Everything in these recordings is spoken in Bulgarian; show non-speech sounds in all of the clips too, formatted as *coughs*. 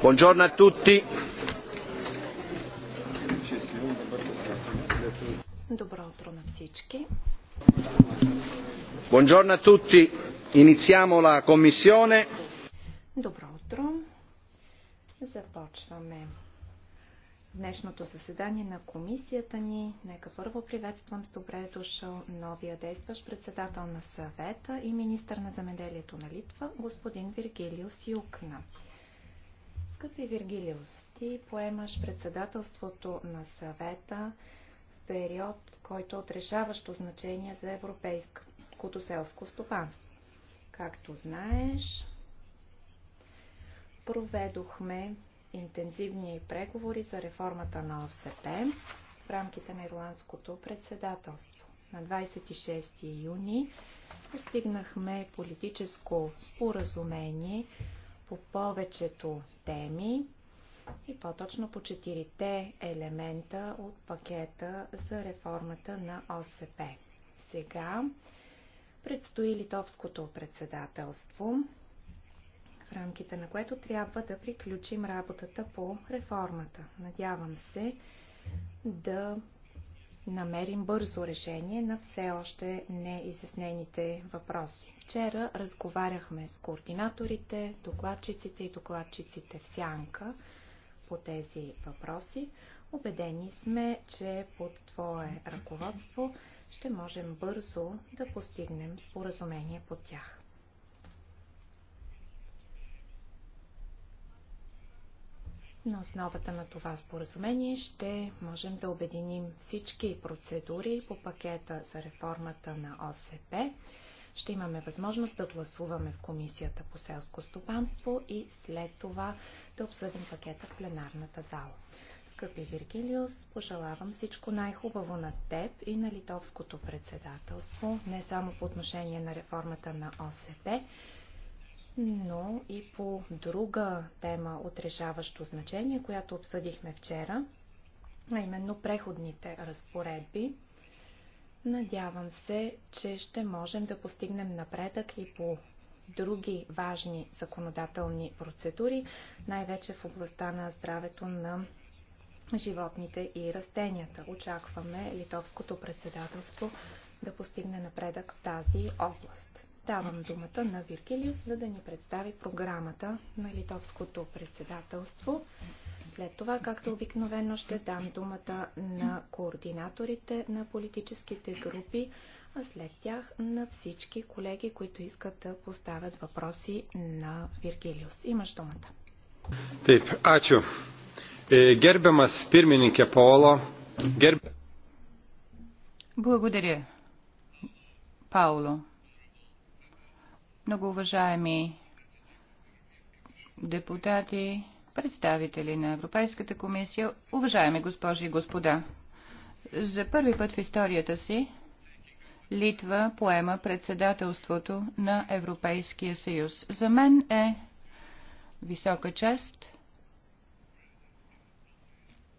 Buongiorno a tutti. Buongiorno a tutti. Iniziamo la commissione. Започваме днешното заседание на комисията ни. Нека първо приветствам с добре дошъл новия действащ председател на съвета и министър на замеделието на Литва, господин Виргилиус Юкна. Скъпи Виргилиус, ти поемаш председателството на съвета в период, който е от решаващо значение за европейското селско стопанство. Както знаеш, проведохме интензивни преговори за реформата на ОСП в рамките на ирландското председателство. На 26 юни постигнахме политическо споразумение по повечето теми и по-точно по четирите елемента от пакета за реформата на ОСП. Сега предстои литовското председателство рамките на което трябва да приключим работата по реформата. Надявам се да намерим бързо решение на все още неизяснените въпроси. Вчера разговаряхме с координаторите, докладчиците и докладчиците в Сянка по тези въпроси. Убедени сме, че под твое ръководство ще можем бързо да постигнем споразумение по тях. На основата на това споразумение ще можем да обединим всички процедури по пакета за реформата на ОСП. Ще имаме възможност да гласуваме в Комисията по селско стопанство и след това да обсъдим пакета в пленарната зала. Скъпи Виргилиус, пожелавам всичко най-хубаво на теб и на литовското председателство, не само по отношение на реформата на ОСП, но и по друга тема от решаващо значение, която обсъдихме вчера, а именно преходните разпоредби. Надявам се, че ще можем да постигнем напредък и по други важни законодателни процедури, най-вече в областта на здравето на животните и растенията. Очакваме литовското председателство да постигне напредък в тази област. Давам думата на Виркелиус, за да ни представи програмата на литовското председателство. След това, както обикновено, ще дам думата на координаторите на политическите групи, а след тях на всички колеги, които искат да поставят въпроси на Виргилиус. Имаш думата. Taip, ačiū. Е, gerbiamas pirmininkė Paolo. Gerb... Благодаря, Пауло многоуважаеми депутати, представители на Европейската комисия, уважаеми госпожи и господа. За първи път в историята си Литва поема председателството на Европейския съюз. За мен е висока чест –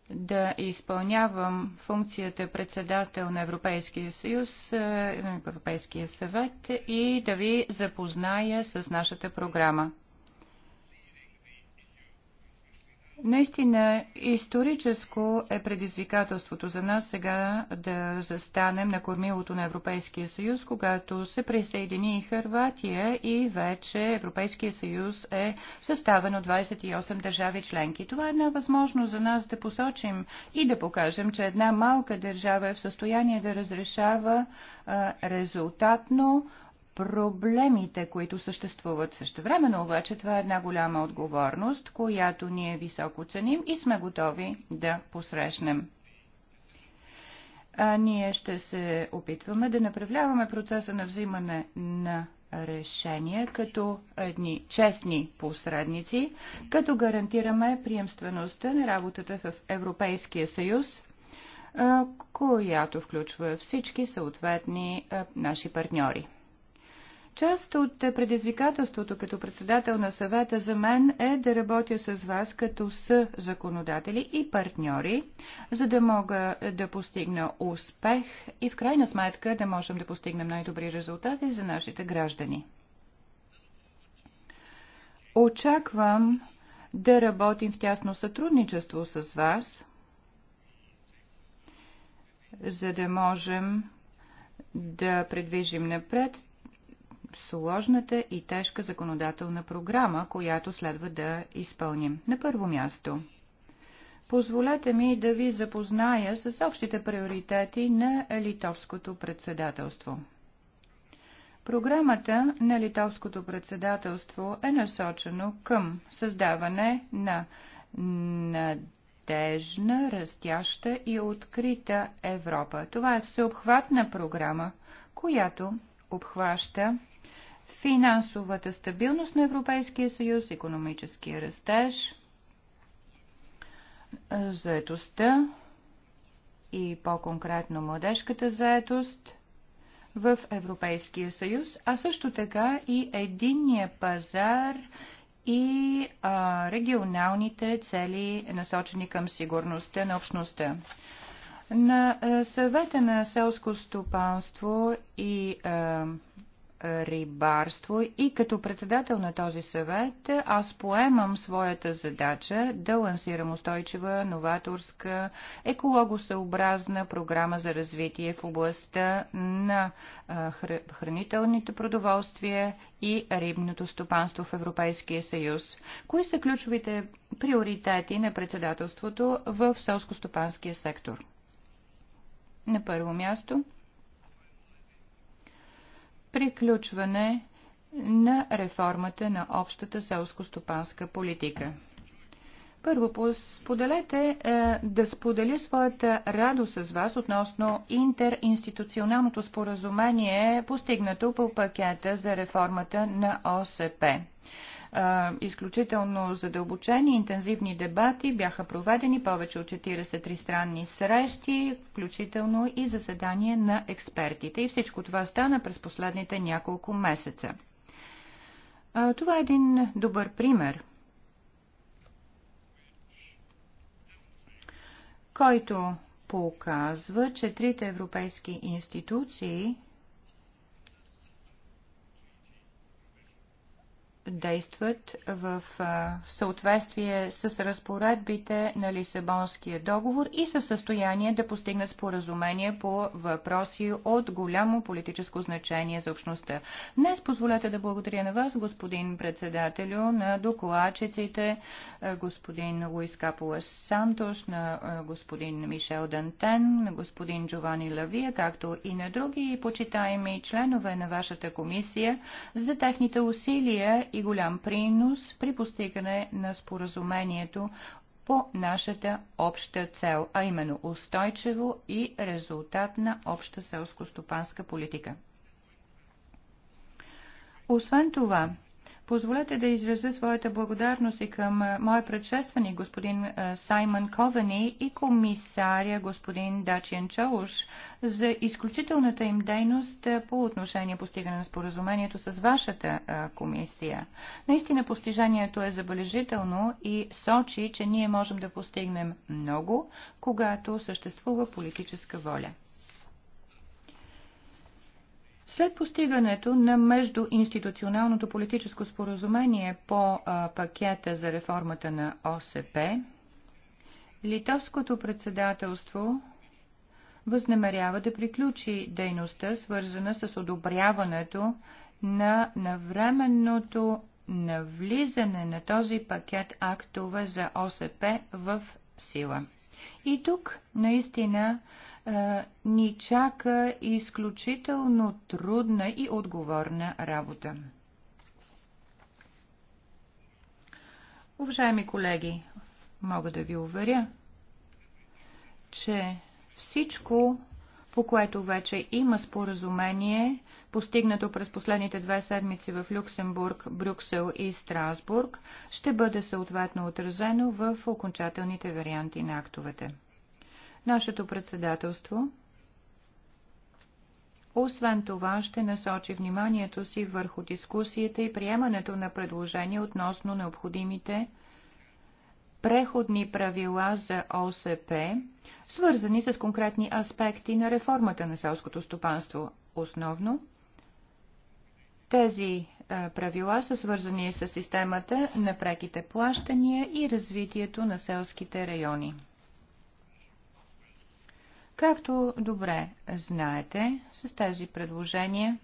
да изпълнявам функцията председател на Европейския съюз, е, Европейския съвет и да ви запозная с нашата програма. Наистина историческо е предизвикателството за нас сега да застанем на кормилото на Европейския съюз, когато се присъедини и Хърватия и вече Европейския съюз е съставен от 28 държави членки. Това е една възможност за нас да посочим и да покажем, че една малка държава е в състояние да разрешава резултатно проблемите, които съществуват. Същевременно обаче това е една голяма отговорност, която ние високо ценим и сме готови да посрещнем. А ние ще се опитваме да направляваме процеса на взимане на решения като едни честни посредници, като гарантираме приемствеността на работата в Европейския съюз, която включва всички съответни наши партньори. Част от предизвикателството като председател на съвета за мен е да работя с вас като с законодатели и партньори, за да мога да постигна успех и в крайна сметка да можем да постигнем най-добри резултати за нашите граждани. Очаквам да работим в тясно сътрудничество с вас, за да можем да предвижим напред сложната и тежка законодателна програма, която следва да изпълним. На първо място. Позволете ми да ви запозная с общите приоритети на литовското председателство. Програмата на литовското председателство е насочено към създаване на надежна, растяща и открита Европа. Това е всеобхватна програма, която обхваща финансовата стабилност на Европейския съюз, економическия растеж, заетостта и по-конкретно младежката заетост в Европейския съюз, а също така и единния пазар и а, регионалните цели, насочени към сигурността на общността. На съвета на селско стопанство и а, рибарство и като председател на този съвет аз поемам своята задача да лансирам устойчива, новаторска, екологосъобразна програма за развитие в областта на хранителните продоволствия и рибното стопанство в Европейския съюз. Кои са ключовите приоритети на председателството в селско-стопанския сектор? На първо място – приключване на реформата на общата селско-стопанска политика. Първо, споделете е, да споделя своята радост с вас относно интеринституционалното споразумение, постигнато по пакета за реформата на ОСП изключително задълбочени, интензивни дебати бяха проведени повече от 43 странни срещи, включително и заседание на експертите. И всичко това стана през последните няколко месеца. Това е един добър пример, който показва, че трите европейски институции действат в съответствие с разпоредбите на Лисабонския договор и са в състояние да постигнат споразумение по въпроси от голямо политическо значение за общността. Днес позволете да благодаря на вас, господин председателю, на докладчиците, господин Луис Капулас Сантош, на господин Мишел Дантен, на господин Джовани Лавия, както и на други почитаеми членове на вашата комисия за техните усилия и голям принос при постигане на споразумението по нашата обща цел, а именно устойчиво и резултат на обща селско-стопанска политика. Освен това, Позволете да изразя своята благодарност и към моя предшественик, господин Саймън Ковани и комисаря господин Дачиен Чауш за изключителната им дейност по отношение постигане на споразумението с вашата комисия. Наистина постижението е забележително и сочи, че ние можем да постигнем много, когато съществува политическа воля. След постигането на междуинституционалното политическо споразумение по пакета за реформата на ОСП, Литовското председателство възнамерява да приключи дейността, свързана с одобряването на навременното навлизане на този пакет актове за ОСП в сила. И тук наистина е, ни чака изключително трудна и отговорна работа. Уважаеми колеги, мога да ви уверя, че всичко, по което вече има споразумение, постигнато през последните две седмици в Люксембург, Брюксел и Страсбург, ще бъде съответно отразено в окончателните варианти на актовете. Нашето председателство, освен това, ще насочи вниманието си върху дискусията и приемането на предложения относно необходимите преходни правила за ОСП, свързани с конкретни аспекти на реформата на селското стопанство. Основно, тези е, правила са свързани с системата на преките плащания и развитието на селските райони. Както добре знаете, с тези предложения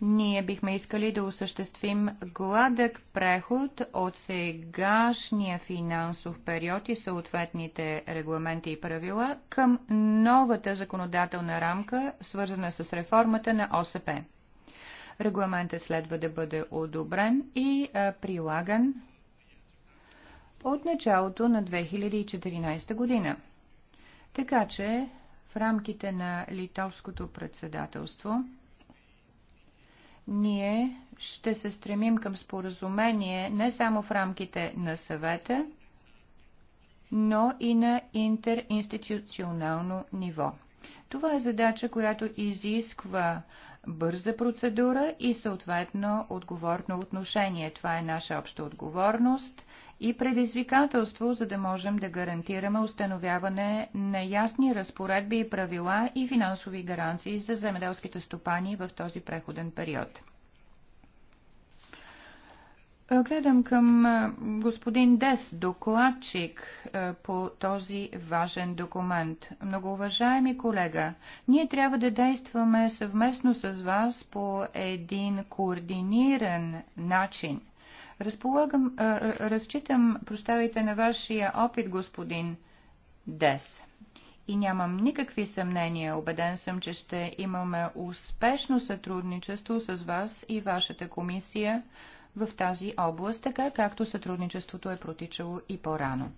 ние бихме искали да осъществим гладък преход от сегашния финансов период и съответните регламенти и правила към новата законодателна рамка, свързана с реформата на ОСП. Регламентът следва да бъде одобрен и прилаган от началото на 2014 година. Така че в рамките на литовското председателство ние ще се стремим към споразумение не само в рамките на съвета, но и на интеринституционално ниво. Това е задача, която изисква бърза процедура и съответно отговорно отношение. Това е наша обща отговорност и предизвикателство, за да можем да гарантираме установяване на ясни разпоредби и правила и финансови гаранции за земеделските стопани в този преходен период. Е, гледам към е, господин Дес, докладчик е, по този важен документ. Многоуважаеми колега, ние трябва да действаме съвместно с вас по един координиран начин. Разполагам, разчитам, проставите на вашия опит, господин Дес и нямам никакви съмнения. Убеден съм, че ще имаме успешно сътрудничество с вас и вашата комисия в тази област, така както сътрудничеството е протичало и по-рано.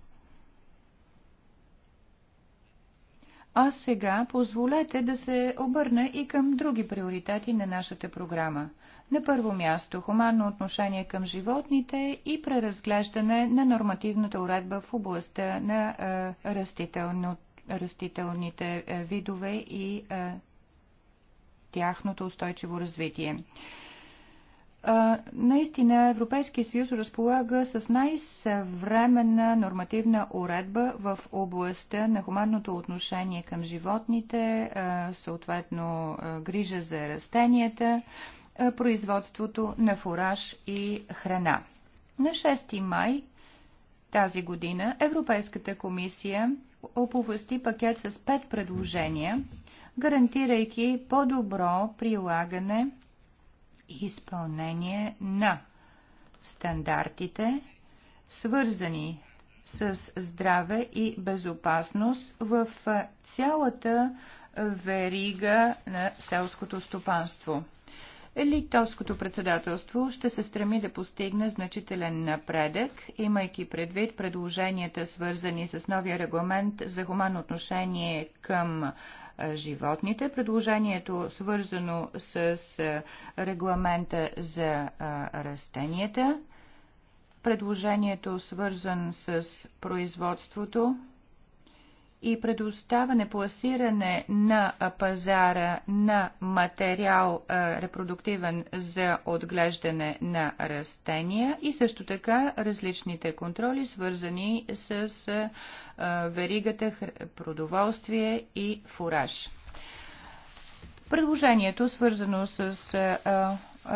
А сега позволете да се обърна и към други приоритети на нашата програма. На първо място – хуманно отношение към животните и преразглеждане на нормативната уредба в областта на е, растително, растителните е, видове и е, тяхното устойчиво развитие наистина Европейския съюз разполага с най-съвременна нормативна уредба в областта на хуманното отношение към животните, съответно грижа за растенията, производството на фураж и храна. На 6 май тази година Европейската комисия оповести пакет с 5 предложения, гарантирайки по-добро прилагане – изпълнение на стандартите, свързани с здраве и безопасност в цялата верига на селското стопанство. Литовското председателство ще се стреми да постигне значителен напредък, имайки предвид предложенията свързани с новия регламент за хуман отношение към животните. Предложението свързано с регламента за растенията. Предложението свързан с производството и предоставяне, пласиране на пазара на материал е, репродуктивен за отглеждане на растения и също така различните контроли, свързани с е, веригата продоволствие и фураж. Предложението, свързано с е,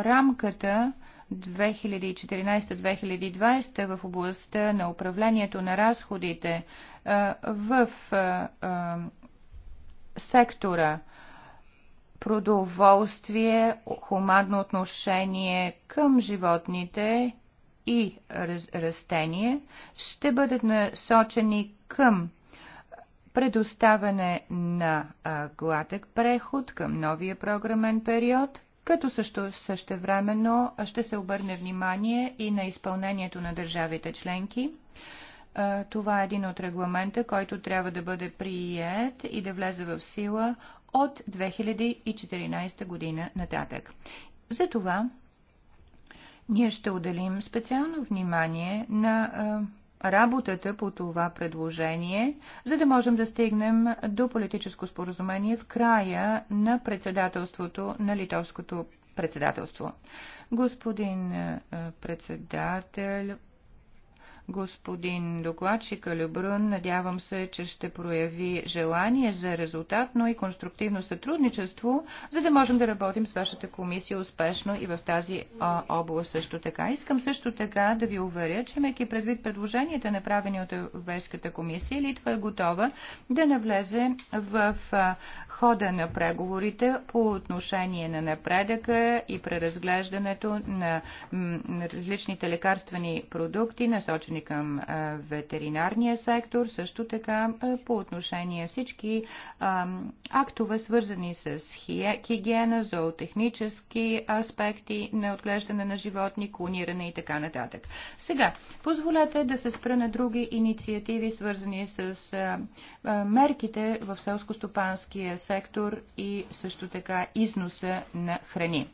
рамката, 2014-2020 в областта на управлението на разходите в сектора продоволствие, хуманно отношение към животните и растение ще бъдат насочени към предоставяне на гладък преход към новия програмен период като също същевременно ще се обърне внимание и на изпълнението на държавите членки. Това е един от регламента, който трябва да бъде прият и да влезе в сила от 2014 година нататък. Затова ние ще отделим специално внимание на работата по това предложение, за да можем да стигнем до политическо споразумение в края на председателството на литовското председателство. Господин председател, господин докладчик Любрун. Надявам се, че ще прояви желание за резултатно и конструктивно сътрудничество, за да можем да работим с вашата комисия успешно и в тази област също така. Искам също така да ви уверя, че имайки предвид предложенията, направени от Европейската комисия, Литва е готова да навлезе в хода на преговорите по отношение на напредъка и преразглеждането на различните лекарствени продукти, насочени насочени към ветеринарния сектор, също така по отношение всички актове, свързани с хигиена, зоотехнически аспекти на отглеждане на животни, клониране и така нататък. Сега, позволете да се спра на други инициативи, свързани с мерките в селско-стопанския сектор и също така износа на храни.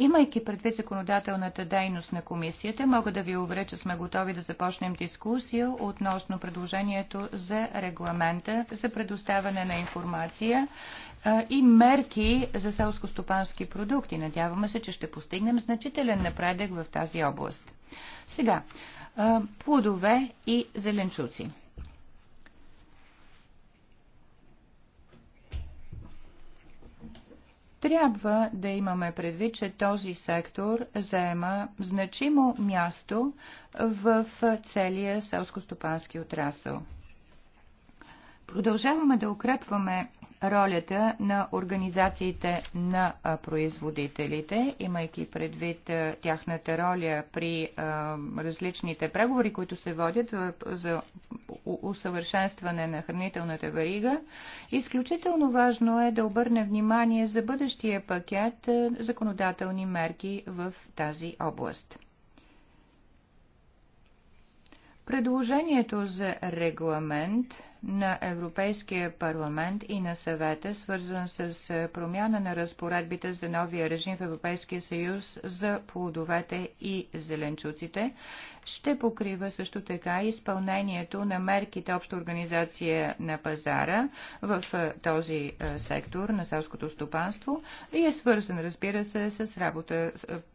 Имайки предвид законодателната дейност на комисията, мога да ви уверя, че сме готови да започнем дискусия относно предложението за регламента за предоставяне на информация и мерки за селско-стопански продукти. Надяваме се, че ще постигнем значителен напредък в тази област. Сега, плодове и зеленчуци. Трябва да имаме предвид, че този сектор заема значимо място в целия селско-стопански отрасъл. Продължаваме да укрепваме ролята на организациите на производителите, имайки предвид тяхната роля при различните преговори, които се водят за усъвършенстване на хранителната варига. Изключително важно е да обърне внимание за бъдещия пакет законодателни мерки в тази област. Предложението за регламент – на Европейския парламент и на съвета, свързан с е, промяна на разпоредбите за новия режим в Европейския съюз за плодовете и зеленчуците, ще покрива също така изпълнението на мерките обща организация на пазара в е, този е, сектор на селското стопанство и е свързан, разбира се, с работа е,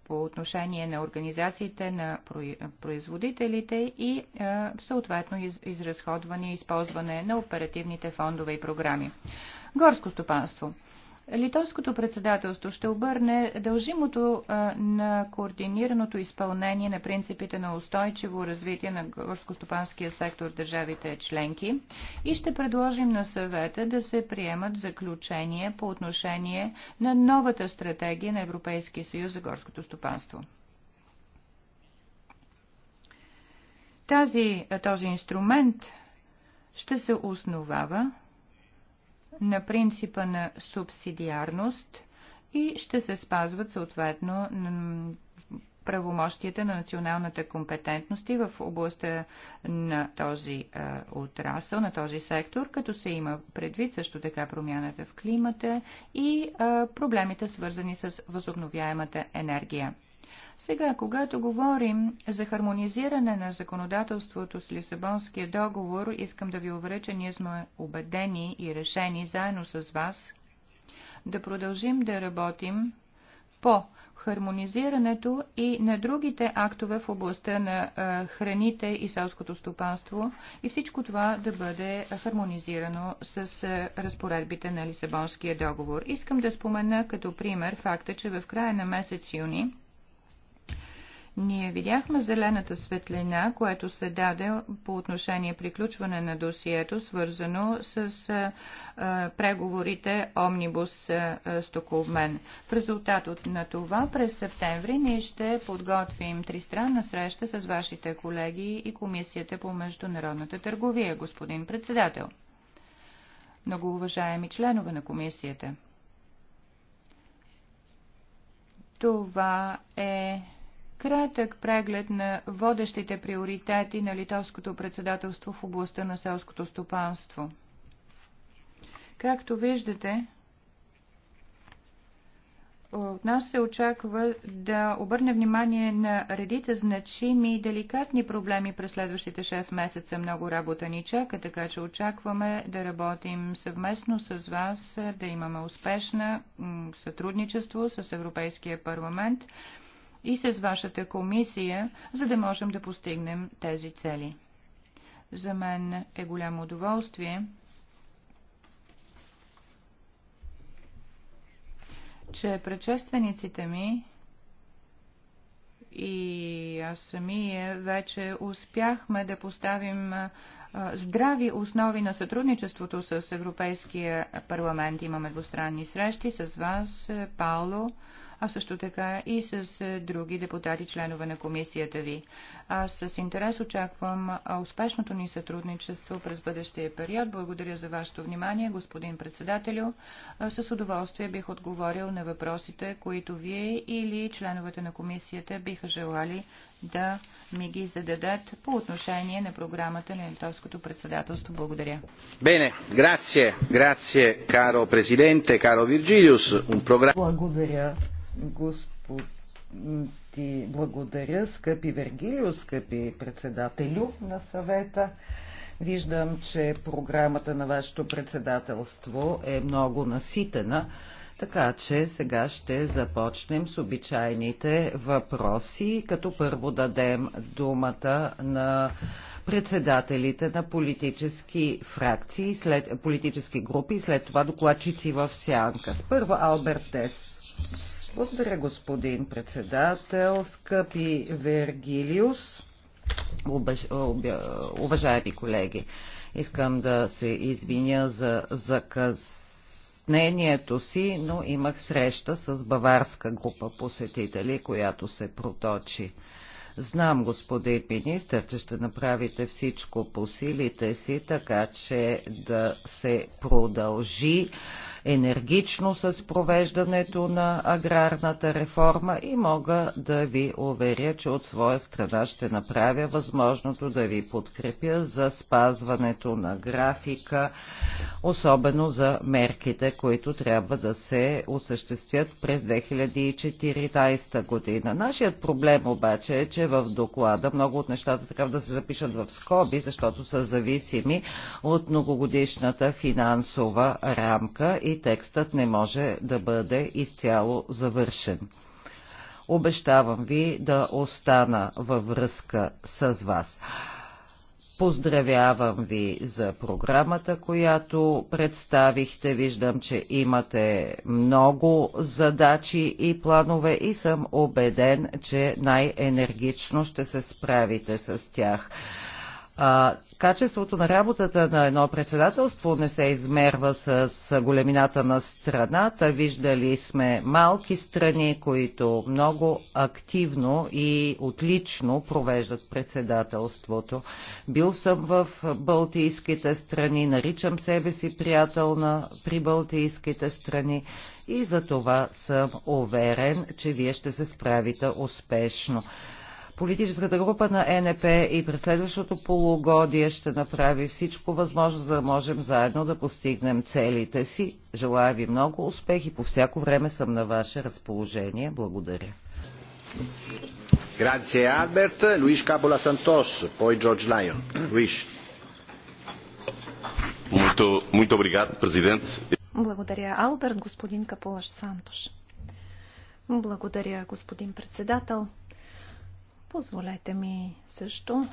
по отношение на организациите на производителите и съответно изразходване и използване на оперативните фондове и програми. Горско стопанство. Литовското председателство ще обърне дължимото на координираното изпълнение на принципите на устойчиво развитие на горскостопанския сектор в държавите членки и ще предложим на съвета да се приемат заключения по отношение на новата стратегия на Европейския съюз за горското стопанство. Тази, този инструмент ще се основава на принципа на субсидиарност и ще се спазват съответно правомощията на националната компетентност и в областта на този е, отрасъл, на този сектор, като се има предвид също така промяната в климата и е, проблемите свързани с възобновяемата енергия. Сега, когато говорим за хармонизиране на законодателството с Лисабонския договор, искам да ви уверя, че ние сме убедени и решени заедно с вас да продължим да работим по хармонизирането и на другите актове в областта на храните и селското стопанство и всичко това да бъде хармонизирано с разпоредбите на Лисабонския договор. Искам да спомена като пример факта, че в края на месец юни ние видяхме зелената светлина, което се даде по отношение приключване на досието, свързано с а, преговорите Омнибус Стоколмен. В резултат от на това през септември ние ще подготвим тристранна среща с вашите колеги и Комисията по международната търговия, господин председател. Много уважаеми членове на комисията. Това е кратък преглед на водещите приоритети на литовското председателство в областта на селското стопанство. Както виждате, от нас се очаква да обърне внимание на редица значими и деликатни проблеми през следващите 6 месеца. Много работа ни чака, така че очакваме да работим съвместно с вас, да имаме успешна сътрудничество с Европейския парламент и с вашата комисия, за да можем да постигнем тези цели. За мен е голямо удоволствие, че предшествениците ми и аз самия вече успяхме да поставим здрави основи на сътрудничеството с Европейския парламент. Имаме двустранни срещи с вас, Пауло а също така и с е, други депутати, членове на комисията ви. Аз с интерес очаквам успешното ни сътрудничество през бъдещия период. Благодаря за вашето внимание, господин председателю. С удоволствие бих отговорил на въпросите, които вие или членовете на комисията биха желали да ми ги зададат по отношение на програмата на Литовското председателство. Благодаря. Бене, грация, грация, каро президенте, каро Вирджилиус. Благодаря, господин ти благодаря, скъпи Вергилио, скъпи председателю на съвета. Виждам, че програмата на вашето председателство е много наситена. Така че сега ще започнем с обичайните въпроси, като първо дадем думата на председателите на политически фракции, след, политически групи, след това докладчици в сянка. Първо Алберт Тес. Благодаря, господин председател, скъпи Вергилиус, обеж... уважаеми колеги. Искам да се извиня за заказ притеснението си, но имах среща с баварска група посетители, която се проточи. Знам, господин министр, че ще направите всичко по силите си, така че да се продължи енергично с провеждането на аграрната реформа и мога да ви уверя, че от своя страна ще направя възможното да ви подкрепя за спазването на графика, особено за мерките, които трябва да се осъществят през 2014 година. Нашият проблем обаче е, че в доклада много от нещата трябва да се запишат в скоби, защото са зависими от многогодишната финансова рамка и и текстът не може да бъде изцяло завършен. Обещавам ви да остана във връзка с вас. Поздравявам ви за програмата, която представихте. Виждам, че имате много задачи и планове и съм убеден, че най-енергично ще се справите с тях. А, качеството на работата на едно председателство не се измерва с големината на страната. Виждали сме малки страни, които много активно и отлично провеждат председателството. Бил съм в Балтийските страни, наричам себе си приятел на прибалтийските страни и за това съм уверен, че вие ще се справите успешно. Политическата група на е НП и през следващото полугодие ще направи всичко възможно, за да можем заедно да постигнем целите си. Желая ви много успех и по всяко време съм на ваше разположение. Благодаря. Grazie Albert, Luis Capola Santos, poi George Lyon. Luis. Muito, muito obrigado, Presidente. Благодаря, Алберт, господин Капулаш Сантош. Благодаря, господин председател. Позволете ми също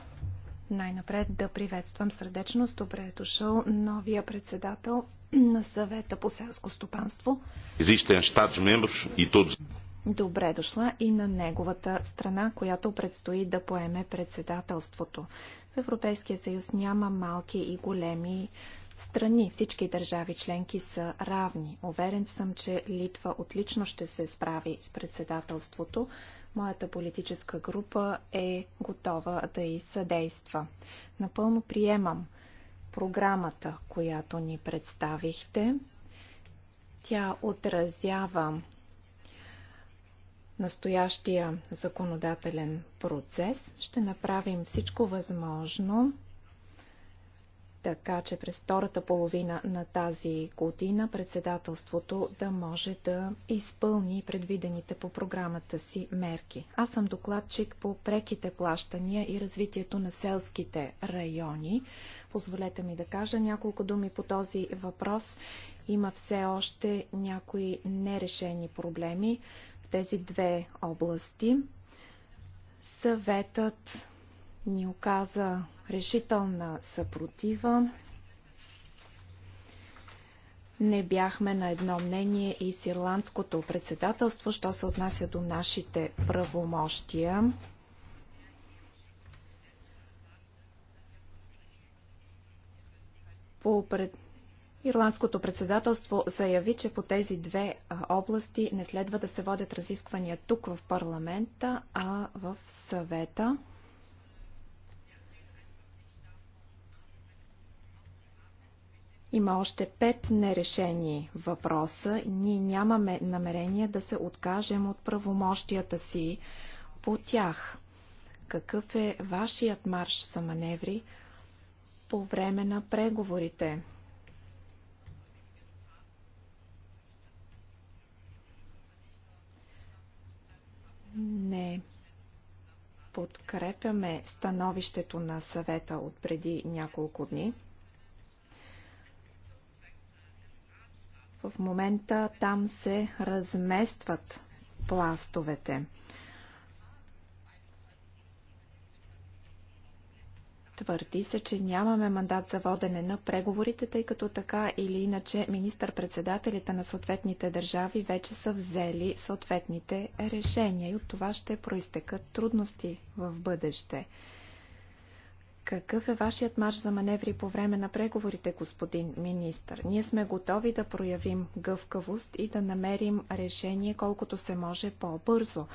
най-напред да приветствам сърдечно с добре е дошъл новия председател на съвета по селско стопанство. E добре дошла и на неговата страна, която предстои да поеме председателството. В Европейския съюз няма малки и големи страни. Всички държави членки са равни. Уверен съм, че Литва отлично ще се справи с председателството. Моята политическа група е готова да и съдейства. Напълно приемам програмата, която ни представихте. Тя отразява настоящия законодателен процес. Ще направим всичко възможно така че през втората половина на тази година председателството да може да изпълни предвидените по програмата си мерки. Аз съм докладчик по преките плащания и развитието на селските райони. Позволете ми да кажа няколко думи по този въпрос. Има все още някои нерешени проблеми в тези две области. Съветът ни оказа решителна съпротива. Не бяхме на едно мнение и с ирландското председателство, що се отнася до нашите правомощия. По пред... Ирландското председателство заяви, че по тези две области не следва да се водят разисквания тук в парламента, а в съвета. Има още пет нерешени въпроса. Ние нямаме намерение да се откажем от правомощията си по тях. Какъв е вашият марш за маневри по време на преговорите? Не подкрепяме становището на съвета от преди няколко дни. В момента там се разместват пластовете. Твърди се, че нямаме мандат за водене на преговорите, тъй като така или иначе министър-председателите на съответните държави вече са взели съответните решения и от това ще проистекат трудности в бъдеще. Какъв е вашият марш за маневри по време на преговорите, господин министр? Ние сме готови да проявим гъвкавост и да намерим решение колкото се може по-бързо.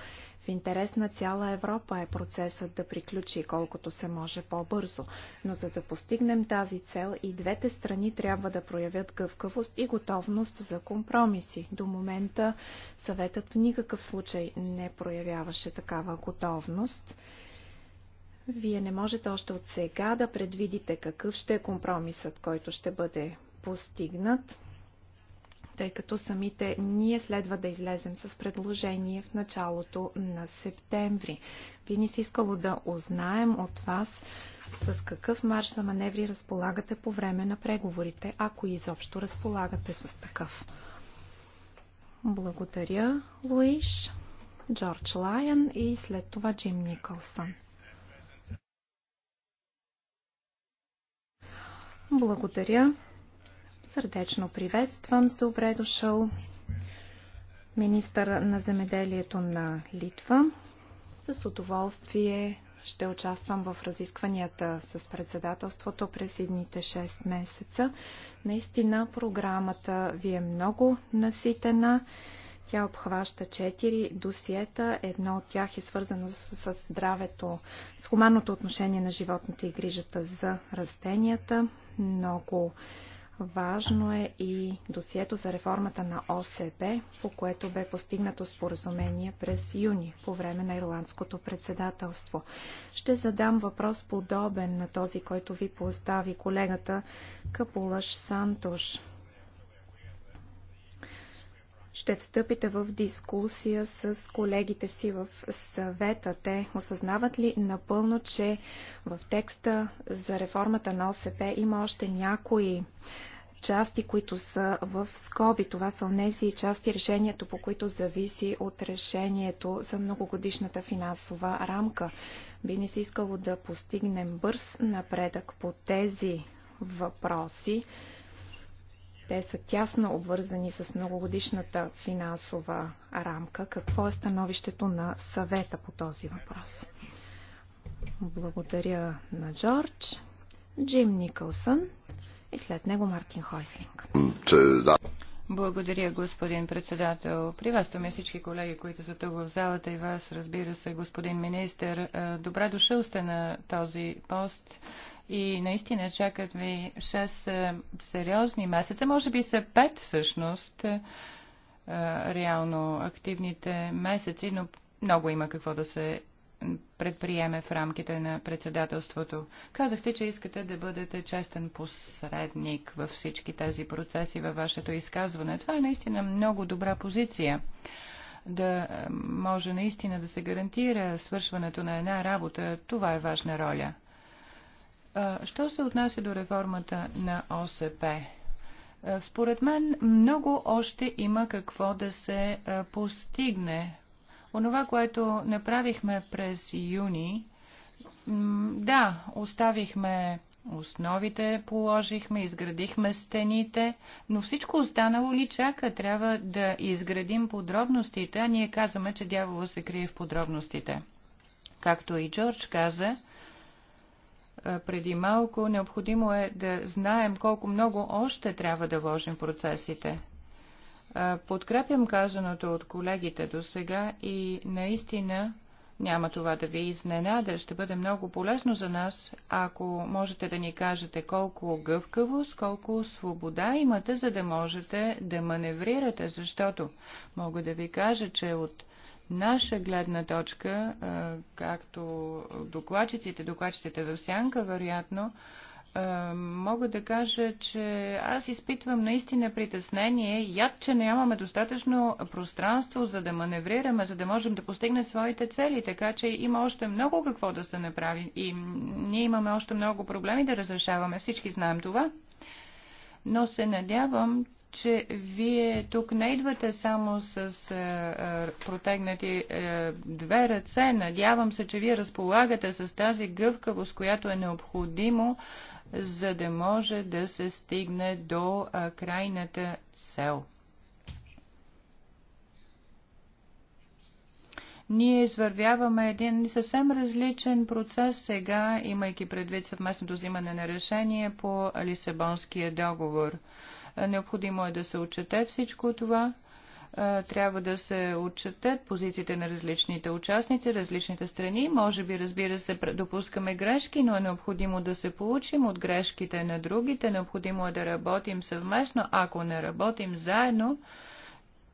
В интерес на цяла Европа е процесът да приключи колкото се може по-бързо, но за да постигнем тази цел и двете страни трябва да проявят гъвкавост и готовност за компромиси. До момента съветът в никакъв случай не проявяваше такава готовност. Вие не можете още от сега да предвидите какъв ще е компромисът, който ще бъде постигнат, тъй като самите ние следва да излезем с предложение в началото на септември. Би ни се искало да узнаем от вас с какъв марш за маневри разполагате по време на преговорите, ако изобщо разполагате с такъв. Благодаря, Луиш, Джордж Лайън и след това Джим Никълсън. Благодаря. Сърдечно приветствам. С добре дошъл министър на земеделието на Литва. С удоволствие ще участвам в разискванията с председателството през едните 6 месеца. Наистина програмата ви е много наситена. Тя обхваща четири досиета. Едно от тях е свързано с, с здравето, с хуманното отношение на животните и грижата за растенията. Много важно е и досието за реформата на ОСБ, по което бе постигнато споразумение през юни, по време на ирландското председателство. Ще задам въпрос подобен на този, който ви постави колегата Капулаш Сантош ще встъпите в дискусия с колегите си в съвета. Те осъзнават ли напълно, че в текста за реформата на ОСП има още някои части, които са в скоби. Това са онези части решението, по които зависи от решението за многогодишната финансова рамка. Би ни се искало да постигнем бърз напредък по тези въпроси, те са тясно обвързани с многогодишната финансова рамка. Какво е становището на съвета по този въпрос? Благодаря на Джордж, Джим Никълсън и след него Мартин Хойслинг. Благодаря, господин председател. Приветстваме всички колеги, които са тук в залата и вас, разбира се, господин министр. Добре дошъл сте на този пост и наистина чакат ви 6 е, сериозни месеца, може би са 5 всъщност е, реално активните месеци, но много има какво да се предприеме в рамките на председателството. Казахте, че искате да бъдете честен посредник във всички тези процеси във вашето изказване. Това е наистина много добра позиция да е, може наистина да се гарантира свършването на една работа, това е важна роля. Що се отнася до реформата на ОСП? Според мен много още има какво да се постигне. Онова, което направихме през юни, да, оставихме основите, положихме, изградихме стените, но всичко останало ли чака? Трябва да изградим подробностите, а ние казваме, че дявола се крие в подробностите. Както и Джордж каза, преди малко, необходимо е да знаем колко много още трябва да вложим процесите. Подкрепям казаното от колегите до сега и наистина няма това да ви изненада. Ще бъде много полезно за нас, ако можете да ни кажете колко гъвкавост, колко свобода имате, за да можете да маневрирате, защото мога да ви кажа, че от наша гледна точка, както докладчиците, докладчиците в сянка, вероятно, мога да кажа, че аз изпитвам наистина притеснение, яд, че нямаме достатъчно пространство, за да маневрираме, за да можем да постигнем своите цели, така че има още много какво да се направи и ние имаме още много проблеми да разрешаваме, всички знаем това. Но се надявам, че вие тук не идвате само с е, е, протегнати е, две ръце. Надявам се, че вие разполагате с тази гъвкавост, която е необходимо, за да може да се стигне до крайната цел. ние извървяваме един съвсем различен процес сега, имайки предвид съвместното взимане на решение по Лисабонския договор. Необходимо е да се отчете всичко това е, трябва да се отчетат позициите на различните участници, различните страни. Може би, разбира се, допускаме грешки, но е необходимо да се получим от грешките на другите. Необходимо е да работим съвместно. Ако не работим заедно,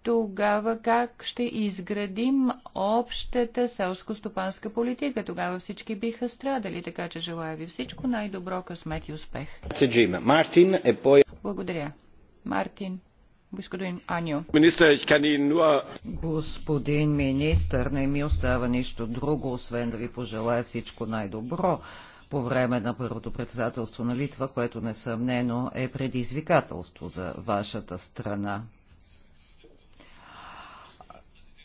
тогава как ще изградим общата селско-стопанска политика? Тогава всички биха страдали, така че желая ви всичко най-добро, късмет и успех. Е Благодаря. Мартин. Господин Аню. Господин министър, не ми остава нищо друго, освен да ви пожелая всичко най-добро по време на първото председателство на Литва, което несъмнено е предизвикателство за вашата страна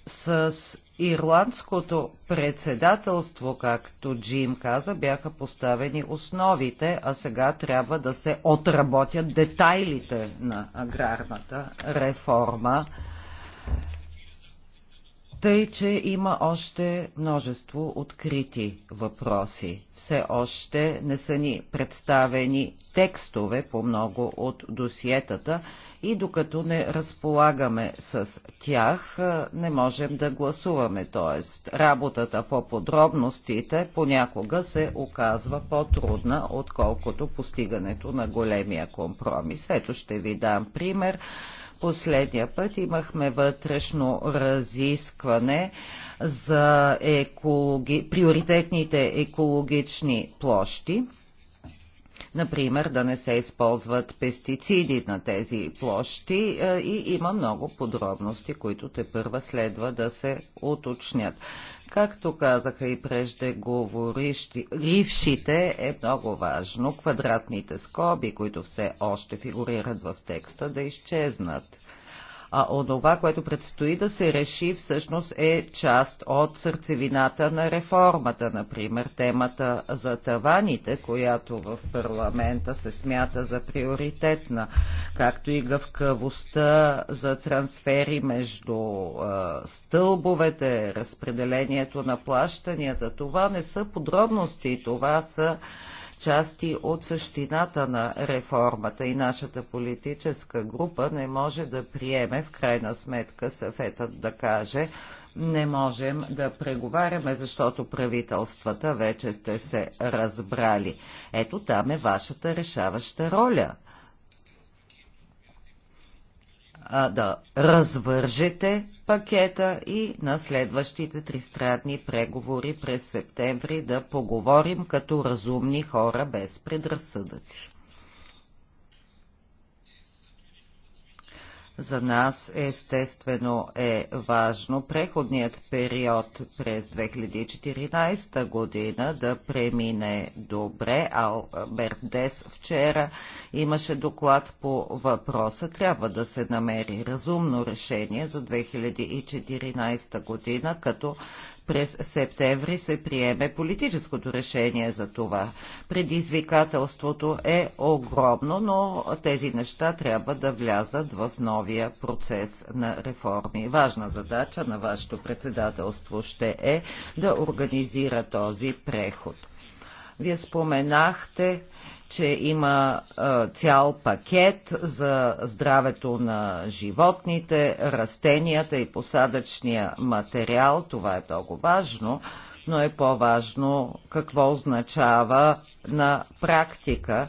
с ирландското председателство, както Джим каза, бяха поставени основите, а сега трябва да се отработят детайлите на аграрната реформа тъй, че има още множество открити въпроси. Все още не са ни представени текстове по много от досиетата и докато не разполагаме с тях, не можем да гласуваме, т.е. работата по подробностите понякога се оказва по-трудна, отколкото постигането на големия компромис. Ето ще ви дам пример Последния път имахме вътрешно разискване за екологи... приоритетните екологични площи. Например, да не се използват пестициди на тези площи е, и има много подробности, които те първа следва да се уточнят. Както казаха и рившите е много важно квадратните скоби, които все още фигурират в текста, да изчезнат а онова, което предстои да се реши, всъщност е част от сърцевината на реформата, например темата за таваните, която в парламента се смята за приоритетна, както и гъвкавостта за трансфери между стълбовете, разпределението на плащанията. Това не са подробности, това са части от същината на реформата и нашата политическа група не може да приеме, в крайна сметка съфетът да каже, не можем да преговаряме, защото правителствата вече сте се разбрали. Ето там е вашата решаваща роля а, да развържете пакета и на следващите тристратни преговори през септември да поговорим като разумни хора без предразсъдъци. За нас естествено е важно преходният период през 2014 година да премине добре. Алберт Дес вчера имаше доклад по въпроса. Трябва да се намери разумно решение за 2014 година, като през септември се приеме политическото решение за това. Предизвикателството е огромно, но тези неща трябва да влязат в новия процес на реформи. Важна задача на вашето председателство ще е да организира този преход. Вие споменахте че има цял пакет за здравето на животните, растенията и посадъчния материал. Това е много важно, но е по-важно какво означава на практика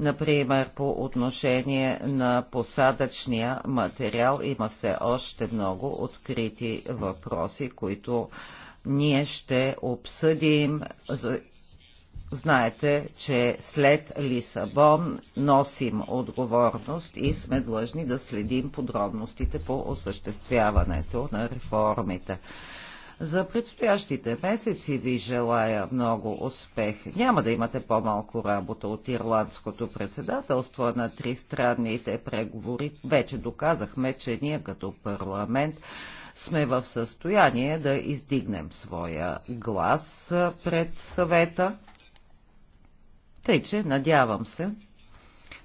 например по отношение на посадъчния материал има все още много открити въпроси, които ние ще обсъдим Знаете, че след Лисабон носим отговорност и сме длъжни да следим подробностите по осъществяването на реформите. За предстоящите месеци ви желая много успех. Няма да имате по-малко работа от ирландското председателство на тристранните преговори. Вече доказахме, че ние като парламент сме в състояние да издигнем своя глас пред съвета тъй, че надявам се,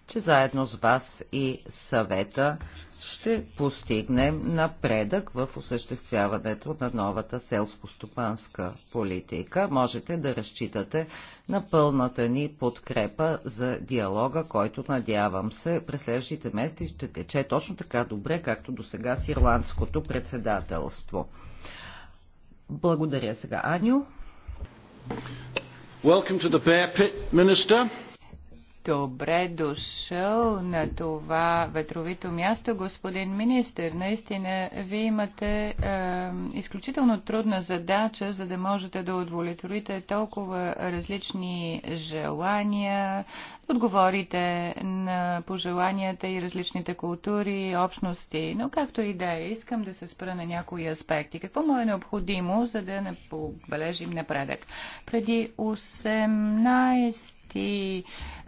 че заедно с вас и съвета ще постигнем напредък в осъществяването на новата селско ступанска политика. Можете да разчитате на пълната ни подкрепа за диалога, който надявам се през следващите месеци ще тече точно така добре, както до сега с ирландското председателство. Благодаря сега, Аню. Welcome to the bear pit, Minister. Добре дошъл на това ветровито място, господин министр. Наистина, вие имате е, изключително трудна задача, за да можете да удовлетворите толкова различни желания, отговорите на пожеланията и различните култури, общности. Но както и да е, искам да се спра на някои аспекти. Какво му е необходимо, за да не побележим напредък? Преди 18 парламенти.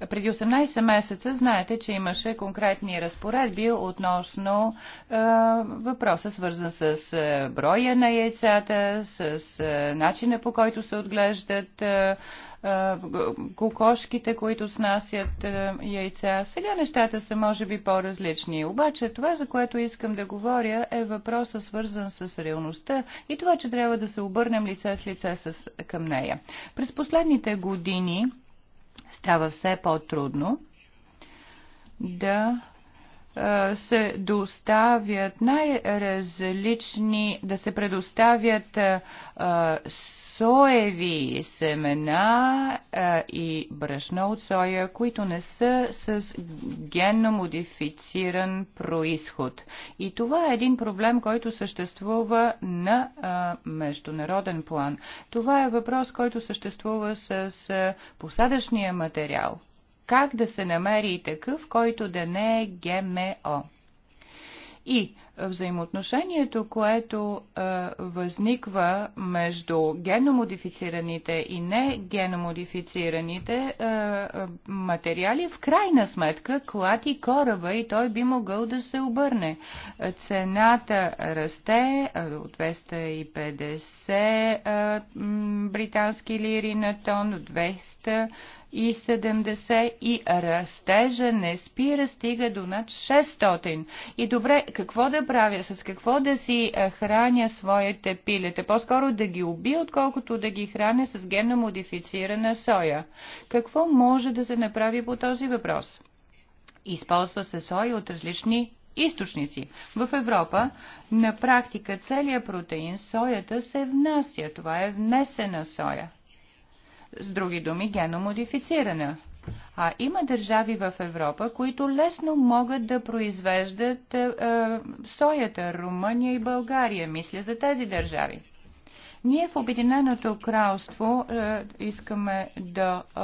Преди 18 месеца знаете, че имаше конкретни разпоредби относно е, въпроса, свързан с е, броя на яйцата, с е, начина по който се отглеждат. Е, е кокошките, които снасят е, яйца. Сега нещата са може би по-различни. Обаче това, за което искам да говоря, е въпроса свързан с реалността и това, че трябва да се обърнем лице с лице с, към нея. През последните години става все по-трудно да се доставят най-различни, да се предоставят соеви семена и брашно от соя, които не са с генно модифициран происход. И това е един проблем, който съществува на международен план. Това е въпрос, който съществува с посадъчния материал как да се намери такъв, който да не е ГМО. И взаимоотношението, което е, възниква между геномодифицираните и не геномодифицираните е, е, материали, в крайна сметка клати кораба и той би могъл да се обърне. Цената расте от 250 британски лири на тон, от 200 и 70 и растежа не спира, стига до над 600. И добре, какво да правя, с какво да си е, храня своите пилета? По-скоро да ги уби, отколкото да ги храня с генно модифицирана соя. Какво може да се направи по този въпрос? Използва се соя от различни източници. В Европа на практика целият протеин соята се внася. Това е внесена соя с други думи геномодифицирана. А има държави в Европа, които лесно могат да произвеждат е, е соята, Румъния и България. Мисля за тези държави. Ние в Обединеното кралство е, искаме да е,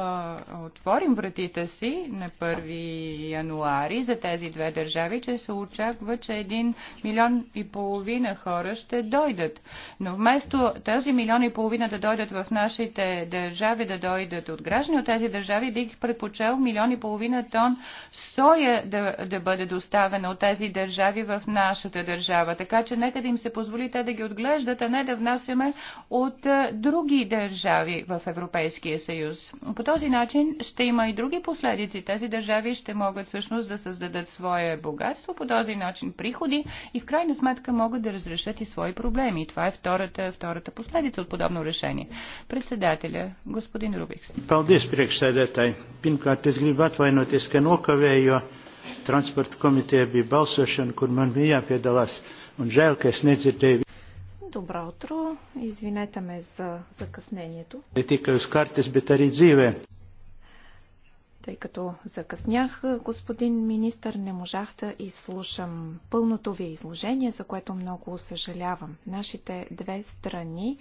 отворим вратите си на 1 януари за тези две държави, че се очаква, че един милион и половина хора ще дойдат. Но вместо тези милион и половина да дойдат в нашите държави, да дойдат от граждани от тези държави, бих предпочел милион и половина тон соя да, да бъде доставена от тези държави в нашата държава. Така че нека да им се позволи те да ги отглеждат, а не да внасяме от други държави в Европейския съюз. По този начин ще има и други последици. Тези държави ще могат всъщност да създадат свое богатство, по този начин приходи и в крайна сметка могат да разрешат и свои проблеми. Това е втората, втората последица от подобно решение. Председателя, господин Рубикс. Палдис, priekšsēdētāji. Pirmkārt, es gribu atvainoties, ka nokavēju, jo transporta komiteja bija balsošana, kur man bija jāpiedalās, un žēl, ka es nedzirdēju. Добро утро. Извинете ме за закъснението. Тъй като закъснях, господин министър, не можах да изслушам пълното ви изложение, за което много съжалявам. Нашите две страни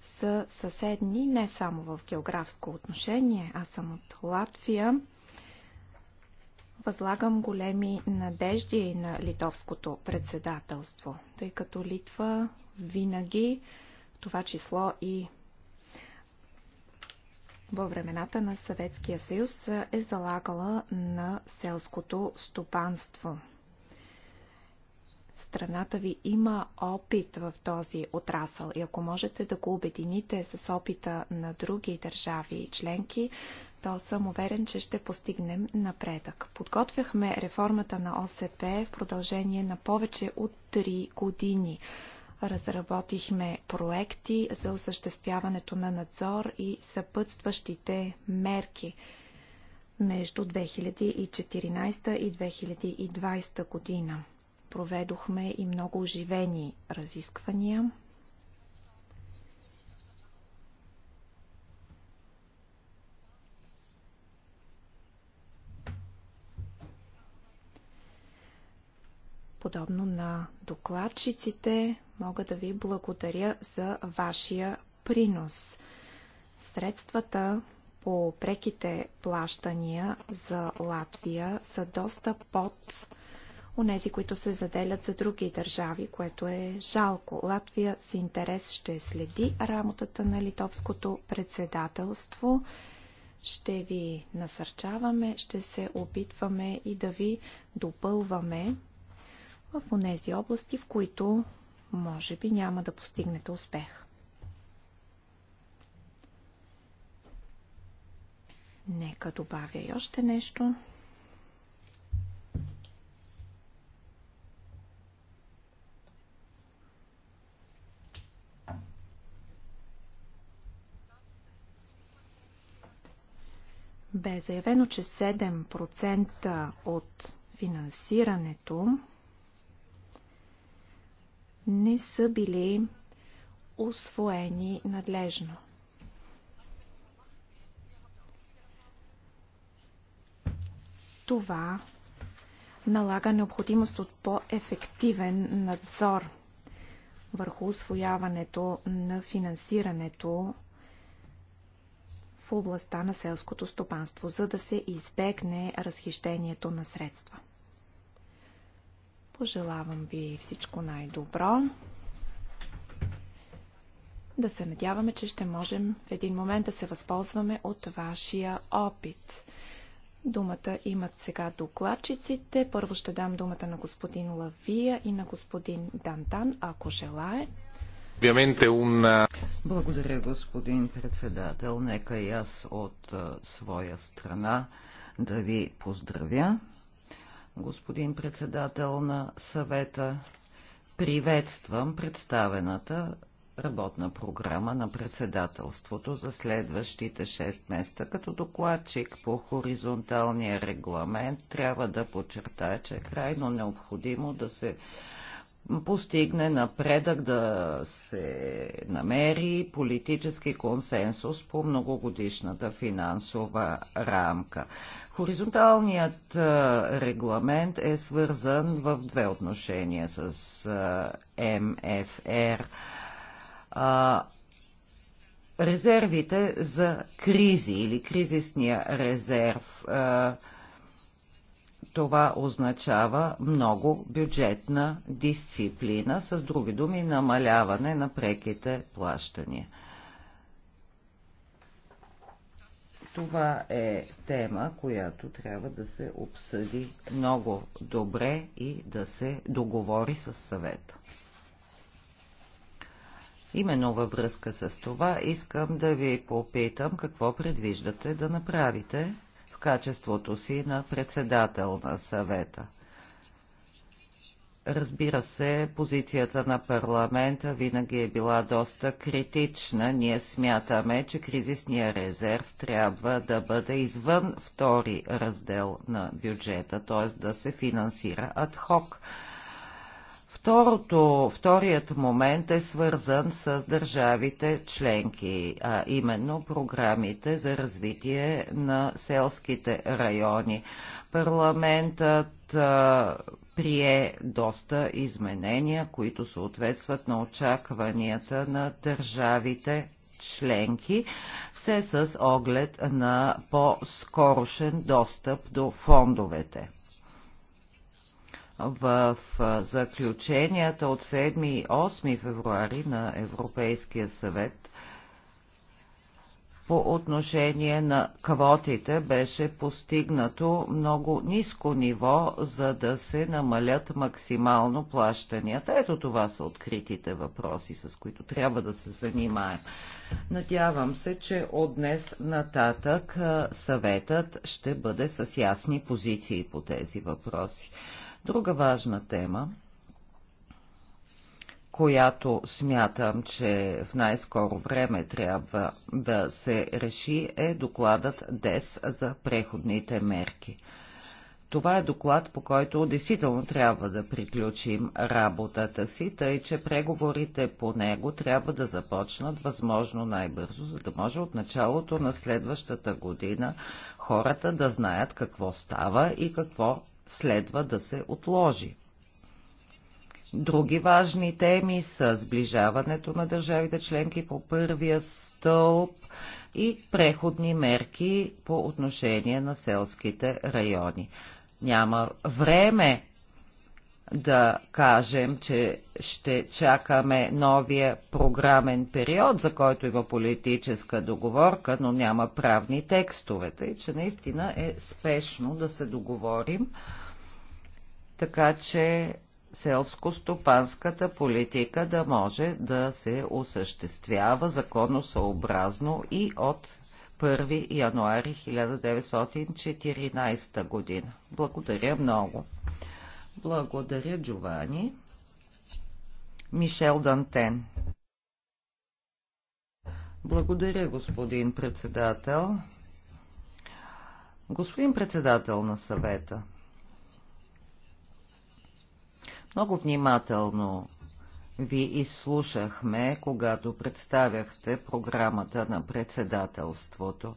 са съседни не само в географско отношение. Аз съм от Латвия. Възлагам големи надежди на литовското председателство, тъй като Литва винаги, в това число и във времената на Съветския съюз, е залагала на селското стопанство. Страната ви има опит в този отрасъл и ако можете да го обедините с опита на други държави и членки, то съм уверен, че ще постигнем напредък. Подготвяхме реформата на ОСП в продължение на повече от 3 години. Разработихме проекти за осъществяването на надзор и съпътстващите мерки между 2014 и 2020 година. Проведохме и много оживени разисквания. подобно на докладчиците, мога да ви благодаря за вашия принос. Средствата по преките плащания за Латвия са доста под онези, които се заделят за други държави, което е жалко. Латвия с интерес ще следи работата на литовското председателство. Ще ви насърчаваме, ще се опитваме и да ви допълваме в онези области, в които може би няма да постигнете успех. Нека добавя и още нещо. бе заявено, че 7% от финансирането не са били освоени надлежно. Това налага необходимост от по-ефективен надзор върху освояването на финансирането областта на селското стопанство, за да се избегне разхищението на средства. Пожелавам ви всичко най-добро. Да се надяваме, че ще можем в един момент да се възползваме от вашия опит. Думата имат сега докладчиците. Първо ще дам думата на господин Лавия и на господин Дантан, ако желае. Благодаря, господин председател. Нека и аз от своя страна да ви поздравя. Господин председател на съвета, приветствам представената работна програма на председателството за следващите 6 месеца. Като докладчик по хоризонталния регламент трябва да подчертая, че е крайно необходимо да се постигне напредък, да се намери политически консенсус по многогодишната финансова рамка. Хоризонталният регламент е свързан в две отношения с МФР. Резервите за кризи или кризисния резерв – това означава много бюджетна дисциплина, с други думи намаляване на преките плащания. Това е тема, която трябва да се обсъди много добре и да се договори с съвета. Именно във връзка с това искам да ви попитам какво предвиждате да направите качеството си на председател на съвета. Разбира се, позицията на парламента винаги е била доста критична. Ние смятаме, че кризисния резерв трябва да бъде извън втори раздел на бюджета, т.е. да се финансира адхок. хок Второто, вторият момент е свързан с държавите членки, а именно програмите за развитие на селските райони. Парламентът а, прие доста изменения, които съответстват на очакванията на държавите членки, все с оглед на по-скорошен достъп до фондовете. В заключенията от 7 и 8 февруари на Европейския съвет по отношение на квотите беше постигнато много ниско ниво, за да се намалят максимално плащанията. Ето това са откритите въпроси, с които трябва да се занимаем. Надявам се, че от днес нататък съветът ще бъде с ясни позиции по тези въпроси. Друга важна тема, която смятам, че в най-скоро време трябва да се реши, е докладът ДЕС за преходните мерки. Това е доклад, по който действително трябва да приключим работата си, тъй че преговорите по него трябва да започнат възможно най-бързо, за да може от началото на следващата година хората да знаят какво става и какво следва да се отложи. Други важни теми са сближаването на държавите членки по първия стълб и преходни мерки по отношение на селските райони. Няма време да кажем, че ще чакаме новия програмен период, за който има политическа договорка, но няма правни текстове. Тъй, че наистина е спешно да се договорим така че селско-стопанската политика да може да се осъществява законосъобразно и от 1 януари 1914 година. Благодаря много. Благодаря, Джовани. Мишел Дантен. Благодаря, господин председател. Господин председател на съвета, много внимателно ви изслушахме, когато представяхте програмата на председателството.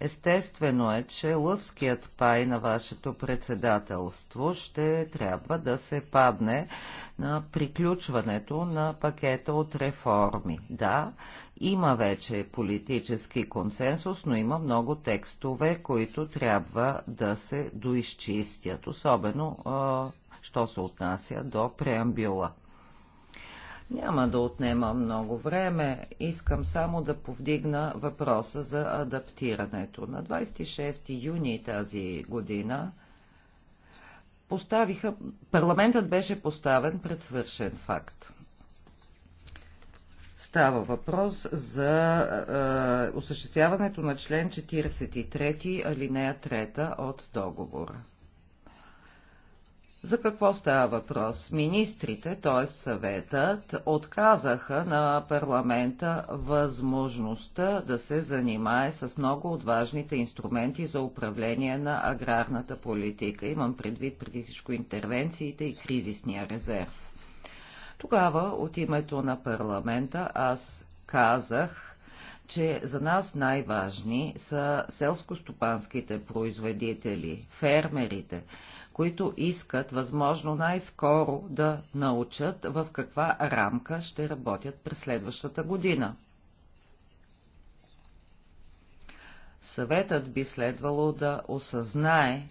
Естествено е, че лъвският пай на вашето председателство ще трябва да се падне на приключването на пакета от реформи. Да, има вече политически консенсус, но има много текстове, които трябва да се доизчистят, особено що се отнася до преамбюла. Няма да отнема много време, искам само да повдигна въпроса за адаптирането. На 26 юни тази година поставиха, парламентът беше поставен пред свършен факт. Става въпрос за е, осъществяването на член 43 алинея 3 от договора. За какво става въпрос? Министрите, т.е. съветът, отказаха на парламента възможността да се занимае с много от важните инструменти за управление на аграрната политика. Имам предвид преди всичко интервенциите и кризисния резерв. Тогава от името на парламента аз казах, че за нас най-важни са селско-стопанските производители, фермерите, които искат възможно най-скоро да научат в каква рамка ще работят през следващата година. Съветът би следвало да осъзнае,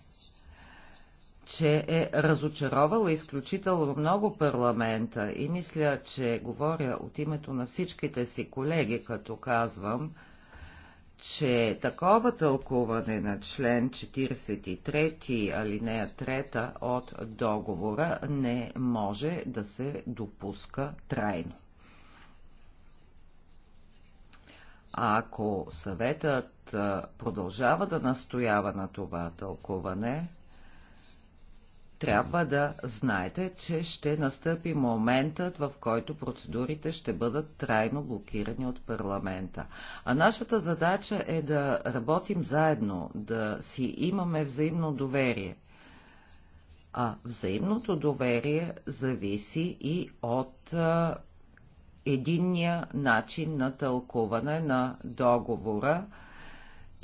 че е разочаровала изключително много парламента и мисля, че говоря от името на всичките си колеги, като казвам, че такова тълкуване на член 43 алинея 3 от договора не може да се допуска трайно. А ако съветът продължава да настоява на това тълкуване, трябва да знаете, че ще настъпи моментът, в който процедурите ще бъдат трайно блокирани от парламента. А нашата задача е да работим заедно, да си имаме взаимно доверие. А взаимното доверие зависи и от единния начин на тълкуване на договора,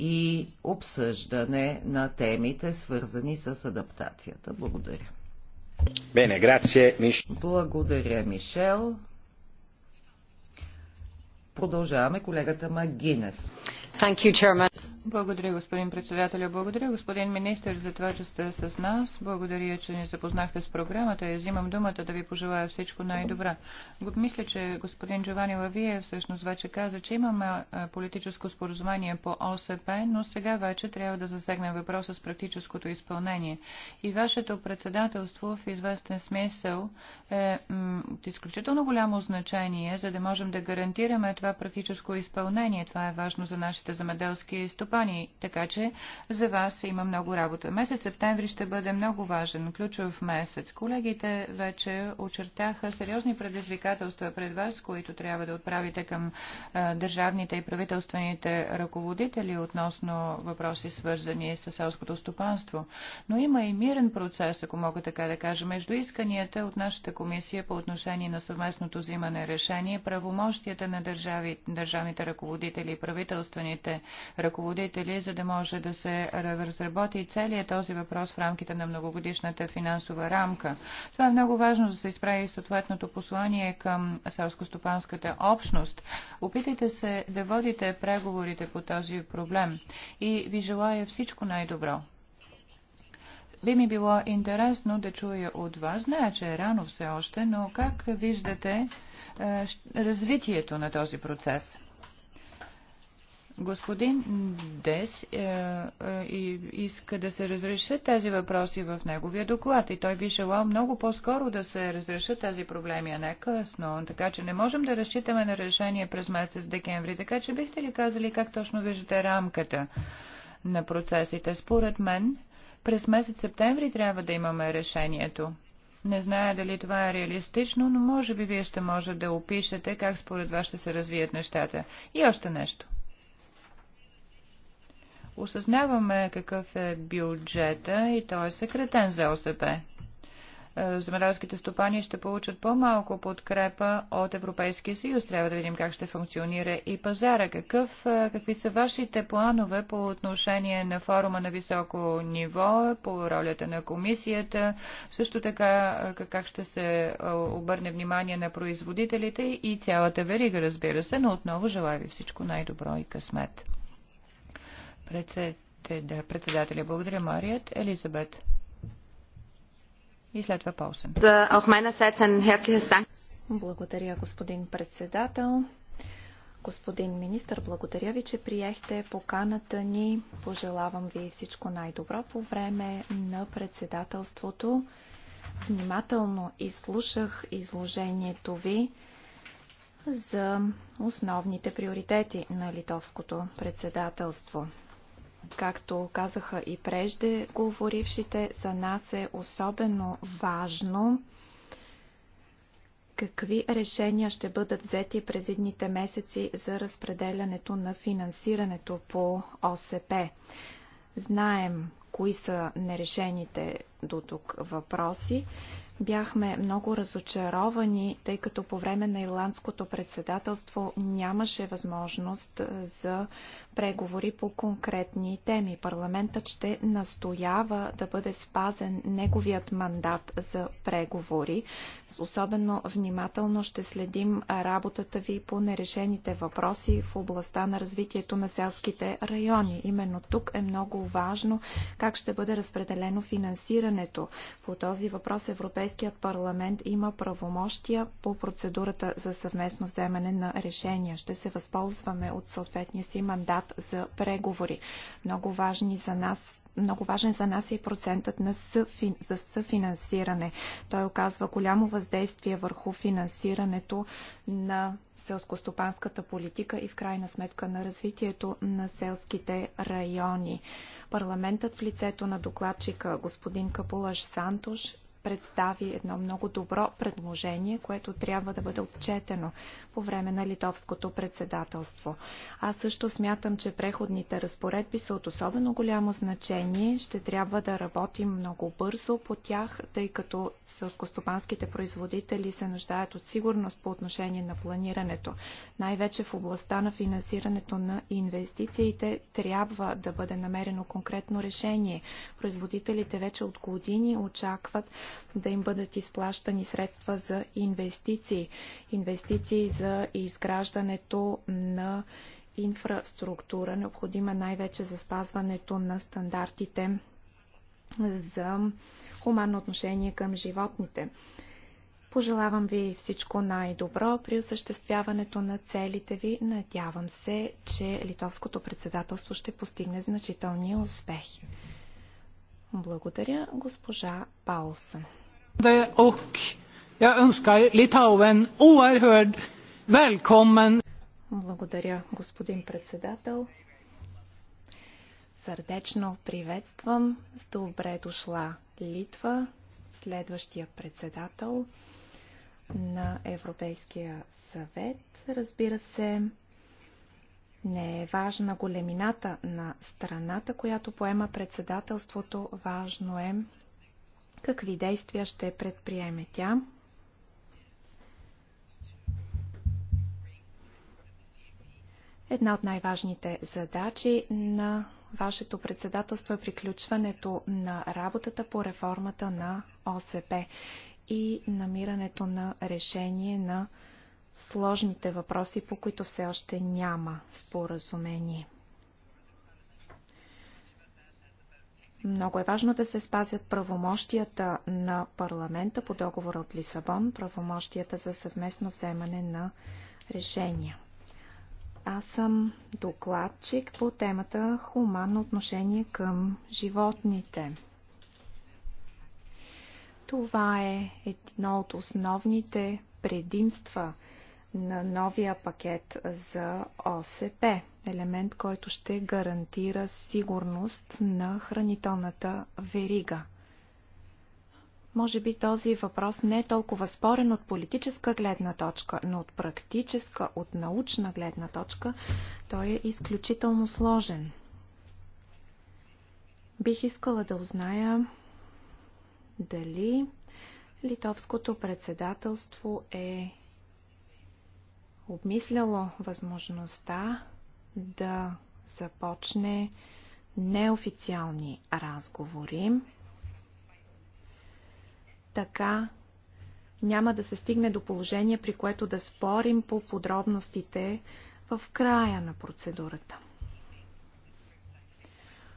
и обсъждане на темите, свързани с адаптацията. Благодаря. Bene, grazie, Миш... Благодаря, Мишел. Продължаваме колегата Магинес. Thank you, Chairman. Благодаря, господин председателя. Благодаря, господин министр, за това, че сте с нас. Благодаря, че ни запознахте с програмата и взимам думата да ви пожелая всичко най-добра. Мисля, че господин Джовани Лавие всъщност вече каза, че имаме политическо споразумение по ОСП, но сега вече трябва да засегнем въпроса с практическото изпълнение. И вашето председателство в известен смисъл е от изключително голямо значение, за да можем да гарантираме това практическо изпълнение. Това е важно за нашите замеделски стопани компании, така че за вас има много работа. Месец септември ще бъде много важен, ключов месец. Колегите вече очертаха сериозни предизвикателства пред вас, които трябва да отправите към държавните и правителствените ръководители относно въпроси свързани с селското стопанство. Но има и мирен процес, ако мога така да кажа, между исканията от нашата комисия по отношение на съвместното взимане решение, правомощията на държави, държавните ръководители и правителствените ръководители родители, за да може да се разработи целият този въпрос в рамките на многогодишната финансова рамка. Това е много важно да се изправи съответното послание към селскостопанската общност. Опитайте се да водите преговорите по този проблем и ви желая всичко най-добро. Би ми било интересно да чуя от вас, зная, че е рано все още, но как виждате е, развитието на този процес? Господин Дес е, е, иска да се разрешат тези въпроси в неговия доклад и той би желал много по-скоро да се разрешат тези проблеми, а не късно. Така че не можем да разчитаме на решение през месец декември. Така че бихте ли казали как точно виждате рамката на процесите? Според мен, през месец септември трябва да имаме решението. Не зная дали това е реалистично, но може би вие ще може да опишете как според вас ще се развият нещата. И още нещо – Осъзнаваме какъв е бюджета и той е съкретен за ОСП. Е, земеделските стопани ще получат по-малко подкрепа от Европейския съюз. Трябва да видим как ще функционира и пазара. Какъв, е, какви са вашите планове по отношение на форума на високо ниво, по ролята на комисията, също така е, как ще се обърне внимание на производителите и цялата верига, разбира се, но отново желая ви всичко най-добро и късмет. Председателя. Председателя. Благодаря, Марият. Елизабет. И след това Полсен. Благодаря, господин председател. Господин министр, благодаря ви, че приехте поканата ни. Пожелавам ви всичко най-добро по време на председателството. Внимателно изслушах изложението ви за основните приоритети на литовското председателство. Както казаха и прежде говорившите, за нас е особено важно какви решения ще бъдат взети през едните месеци за разпределянето на финансирането по ОСП. Знаем кои са нерешените до тук въпроси. Бяхме много разочаровани, тъй като по време на ирландското председателство нямаше възможност е, за преговори по конкретни теми. Парламентът ще настоява да бъде спазен неговият мандат за преговори. Особено внимателно ще следим работата ви по нерешените въпроси в областта на развитието на селските райони. Именно тук е много важно как ще бъде разпределено финансирането. По този въпрос Европейския Европейският парламент има правомощия по процедурата за съвместно вземане на решения. Ще се възползваме от съответния си мандат за преговори. Много важни за нас много важен за нас е и процентът на съфин... за съфинансиране. Той оказва голямо въздействие върху финансирането на селскостопанската политика и в крайна сметка на развитието на селските райони. Парламентът в лицето на докладчика господин Капулаш Сантош представи едно много добро предложение, което трябва да бъде отчетено по време на литовското председателство. Аз също смятам, че преходните разпоредби са от особено голямо значение. Ще трябва да работим много бързо по тях, тъй като селскостопанските производители се нуждаят от сигурност по отношение на планирането. Най-вече в областта на финансирането на инвестициите трябва да бъде намерено конкретно решение. Производителите вече от години очакват да им бъдат изплащани средства за инвестиции. Инвестиции за изграждането на инфраструктура, необходима най-вече за спазването на стандартите за хуманно отношение към животните. Пожелавам ви всичко най-добро при осъществяването на целите ви. Надявам се, че литовското председателство ще постигне значителни успехи. Благодаря, госпожа Паулсън. Er Благодаря, господин председател. Сърдечно приветствам с добре дошла Литва, следващия председател на Европейския съвет. Разбира се, не е важна големината на страната, която поема председателството, важно е какви действия ще предприеме тя. Една от най-важните задачи на вашето председателство е приключването на работата по реформата на ОСП и намирането на решение на сложните въпроси, по които все още няма споразумение. Много е важно да се спазят правомощията на парламента по договора от Лисабон, правомощията за съвместно вземане на решения. Аз съм докладчик по темата хуманно отношение към животните. Това е едно от основните предимства – на новия пакет за ОСП, елемент, който ще гарантира сигурност на хранителната верига. Може би този въпрос не е толкова спорен от политическа гледна точка, но от практическа, от научна гледна точка, той е изключително сложен. Бих искала да узная дали литовското председателство е обмисляло възможността да започне неофициални разговори. Така няма да се стигне до положение, при което да спорим по подробностите в края на процедурата.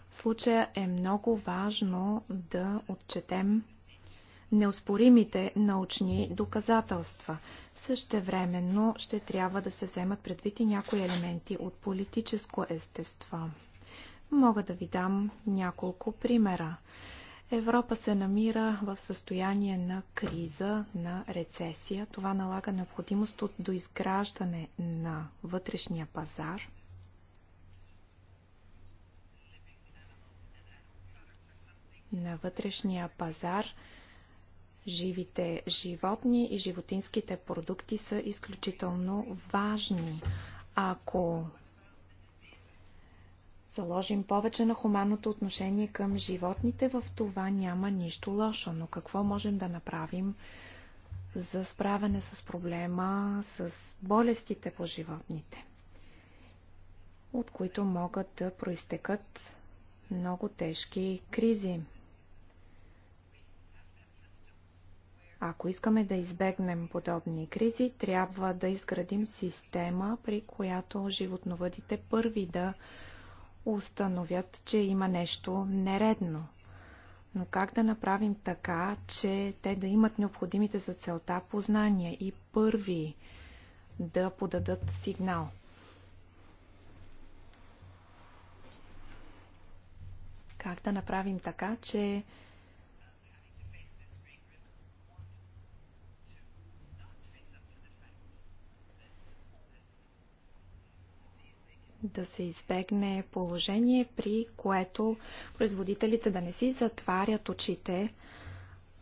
В случая е много важно да отчетем неоспоримите научни доказателства. Същевременно ще трябва да се вземат предвид и някои елементи от политическо естество. Мога да ви дам няколко примера. Европа се намира в състояние на криза, на рецесия. Това налага необходимост от доизграждане на вътрешния пазар. На вътрешния пазар – живите животни и животинските продукти са изключително важни. Ако заложим повече на хуманното отношение към животните, в това няма нищо лошо. Но какво можем да направим за справяне с проблема с болестите по животните, от които могат да проистекат много тежки кризи? Ако искаме да избегнем подобни кризи, трябва да изградим система, при която животновъдите първи да установят, че има нещо нередно. Но как да направим така, че те да имат необходимите за целта познания и първи да подадат сигнал? Как да направим така, че да се избегне положение, при което производителите да не си затварят очите,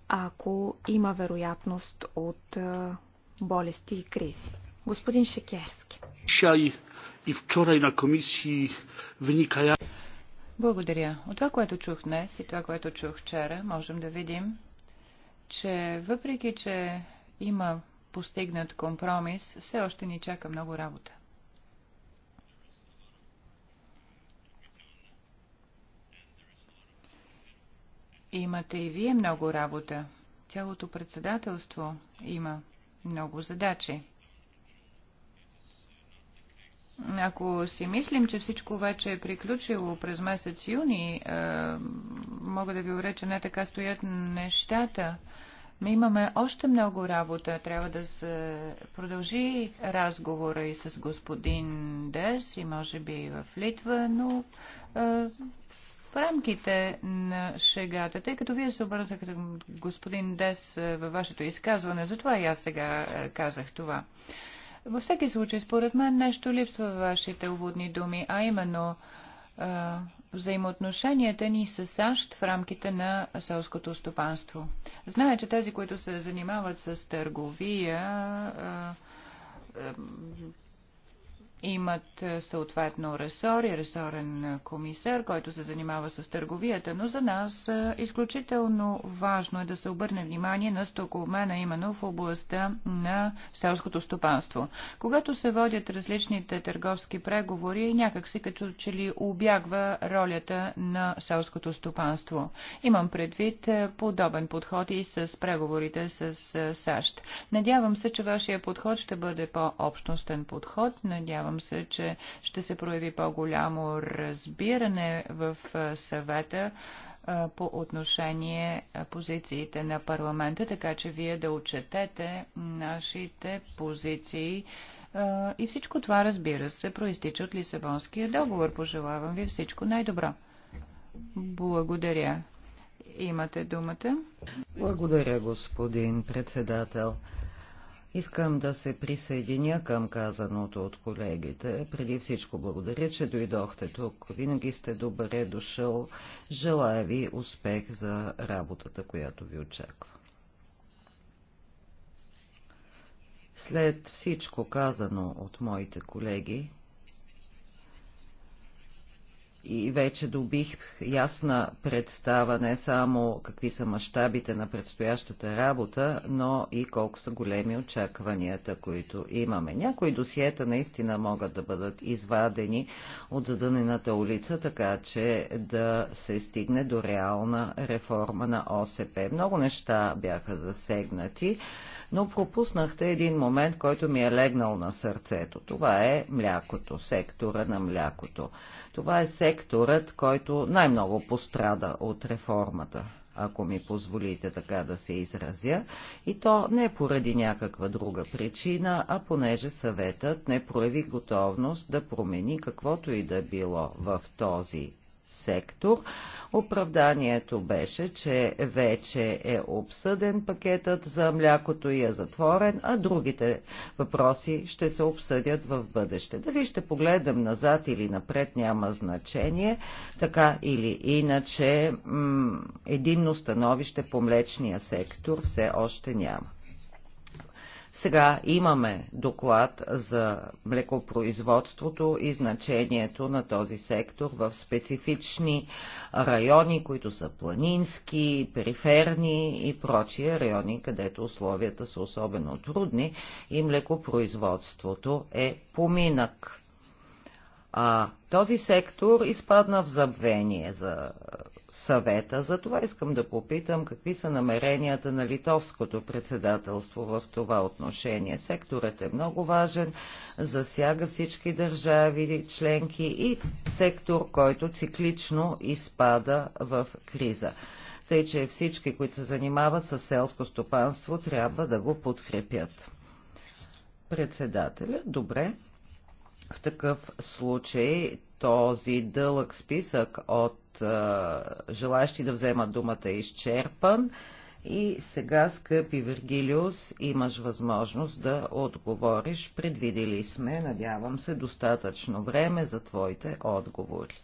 ако има вероятност от болести и кризи. Господин Шекерски. и вчера и на комисии вynikają. Благодаря. От това, което чух днес и това, което чух вчера, можем да видим, че въпреки, че има постигнат компромис, все още ни чака много работа. Имате и вие много работа. Цялото председателство има много задачи. Ако си мислим, че всичко вече е приключило през месец юни, е, мога да ви уреча не така стоят нещата. Ми имаме още много работа. Трябва да се продължи разговора и с господин Дес и може би и в Литва, но е, в рамките на шегата, тъй като вие се обърнахте към господин Дес е, във вашето изказване, затова и аз сега е, казах това. Във всеки случай, според мен, нещо липсва във вашите уводни думи, а именно е, взаимоотношенията ни с САЩ в рамките на селското стопанство. Зная, че тези, които се занимават с търговия, имат е, съответно ресор и ресорен е, комисар, който се занимава с търговията, но за нас е, изключително важно е да се обърне внимание на стокомена именно в областта на селското стопанство. Когато се водят различните търговски преговори, някак си като че ли обягва ролята на селското стопанство. Имам предвид подобен подход и с преговорите с САЩ. Надявам се, че вашия подход ще бъде по-общностен подход. Надявам Надявам се, че ще се прояви по-голямо разбиране в съвета по отношение позициите на парламента, така че вие да отчетете нашите позиции. И всичко това, разбира се, проистича от Лисабонския договор. Пожелавам ви всичко най-добро. Благодаря. Имате думата. Благодаря, господин председател. Искам да се присъединя към казаното от колегите. Преди всичко благодаря, че дойдохте тук. Винаги сте добре дошъл. Желая ви успех за работата, която ви очаква. След всичко казано от моите колеги, и вече добих ясна представа не само какви са мащабите на предстоящата работа, но и колко са големи очакванията, които имаме. Някои досиета наистина могат да бъдат извадени от задънената улица, така че да се стигне до реална реформа на ОСП. Много неща бяха засегнати но пропуснахте един момент, който ми е легнал на сърцето. Това е млякото, сектора на млякото. Това е секторът, който най-много пострада от реформата ако ми позволите така да се изразя, и то не поради някаква друга причина, а понеже съветът не прояви готовност да промени каквото и да било в този сектор. Оправданието беше, че вече е обсъден пакетът за млякото и е затворен, а другите въпроси ще се обсъдят в бъдеще. Дали ще погледам назад или напред няма значение, така или иначе единно становище по млечния сектор все още няма. Сега имаме доклад за млекопроизводството и значението на този сектор в специфични райони, които са планински, периферни и прочие райони, където условията са особено трудни и млекопроизводството е поминък. А този сектор изпадна в забвение за съвета. Затова искам да попитам какви са намеренията на литовското председателство в това отношение. Секторът е много важен, засяга всички държави, членки и сектор, който циклично изпада в криза. Тъй, че всички, които се занимават с селско стопанство, трябва да го подкрепят. Председателя, добре, в такъв случай този дълъг списък от е, желащи да вземат думата е изчерпан. И сега, скъпи Вергилиус, имаш възможност да отговориш. Предвидели сме, надявам се, достатъчно време за твоите отговори.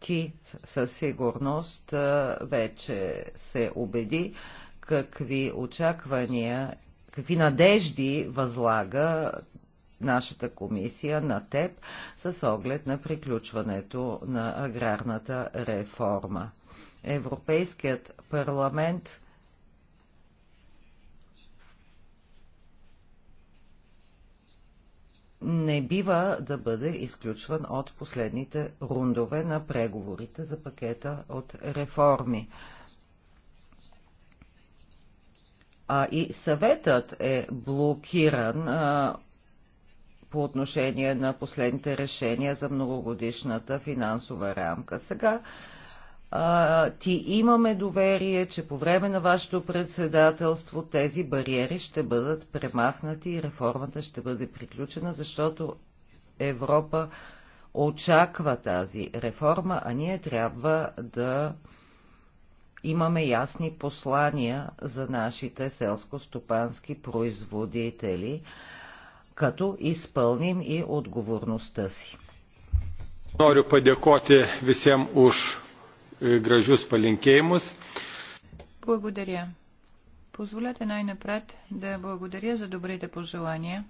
Ти със сигурност вече се убеди какви очаквания, какви надежди възлага нашата комисия на ТЕП с оглед на приключването на аграрната реформа. Европейският парламент не бива да бъде изключван от последните рундове на преговорите за пакета от реформи. А и съветът е блокиран а, по отношение на последните решения за многогодишната финансова рамка. Сега а, ти имаме доверие, че по време на вашето председателство тези бариери ще бъдат премахнати и реформата ще бъде приключена, защото Европа очаква тази реформа, а ние трябва да имаме ясни послания за нашите селско-стопански производители като изпълним и отговорността си. Noriu padėkoti visiems už e, gražius palinkėjimus. Благодаря. Позволете най-напред да благодаря за добрите пожелания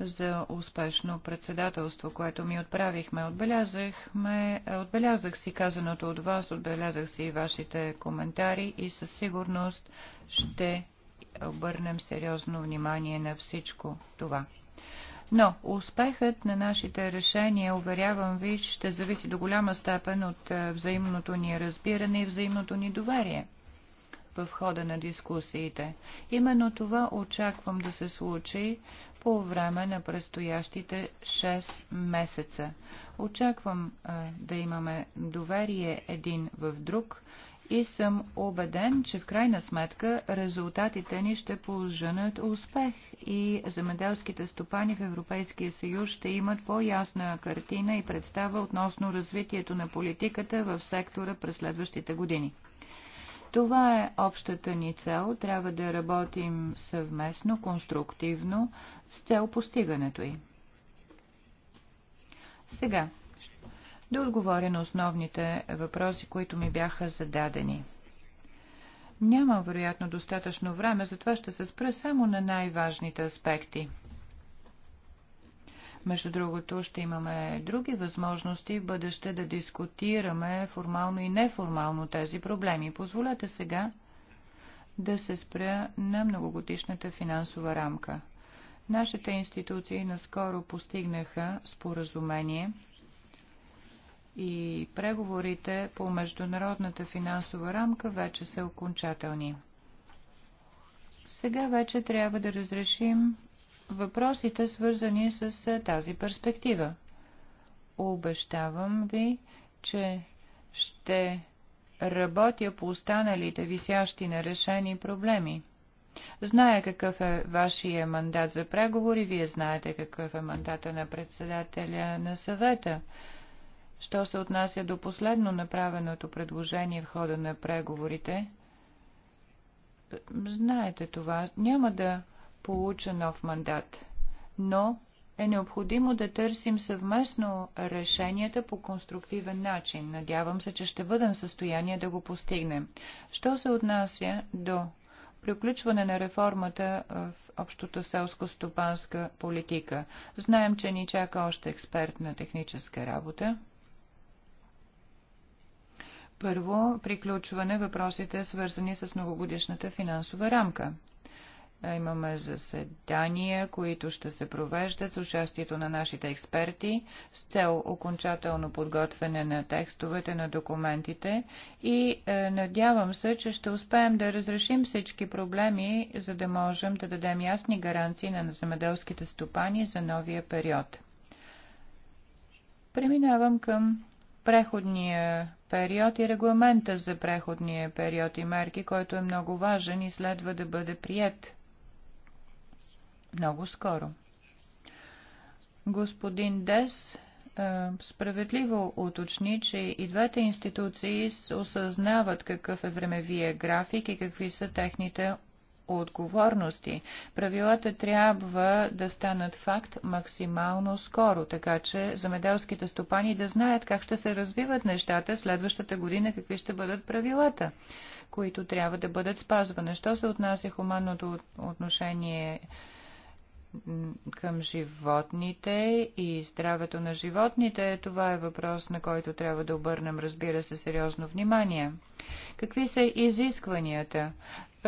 за успешно председателство, което ми отправихме. Отбелязахме, отбелязах си казаното от вас, отбелязах си и вашите коментари и със сигурност ще обърнем сериозно внимание на всичко това. Но успехът на нашите решения, уверявам ви, ще зависи до голяма степен от е, взаимното ни разбиране и взаимното ни доверие в хода на дискусиите. Именно това очаквам да се случи по време на предстоящите 6 месеца. Очаквам а, е, да имаме доверие един в друг, и съм убеден, че в крайна сметка резултатите ни ще поженат успех и земеделските стопани в Европейския съюз ще имат по-ясна картина и представа относно развитието на политиката в сектора през следващите години. Това е общата ни цел. Трябва да работим съвместно, конструктивно, с цел постигането й. Сега, да отговоря на основните въпроси, които ми бяха зададени. Нямам, вероятно, достатъчно време, затова ще се спра само на най-важните аспекти. Между другото, ще имаме други възможности в бъдеще да дискутираме формално и неформално тези проблеми. Позволете сега да се спря на многогодишната финансова рамка. Нашите институции наскоро постигнаха споразумение – и преговорите по международната финансова рамка вече са окончателни. Сега вече трябва да разрешим въпросите, свързани с тази перспектива. Обещавам ви, че ще работя по останалите висящи нерешени проблеми. Зная какъв е вашия мандат за преговори, вие знаете какъв е мандата на председателя на съвета. Що се отнася до последно направеното предложение в хода на преговорите, знаете това, няма да получа нов мандат, но е необходимо да търсим съвместно решенията по конструктивен начин. Надявам се, че ще бъдем в състояние да го постигнем. Що се отнася до приключване на реформата в общата селско-стопанска политика? Знаем, че ни чака още експертна техническа работа. Първо, приключване въпросите, свързани с многогодишната финансова рамка. Е, имаме заседания, които ще се провеждат с участието на нашите експерти с цел окончателно подготвяне на текстовете на документите и е, надявам се, че ще успеем да разрешим всички проблеми, за да можем да дадем ясни гаранции на земеделските стопани за новия период. Преминавам към преходния период и регламента за преходния период и мерки, който е много важен и следва да бъде прият много скоро. Господин Дес е, справедливо уточни, че и двете институции осъзнават какъв е времевия график и какви са техните отговорности. Правилата трябва да станат факт максимално скоро, така че замеделските стопани да знаят как ще се развиват нещата следващата година, какви ще бъдат правилата които трябва да бъдат спазвани. Що се отнася хуманното отношение към животните и здравето на животните, това е въпрос, на който трябва да обърнем, разбира се, сериозно внимание. Какви са изискванията?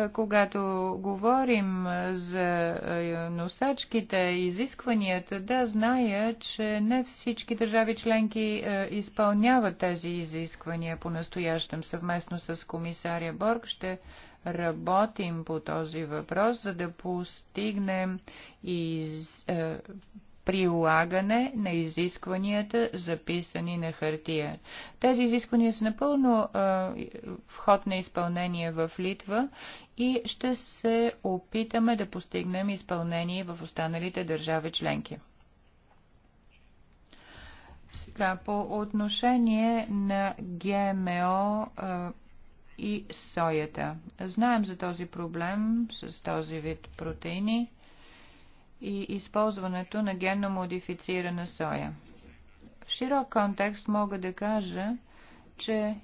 Е, когато говорим за е, носачките, и изискванията, да, зная, че не всички държави членки е, изпълняват тези изисквания по-настоящем съвместно с комисаря Борг. Ще работим по този въпрос, за да постигнем и из, прилагане на изискванията, записани на хартия. Тези изисквания са напълно а, вход на изпълнение в Литва и ще се опитаме да постигнем изпълнение в останалите държави членки. Сега, по отношение на ГМО а, и соята. Знаем за този проблем с този вид протеини и използването на генно модифицирана соя. В широк контекст мога да кажа, че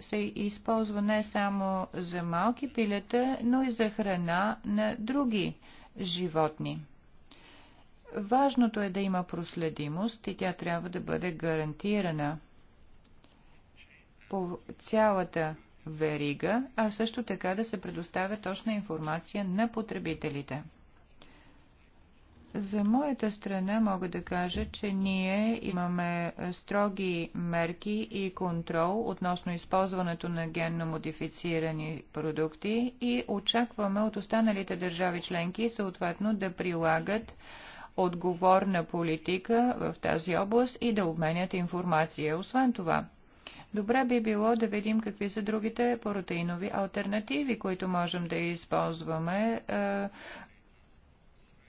се използва не само за малки пилета, но и за храна на други животни. Важното е да има проследимост и тя трябва да бъде гарантирана по цялата верига, а също така да се предоставя точна информация на потребителите. За моята страна мога да кажа, че ние имаме е, строги мерки и контрол относно използването на генно модифицирани продукти и очакваме от останалите държави членки съответно да прилагат отговорна политика в тази област и да обменят информация. Освен това, Добре би било да видим какви са другите протеинови альтернативи, които можем да използваме е,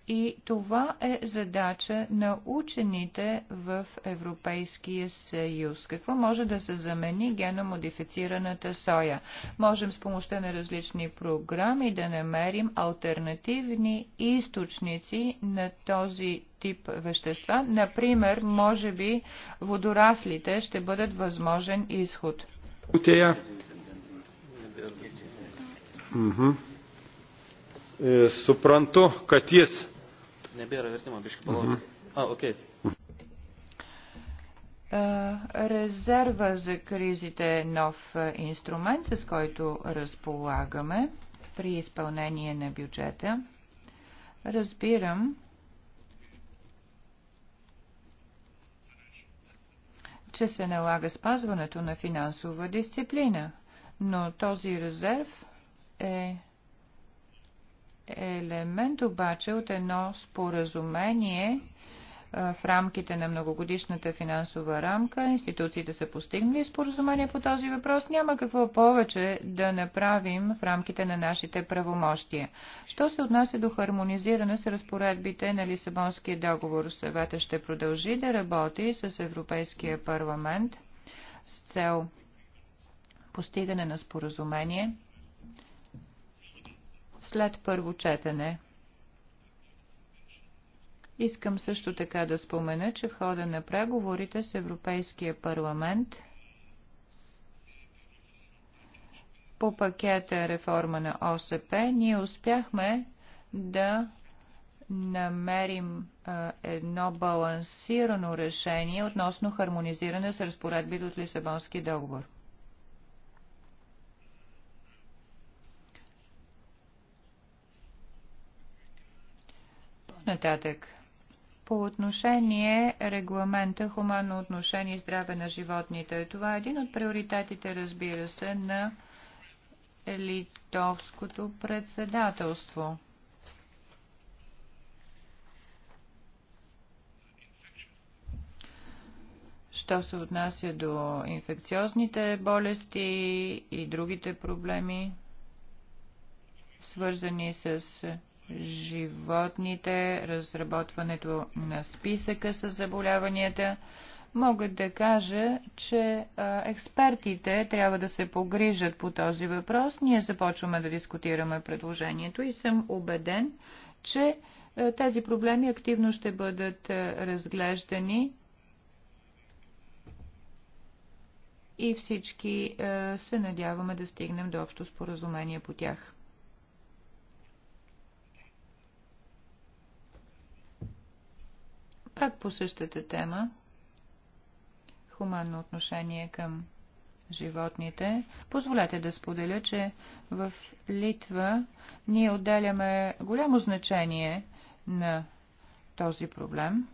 и това е задача на учените в Европейския съюз. Какво може да се замени геномодифицираната соя? Можем с помощта на различни програми да намерим альтернативни източници на този тип вещества. Например, може би водораслите ще бъдат възможен изход. Suprantu, Mm-hmm. Nebėra vertimo, biškai palaukite. А, окей. Резерва за кризите е нов инструмент, с който разполагаме при изпълнение на бюджета. Разбирам, че се налага спазването на финансова дисциплина, но този резерв е елемент обаче от едно споразумение в рамките на многогодишната финансова рамка. Институциите са постигнали споразумение по този въпрос. Няма какво повече да направим в рамките на нашите правомощия. Що се отнася до хармонизиране с разпоредбите на Лисабонския договор, съвета ще продължи да работи с Европейския парламент с цел постигане на споразумение – след първо четене. Искам също така да спомена, че в хода на преговорите с Европейския парламент по пакета реформа на ОСП ние успяхме да намерим а, едно балансирано решение относно хармонизиране с разпоредби от Лисабонски договор. нататък по отношение регламента хуманно отношение и здраве на животните. Това е един от приоритетите, разбира се, на литовското председателство. Що се отнася до инфекциозните болести и другите проблеми, свързани с животните, разработването на списъка с заболяванията, мога да кажа, че а, експертите трябва да се погрижат по този въпрос. Ние започваме да дискутираме предложението и съм убеден, че а, тези проблеми активно ще бъдат а, разглеждани и всички се надяваме да стигнем до общо споразумение по тях. Как по същата тема хуманно отношение към животните. Позволете да споделя, че в Литва ние отделяме голямо значение на този проблем.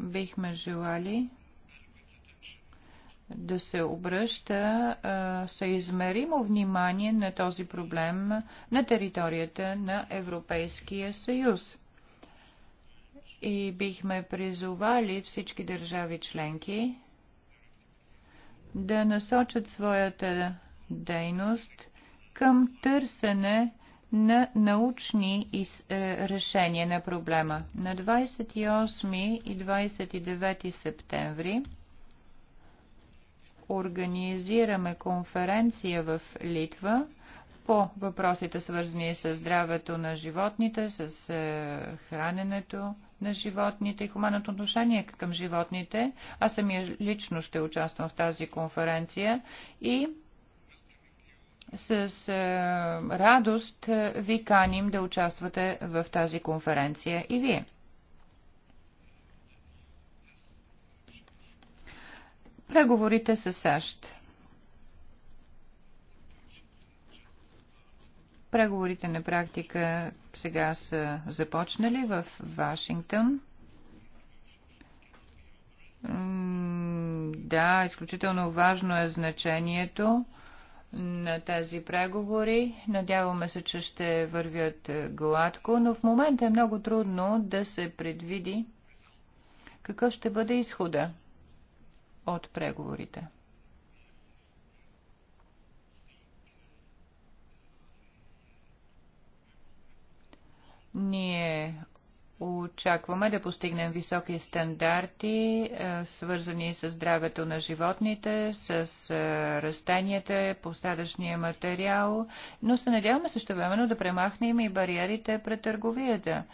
Бихме желали да се обръща съизмеримо внимание на този проблем на територията на Европейския съюз. И бихме призовали всички държави членки да насочат своята дейност към търсене на научни е, решения на проблема. На 28 и 29 септември организираме конференция в Литва по въпросите свързани с здравето на животните, с е, храненето на животните и хуманното отношение към животните. Аз самия лично ще участвам в тази конференция и с е, радост ви каним да участвате в тази конференция и вие. преговорите с САЩ. Преговорите на практика сега са започнали в Вашингтон. Да, изключително важно е значението на тези преговори. Надяваме се, че ще вървят е, гладко, но в момента е много трудно да се предвиди какъв ще бъде изхода от преговорите. Ние очакваме да постигнем високи стандарти, е, свързани с здравето на животните, с е, растенията, посадъчния материал, но се надяваме също времено да премахнем и бариерите пред търговията.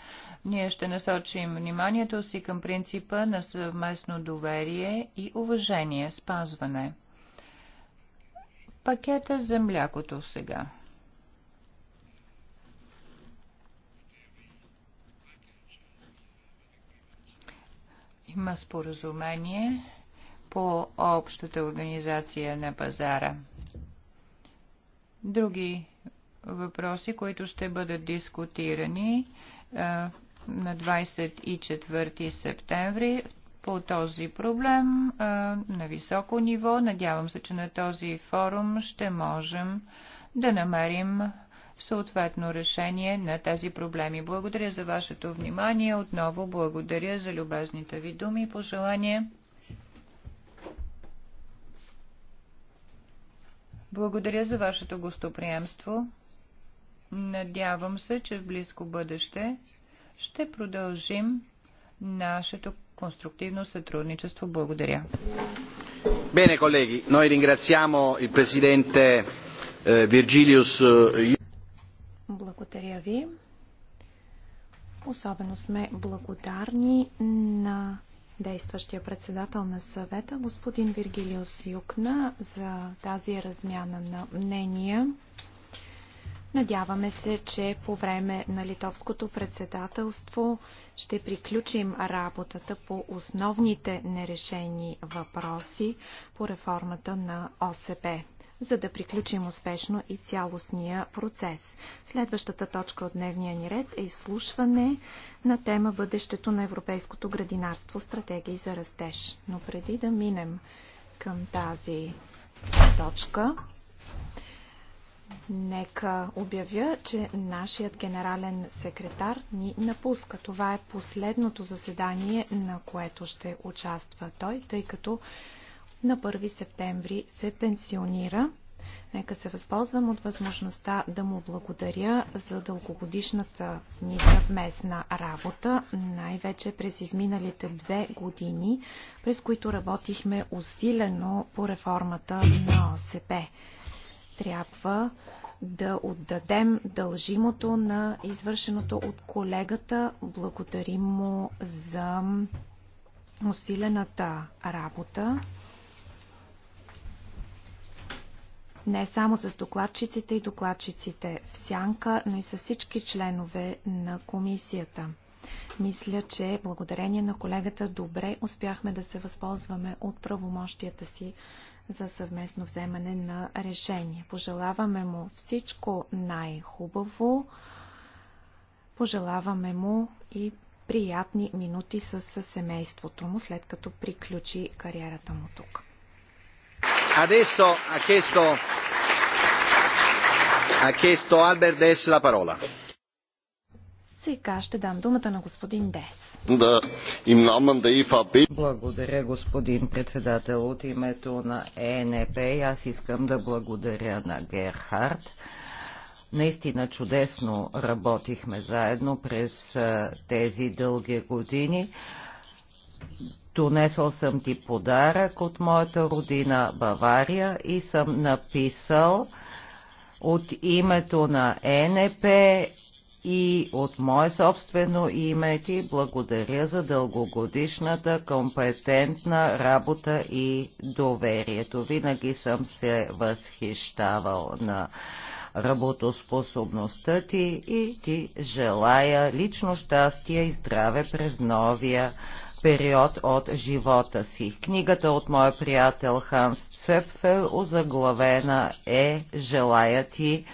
Ние ще насочим вниманието си към принципа на съвместно доверие и уважение, спазване. Пакета за млякото сега. Има споразумение по общата организация на пазара. Други въпроси, които ще бъдат дискутирани на 24 септември по този проблем на високо ниво. Надявам се, че на този форум ще можем да намерим съответно решение на тези проблеми. Благодаря за вашето внимание. Отново благодаря за любезните ви думи и пожелания. Благодаря за вашето гостоприемство. Надявам се, че в близко бъдеще ще продължим нашето конструктивно сътрудничество. Благодаря. Bene, colleghi, noi ringraziamo il presidente eh, Virgilius. Eh, Благодаря ви. Особено сме благодарни на действащия председател на съвета, господин Виргилиус Юкна, за тази размяна на мнения. Надяваме се, че по време на литовското председателство ще приключим работата по основните нерешени въпроси по реформата на ОСП за да приключим успешно и цялостния процес. Следващата точка от дневния ни ред е изслушване на тема Бъдещето на европейското градинарство стратегии за растеж. Но преди да минем към тази точка, Нека обявя, че нашият генерален секретар ни напуска. Това е последното заседание, на което ще участва той, тъй като на 1 септември се пенсионира. Нека се възползвам от възможността да му благодаря за дългогодишната ни съвместна работа, най-вече през изминалите две години, през които работихме усилено по реформата на ОСП трябва да отдадем дължимото на извършеното от колегата. Благодарим му за усилената работа. Не само с докладчиците и докладчиците в сянка, но и с всички членове на комисията. Мисля, че благодарение на колегата добре успяхме да се възползваме от правомощията си за съвместно вземане на решение. Пожелаваме му всичко най-хубаво. Пожелаваме му и приятни минути с семейството му, след като приключи кариерата му тук. Adesso ha chiesto, ha chiesto Albert Dess la parola. Сега ще дам думата на господин Дес. Да, им наман да ИФАП. Благодаря, господин председател. От името на ЕНП аз искам да благодаря на Герхард. Наистина чудесно работихме заедно през тези дълги години. Донесъл съм ти подарък от моята родина Бавария и съм написал от името на ЕНП и от мое собствено име ти благодаря за дългогодишната компетентна работа и доверието. Винаги съм се възхищавал на работоспособността ти и ти желая лично щастие и здраве през новия период от живота си. Книгата от моя приятел Ханс Цепфел озаглавена е «Желая ти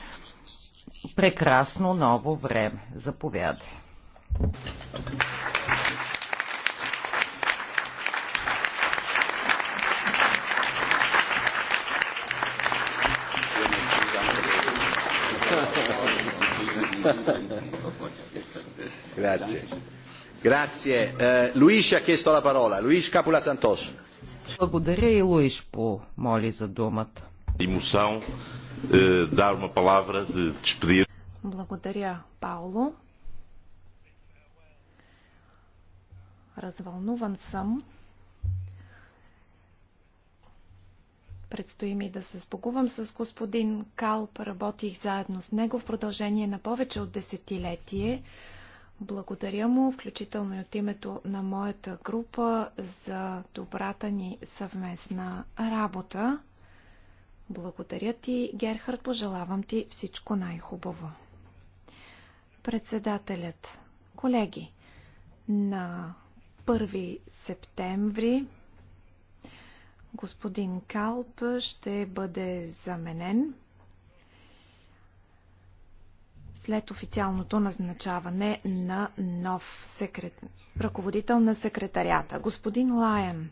прекрасно ново време. Заповядай. Grazie. Grazie. Eh, Luis ha chiesto la parola. Luis Capula Santos. Благодаря и Луиш помоли за думата. Emoção dar uma palavra de despedir. Благодаря, Пауло. Развълнуван съм. Предстои ми да се спогувам с господин Калп. Работих заедно с него в продължение на повече от десетилетие. Благодаря му, включително и от името на моята група, за добрата ни съвместна работа. Благодаря ти, Герхард, пожелавам ти всичко най-хубаво. Председателят, колеги, на 1 септември господин Калп ще бъде заменен след официалното назначаване на нов секрет... ръководител на секретарията. Господин Лаем,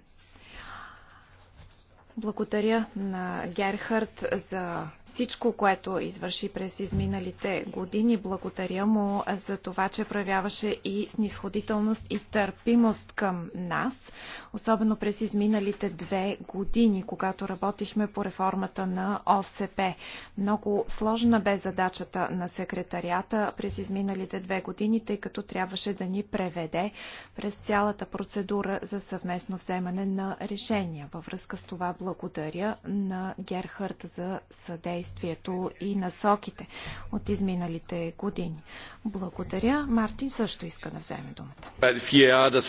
благодаря на Герхард за всичко, което извърши през изминалите години. Благодаря му за това, че проявяваше и снисходителност и търпимост към нас, особено през изминалите две години, когато работихме по реформата на ОСП. Много сложна бе задачата на секретарията през изминалите две години, тъй като трябваше да ни преведе през цялата процедура за съвместно вземане на решения. Във връзка с това, благодаря благодаря на Герхард за съдействието и насоките от изминалите години. Благодаря. Мартин също иска да вземе думата.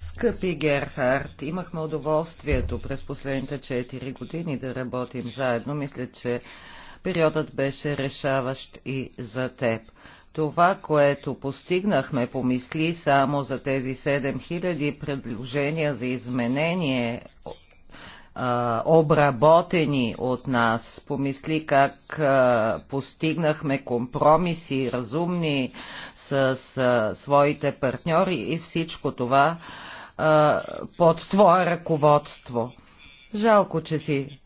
Скъпи Герхард, имахме удоволствието през последните 4 години да работим заедно. Мисля, че периодът беше решаващ и за теб. Това, което постигнахме, помисли само за тези 7000 предложения за изменение а, обработени от нас. Помисли как а, постигнахме компромиси, разумни с а, своите партньори и всичко това а, под твое ръководство. Жалко, че си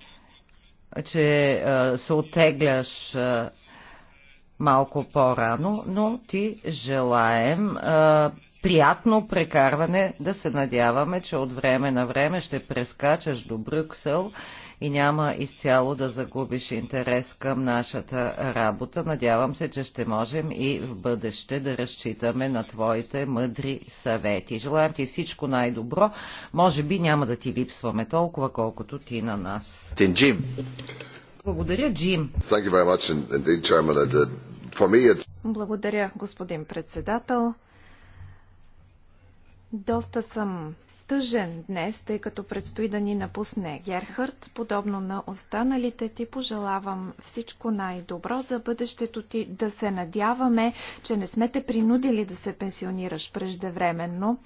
че а, се отегляш а, малко по-рано, но ти желаем а, приятно прекарване, да се надяваме, че от време на време ще прескачаш до Брюксел и няма изцяло да загубиш интерес към нашата работа. Надявам се, че ще можем и в бъдеще да разчитаме на твоите мъдри съвети. Желаем ти всичко най-добро. Може би няма да ти липсваме толкова, колкото ти на нас. Тинджим. Благодаря, Джим. Uh, Благодаря, господин председател. Доста съм тъжен днес, тъй като предстои да ни напусне Герхард. Подобно на останалите ти пожелавам всичко най-добро за бъдещето ти. Да се надяваме, че не сме те принудили да се пенсионираш преждевременно.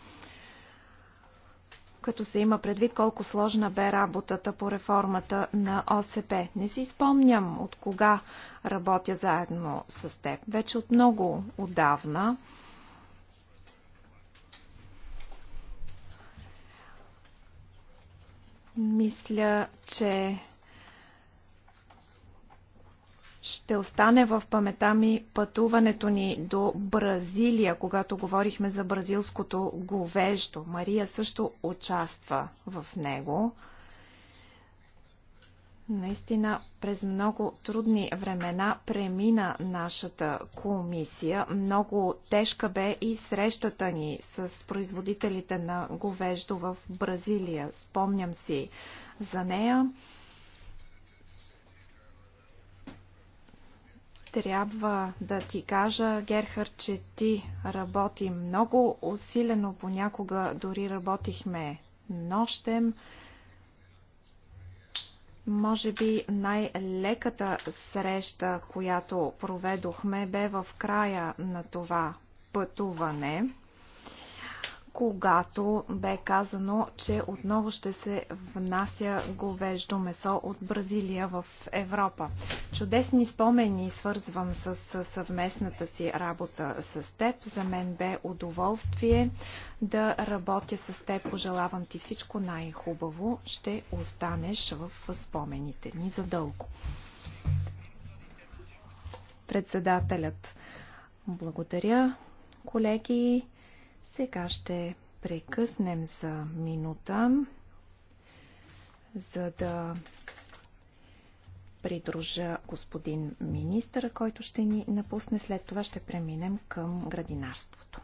Като се има предвид колко сложна бе работата по реформата на ОСП. Не си спомням от кога работя заедно с теб. Вече от много отдавна. Мисля, че ще остане в памета ми пътуването ни до Бразилия, когато говорихме за бразилското говеждо. Мария също участва в него. Наистина през много трудни времена премина нашата комисия. Много тежка бе и срещата ни с производителите на говеждо в Бразилия. Спомням си за нея. Трябва да ти кажа, Герхар, че ти работи много усилено, понякога дори работихме нощем. Може би най-леката среща, която проведохме, бе в края на това пътуване когато бе казано, че отново ще се внася говеждо месо от Бразилия в Европа. Чудесни спомени свързвам с съвместната си работа с теб. За мен бе удоволствие да работя с теб. Пожелавам ти всичко най-хубаво. Ще останеш в спомените ни задълго. Председателят. Благодаря, колеги. Сега ще прекъснем за минута, за да придружа господин министър, който ще ни напусне. След това ще преминем към градинарството.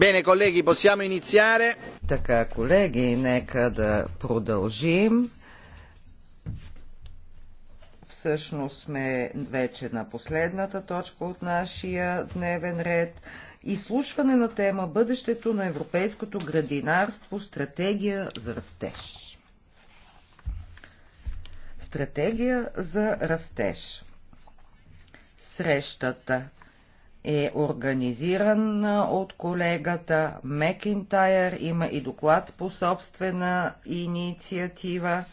Bene, колеги, possiamo iniziare. Така, колеги, нека да продължим. Всъщност сме вече на последната точка от нашия дневен ред. Изслушване на тема Бъдещето на европейското градинарство стратегия за растеж. Стратегия за растеж срещата е организиран от колегата Мекинтайр. Има и доклад по собствена инициатива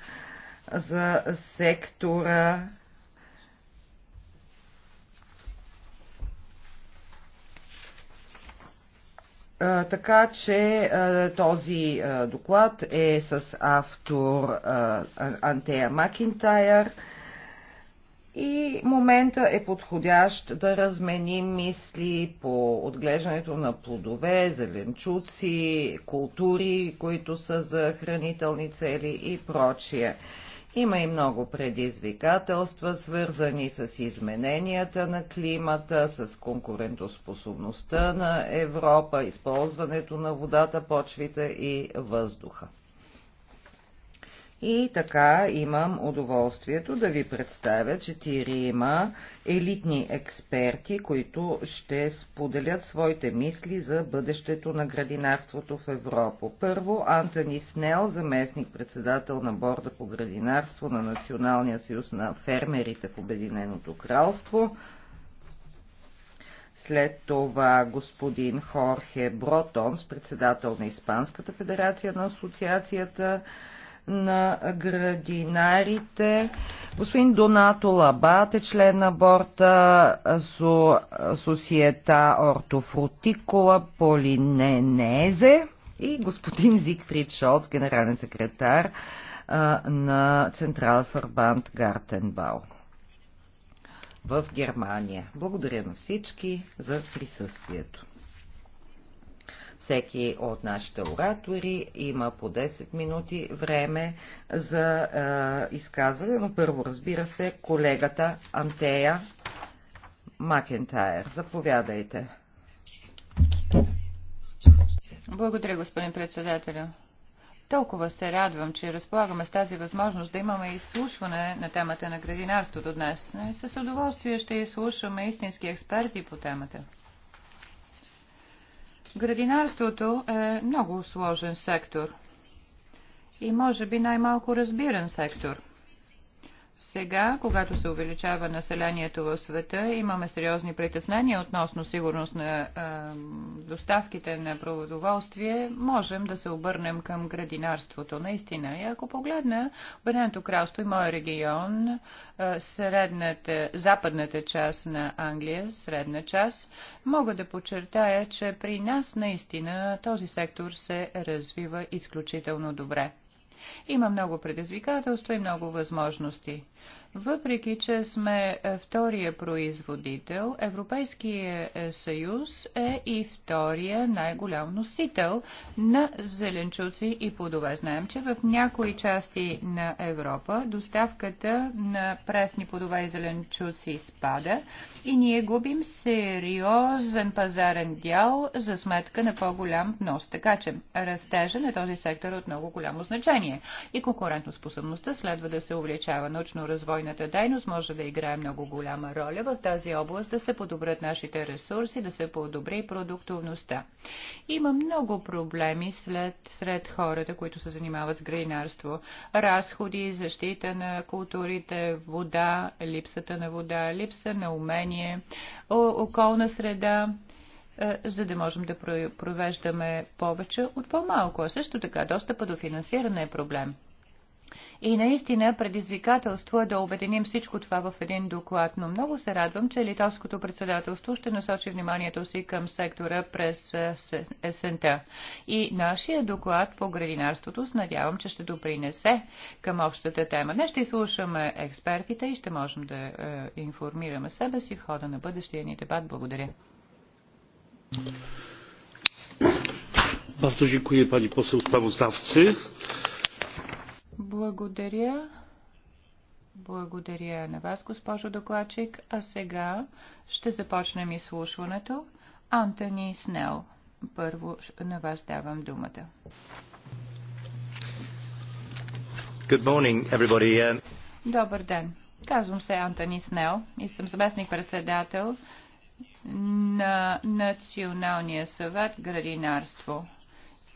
за сектора така че този доклад е с автор Антея Макинтайр. И момента е подходящ да разменим мисли по отглеждането на плодове, зеленчуци, култури, които са за хранителни цели и прочие. Има и много предизвикателства, свързани с измененията на климата, с конкурентоспособността на Европа, използването на водата, почвите и въздуха. И така имам удоволствието да ви представя четирима елитни експерти, които ще споделят своите мисли за бъдещето на градинарството в Европа. Първо Антони Снел, заместник-председател на борда по градинарство на Националния съюз на фермерите в Обединеното кралство. След това господин Хорхе Бротонс, председател на Испанската федерация на асоциацията на градинарите. Господин Донато Лабат е член на борта со, Сосиета Ортофрутикола Полиненезе и господин Зигфрид Шолц, генерален секретар а, на Централ Фарбанд Гартенбау в Германия. Благодаря на всички за присъствието. Всеки от нашите оратори има по 10 минути време за е, изказване, но първо разбира се колегата Антея Макентайр. Заповядайте. Благодаря, господин председателя. Толкова се радвам, че разполагаме с тази възможност да имаме изслушване на темата на градинарството днес. И с удоволствие ще изслушаме истински експерти по темата. Градинарството е много сложен сектор и може би най-малко разбиран сектор – сега, когато се увеличава населението в света, имаме сериозни притеснения относно сигурност на е, доставките на продоволствие. Можем да се обърнем към градинарството, наистина. И ако погледна Обединеното кралство и моя регион, е, средната, западната част на Англия, средна част, мога да подчертая, че при нас наистина този сектор се развива изключително добре. Има много предизвикателства и много възможности. Въпреки, че сме е, втория производител, Европейския е, съюз е и втория най-голям носител на зеленчуци и плодове. Знаем, че в някои части на Европа доставката на пресни плодове и зеленчуци спада и ние губим сериозен пазарен дял за сметка на по-голям внос. Така че растежа на този сектор е от много голямо значение и конкурентоспособността следва да се увеличава научно-развойна развойната дейност може да играе много голяма роля в тази област, да се подобрят нашите ресурси, да се подобри продуктовността. Има много проблеми след, сред хората, които се занимават с гринарство. Разходи, защита на културите, вода, липсата на вода, липса на умение, околна среда е, за да можем да провеждаме повече от по-малко. А също така достъпа до финансиране е проблем. И наистина предизвикателство е да обединим всичко това в един доклад, но много се радвам, че литовското председателство ще насочи вниманието си към сектора през е, есента. И нашия доклад по градинарството с надявам, че ще допринесе към общата тема. Днес ще изслушаме експертите и ще можем да е, информираме себе си в хода на бъдещия ни дебат. Благодаря. Bardzo dziękuję pani poseł sprawozdawcy. Благодаря. Благодаря на вас, госпожо докладчик. А сега ще започнем изслушването. Антони Снел. Първо на вас давам думата. Good morning, everybody. Добър ден. Казвам се Антони Снел и съм заместник-председател на Националния съвет Градинарство.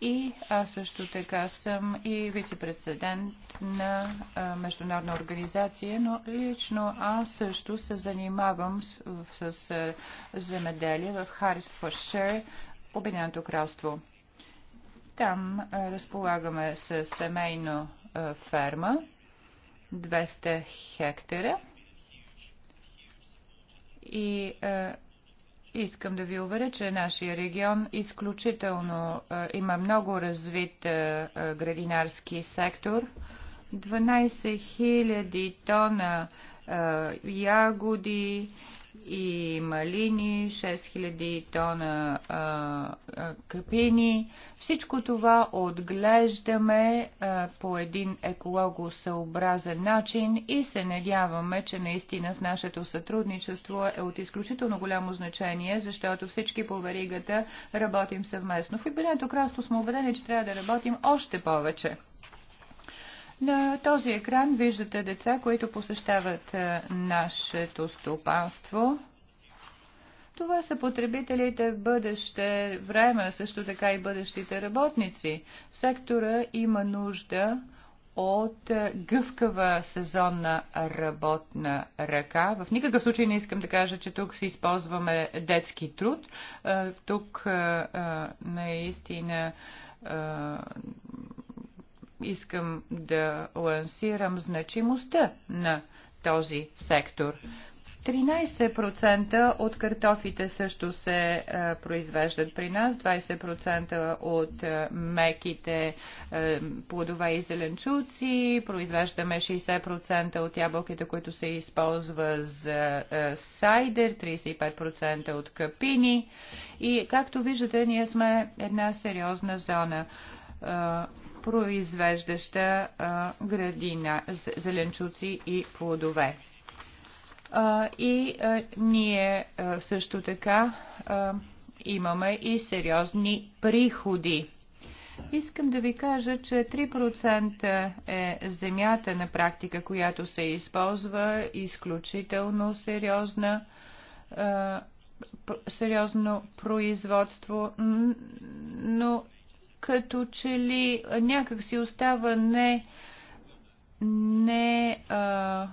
И аз също така съм и вице-председент на а, международна организация, но лично аз също се занимавам с, с, земеделие в Хартфоршир, Обединеното кралство. Там а, разполагаме с семейно а, ферма, 200 хектара и а, Искам да ви уверя, че нашия регион изключително е, има много развит е, е, градинарски сектор. 12 000 тона ягоди, и малини, 6000 тона капини. Всичко това отглеждаме по един екологосъобразен начин и се надяваме, че наистина в нашето сътрудничество е от изключително голямо значение, защото всички по веригата работим съвместно. В Обединеното Красто сме убедени, че трябва да работим още повече. На този екран виждате деца, които посещават е, нашето стопанство. Това са потребителите в бъдеще време, също така и бъдещите работници. Сектора има нужда от е, гъвкава сезонна работна ръка. В никакъв случай не искам да кажа, че тук си използваме детски труд. Е, тук наистина искам да лансирам значимостта на този сектор. 13% от картофите също се е, произвеждат при нас, 20% от е, меките е, плодове и зеленчуци, произвеждаме 60% от ябълките, които се използва за е, сайдер, 35% от капини и както виждате, ние сме една сериозна зона е, произвеждаща градина, зеленчуци и плодове. и ние също така имаме и сериозни приходи. Искам да ви кажа, че 3% е земята на практика, която се използва, изключително сериозна, сериозно производство, но като че ли някак си остава не, не а,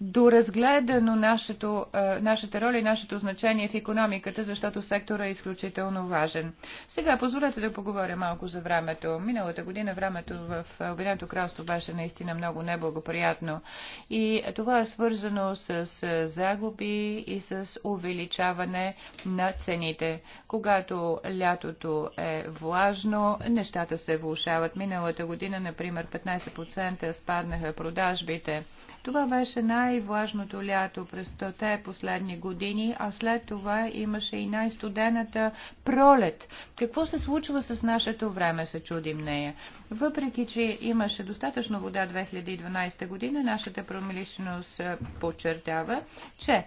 доразгледано нашето, нашата роля и нашето значение в економиката, защото сектора е изключително важен. Сега позволете да поговоря малко за времето. Миналата година времето в Обединеното кралство беше наистина много неблагоприятно и това е свързано с загуби и с увеличаване на цените. Когато лятото е влажно, нещата се влушават. Миналата година, например, 15% спаднаха продажбите това беше най-влажното лято през те последни години, а след това имаше и най-студената пролет. Какво се случва с нашето време, се чудим нея. Въпреки, че имаше достатъчно вода 2012 година, нашата промилищност подчертава, че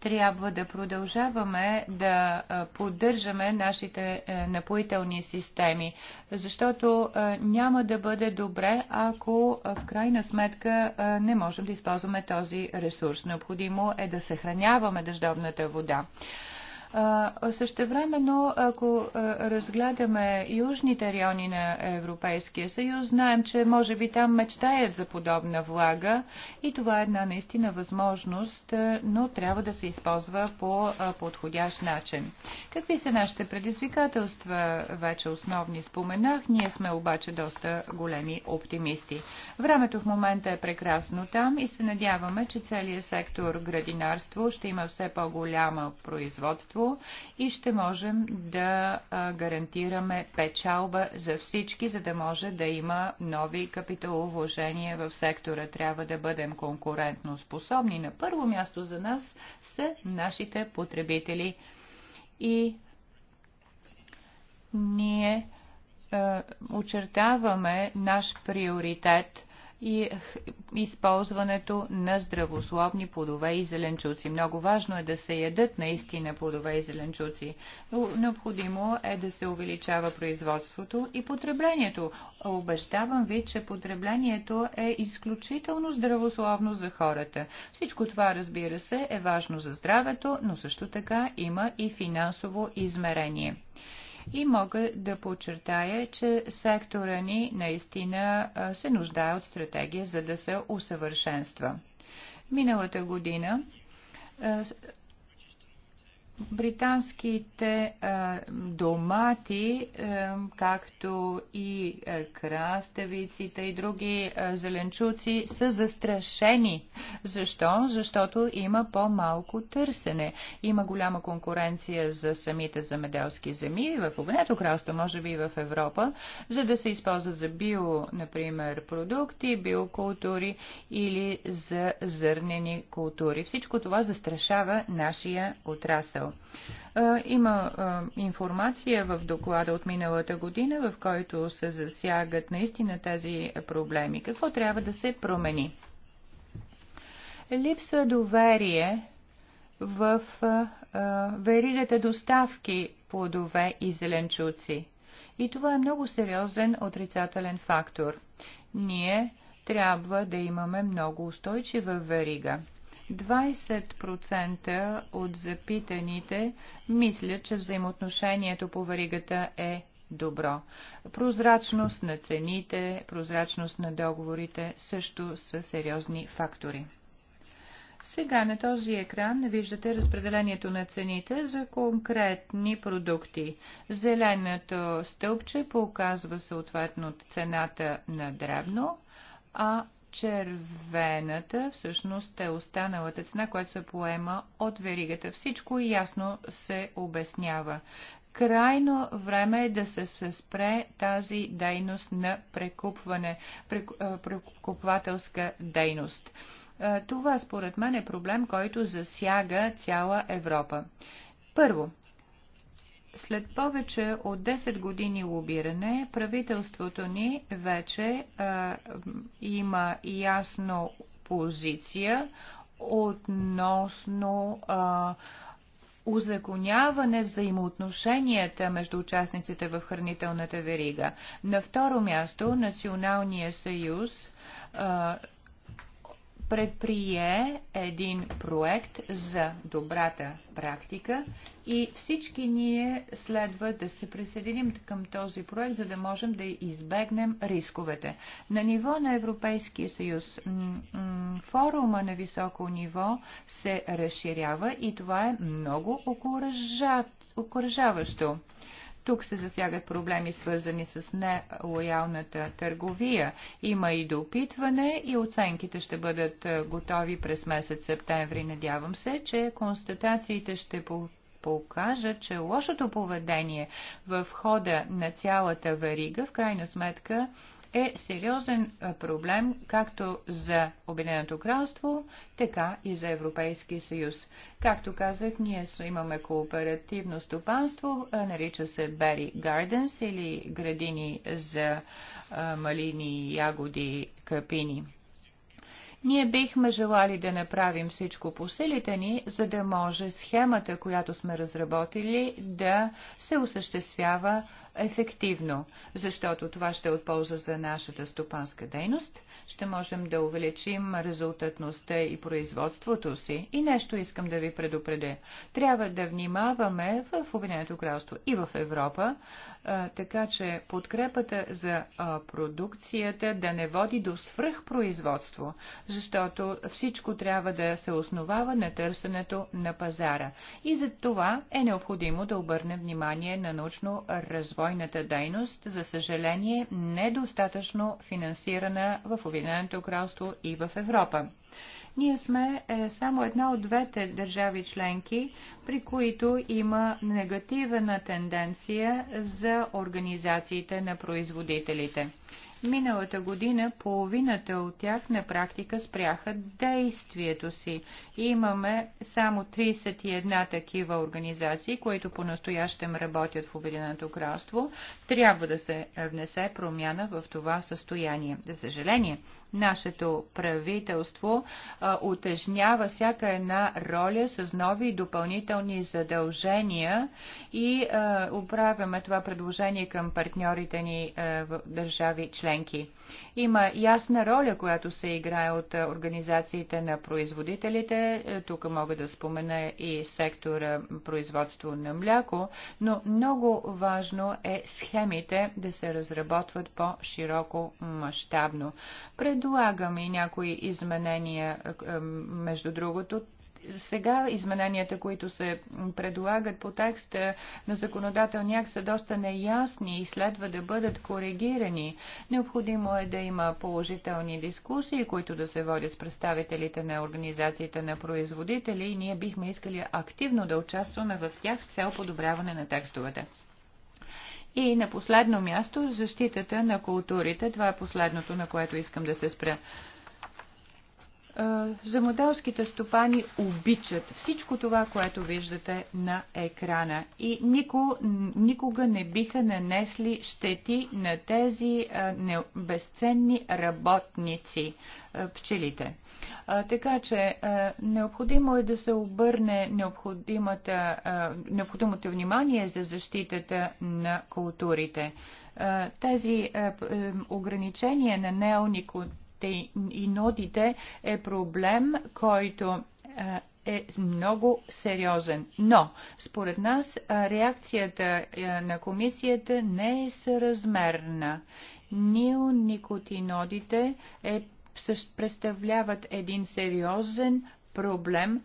трябва да продължаваме да поддържаме нашите е, напоителни системи, защото няма да бъде добре, ако в крайна сметка не можем да използваме този ресурс. Необходимо е да съхраняваме дъждовната вода. Същевременно, ако разгледаме южните райони на Европейския съюз, знаем, че може би там мечтаят за подобна влага и това е една наистина възможност, но трябва да се използва по подходящ начин. Какви са нашите предизвикателства? Вече основни споменах. Ние сме обаче доста големи оптимисти. Времето в момента е прекрасно там и се надяваме, че целият сектор градинарство ще има все по-голяма производство дружество и ще можем да гарантираме печалба за всички, за да може да има нови капиталовложения в сектора. Трябва да бъдем конкурентно способни. На първо място за нас са нашите потребители и ние очертаваме наш приоритет – и използването на здравословни плодове и зеленчуци. Много важно е да се ядат наистина плодове и зеленчуци. Необходимо е да се увеличава производството и потреблението. Обещавам ви, че потреблението е изключително здравословно за хората. Всичко това, разбира се, е важно за здравето, но също така има и финансово измерение и мога да подчертая, че сектора ни наистина се нуждае от стратегия, за да се усъвършенства. Миналата година британските е, домати, е, както и е, краставиците и други зеленчуци са застрашени. Защо? Защото има по-малко търсене. Има голяма конкуренция за самите замеделски земи в Обнето кралство, може би и в Европа, за да се използват за био, например, продукти, биокултури или за зърнени култури. Всичко това застрашава нашия отрасъл председател. Има е, информация в доклада от миналата година, в който се засягат наистина тези проблеми. Какво трябва да се промени? Липса доверие в е, е, веригата доставки плодове и зеленчуци. И това е много сериозен отрицателен фактор. Ние трябва да имаме много устойчива верига. 20% от запитаните мислят, че взаимоотношението по варигата е добро. Прозрачност на цените, прозрачност на договорите също са сериозни фактори. Сега на този екран виждате разпределението на цените за конкретни продукти. Зеленото стълбче показва съответно цената на дребно, а червената всъщност е останалата цена, която се поема от веригата. Всичко ясно се обяснява. Крайно време е да се спре тази дейност на прекупване, прекупвателска дейност. Това според мен е проблем, който засяга цяла Европа. Първо, след повече от 10 години лобиране, правителството ни вече а, е, има ясно позиция относно а, е, узаконяване взаимоотношенията между участниците в хранителната верига. На второ място Националния съюз а, е, предприе един проект за добрата практика и всички ние следва да се присъединим към този проект, за да можем да избегнем рисковете. На ниво на Европейския съюз форума на високо ниво се разширява и това е много окоръжаващо. Тук се засягат проблеми, свързани с нелоялната търговия. Има и допитване и оценките ще бъдат е, готови през месец септември. Надявам се, че констатациите ще покажа, че лошото поведение в хода на цялата варига, в крайна сметка е сериозен проблем както за Обединеното кралство, така и за Европейския съюз. Както казах, ние имаме кооперативно стопанство, нарича се Berry Gardens или градини за малини, ягоди, капини. Ние бихме желали да направим всичко по силите ни, за да може схемата, която сме разработили, да се осъществява ефективно, защото това ще е от полза за нашата стопанска дейност. Ще можем да увеличим резултатността и производството си. И нещо искам да ви предупредя. Трябва да внимаваме в Обединеното кралство и в Европа така че подкрепата за продукцията да не води до свръхпроизводство, защото всичко трябва да се основава на търсенето на пазара. И за това е необходимо да обърнем внимание на научно-развойната дейност, за съжаление недостатъчно финансирана в Обединеното кралство и в Европа. Ние сме е, само една от двете държави членки, при които има негативна тенденция за организациите на производителите. Миналата година половината от тях на практика спряха действието си. Имаме само 31 такива организации, които по-настоящем работят в Обединеното кралство. Трябва да се внесе промяна в това състояние. За съжаление, нашето правителство а, утежнява всяка една роля с нови допълнителни задължения и а, управяме това предложение към партньорите ни а, в държави член членки. Има ясна роля, която се играе от организациите на производителите. Е, тук мога да спомена и сектора производство на мляко, но много важно е схемите да се разработват по-широко мащабно. Предлагам и някои изменения, е, е, между другото, сега измененията, които се предлагат по текста на законодателния акт са доста неясни и следва да бъдат коригирани. Необходимо е да има положителни дискусии, които да се водят с представителите на организациите на производители и ние бихме искали активно да участваме в тях с цел подобряване на текстовете. И на последно място защитата на културите. Това е последното, на което искам да се спра земеделските стопани обичат всичко това, което виждате на екрана. И нико, никога не биха нанесли щети на тези не, безценни работници, пчелите. Така че необходимо е да се обърне необходимото внимание за защитата на културите. Тези ограничения на неоникотин и нодите е проблем, който е, е много сериозен. Но, според нас, реакцията на комисията не е съразмерна. Неоникотинодите е, представляват един сериозен проблем,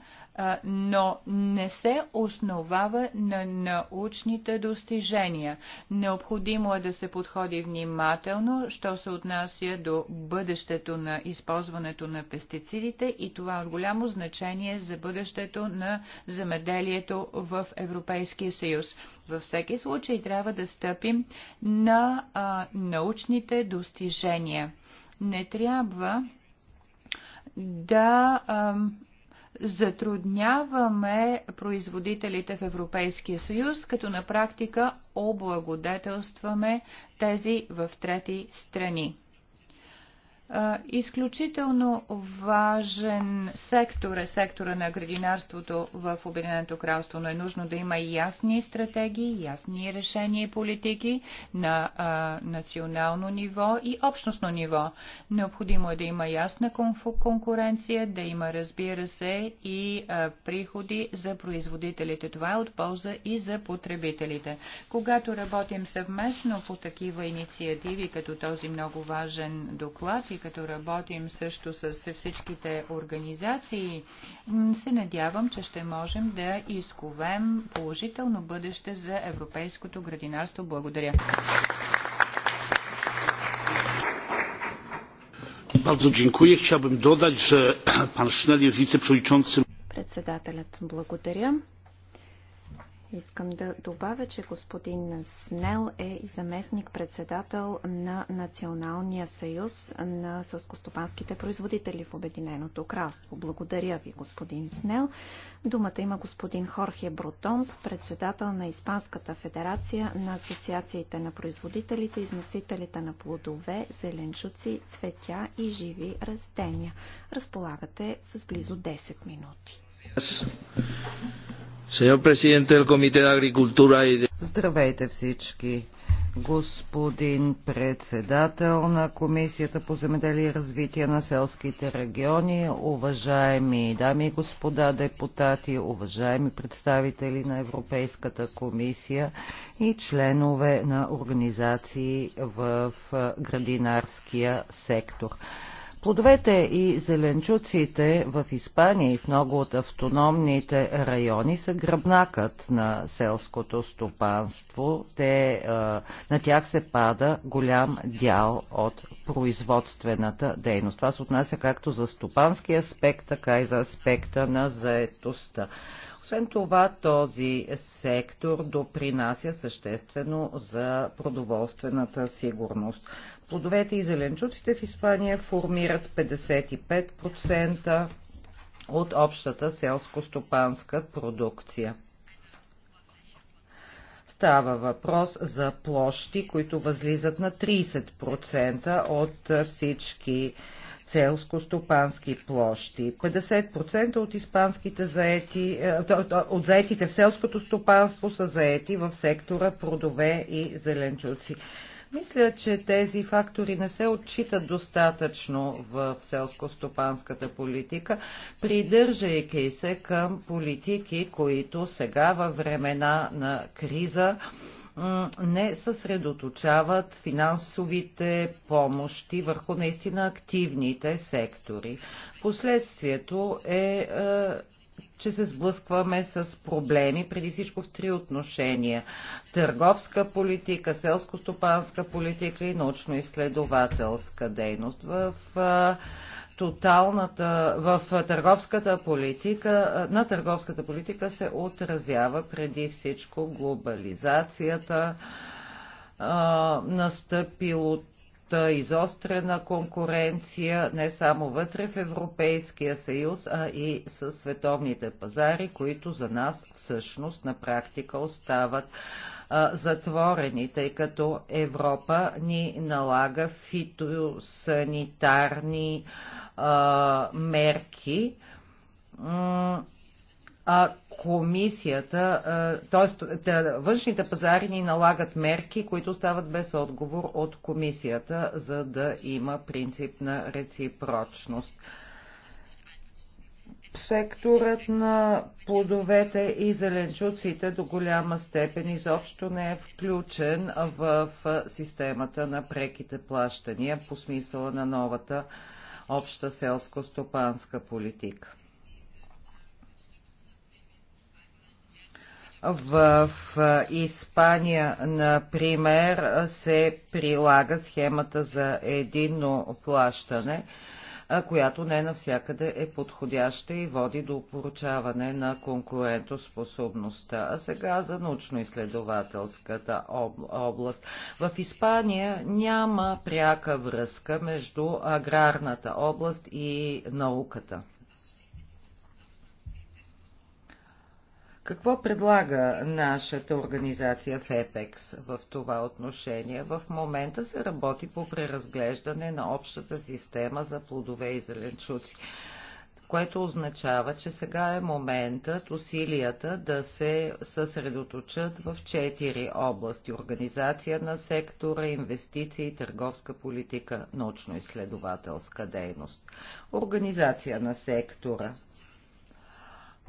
но не се основава на научните достижения. Необходимо е да се подходи внимателно, що се отнася до бъдещето на използването на пестицидите и това е от голямо значение за бъдещето на земеделието в Европейския съюз. Във всеки случай трябва да стъпим на а, научните достижения. Не трябва да. А, затрудняваме производителите в Европейския съюз, като на практика облагодетелстваме тези в трети страни. Изключително важен сектор е сектора на градинарството в Обединеното кралство, но е нужно да има ясни стратегии, ясни решения и политики на а, национално ниво и общностно ниво. Необходимо е да има ясна конкуренция, да има, разбира се, и а, приходи за производителите. Това е от полза и за потребителите. Когато работим съвместно по такива инициативи, като този много важен доклад и като работим също с всичките организации, се надявам, че ще можем да изковем положително бъдеще за европейското градинарство. Благодаря. Bardzo dziękuję. Chciałbym dodać, że pan Schnell jest wiceprzewodniczącym. Председателят, благодаря. Искам да добавя, че господин Снел е заместник-председател на Националния съюз на сълскостопанските производители в Обединеното кралство. Благодаря ви, господин Снел. Думата има господин Хорхе Брутонс, председател на Испанската федерация на асоциациите на производителите, износителите на плодове, зеленчуци, цветя и живи растения. Разполагате с близо 10 минути. Здравейте всички! Господин председател на Комисията по земеделие и развитие на селските региони, уважаеми дами и господа депутати, уважаеми представители на Европейската комисия и членове на организации в градинарския сектор. Плодовете и зеленчуците в Испания и в много от автономните райони са гръбнакът на селското стопанство. Те, на тях се пада голям дял от производствената дейност. Това се отнася както за стопански аспект, така и за аспекта на заетостта. Освен това, този сектор допринася съществено за продоволствената сигурност. Плодовете и зеленчуците в Испания формират 55% от общата селско-стопанска продукция. Става въпрос за площи, които възлизат на 30% от всички селско-стопански площи. 50% от испанските заети, е, от заетите в селското стопанство са заети в сектора продове и зеленчуци. Мисля, че тези фактори не се отчитат достатъчно в селско-стопанската политика, придържайки се към политики, които сега във времена на криза не съсредоточават финансовите помощи върху наистина активните сектори. Последствието е, е че се сблъскваме с проблеми, преди всичко в три отношения – търговска политика, селско-стопанска политика и научно-изследователска дейност. В тоталната, в търговската политика, на търговската политика се отразява преди всичко глобализацията, настъпилото изострена конкуренция не само вътре в Европейския съюз, а и с световните пазари, които за нас всъщност на практика остават а, затворени, тъй като Европа ни налага фитосанитарни а, мерки а комисията, т.е. външните пазари ни налагат мерки, които стават без отговор от комисията, за да има принцип на реципрочност. Секторът на плодовете и зеленчуците до голяма степен изобщо не е включен в системата на преките плащания по смисъла на новата обща селско-стопанска политика. В Испания, например, се прилага схемата за единно плащане, която не навсякъде е подходяща и води до поручаване на конкурентоспособността. А сега за научно-изследователската област. В Испания няма пряка връзка между аграрната област и науката. Какво предлага нашата организация в ЕПЕКС в това отношение? В момента се работи по преразглеждане на общата система за плодове и зеленчуци което означава, че сега е моментът усилията да се съсредоточат в четири области – организация на сектора, инвестиции, търговска политика, научно-изследователска дейност. Организация на сектора –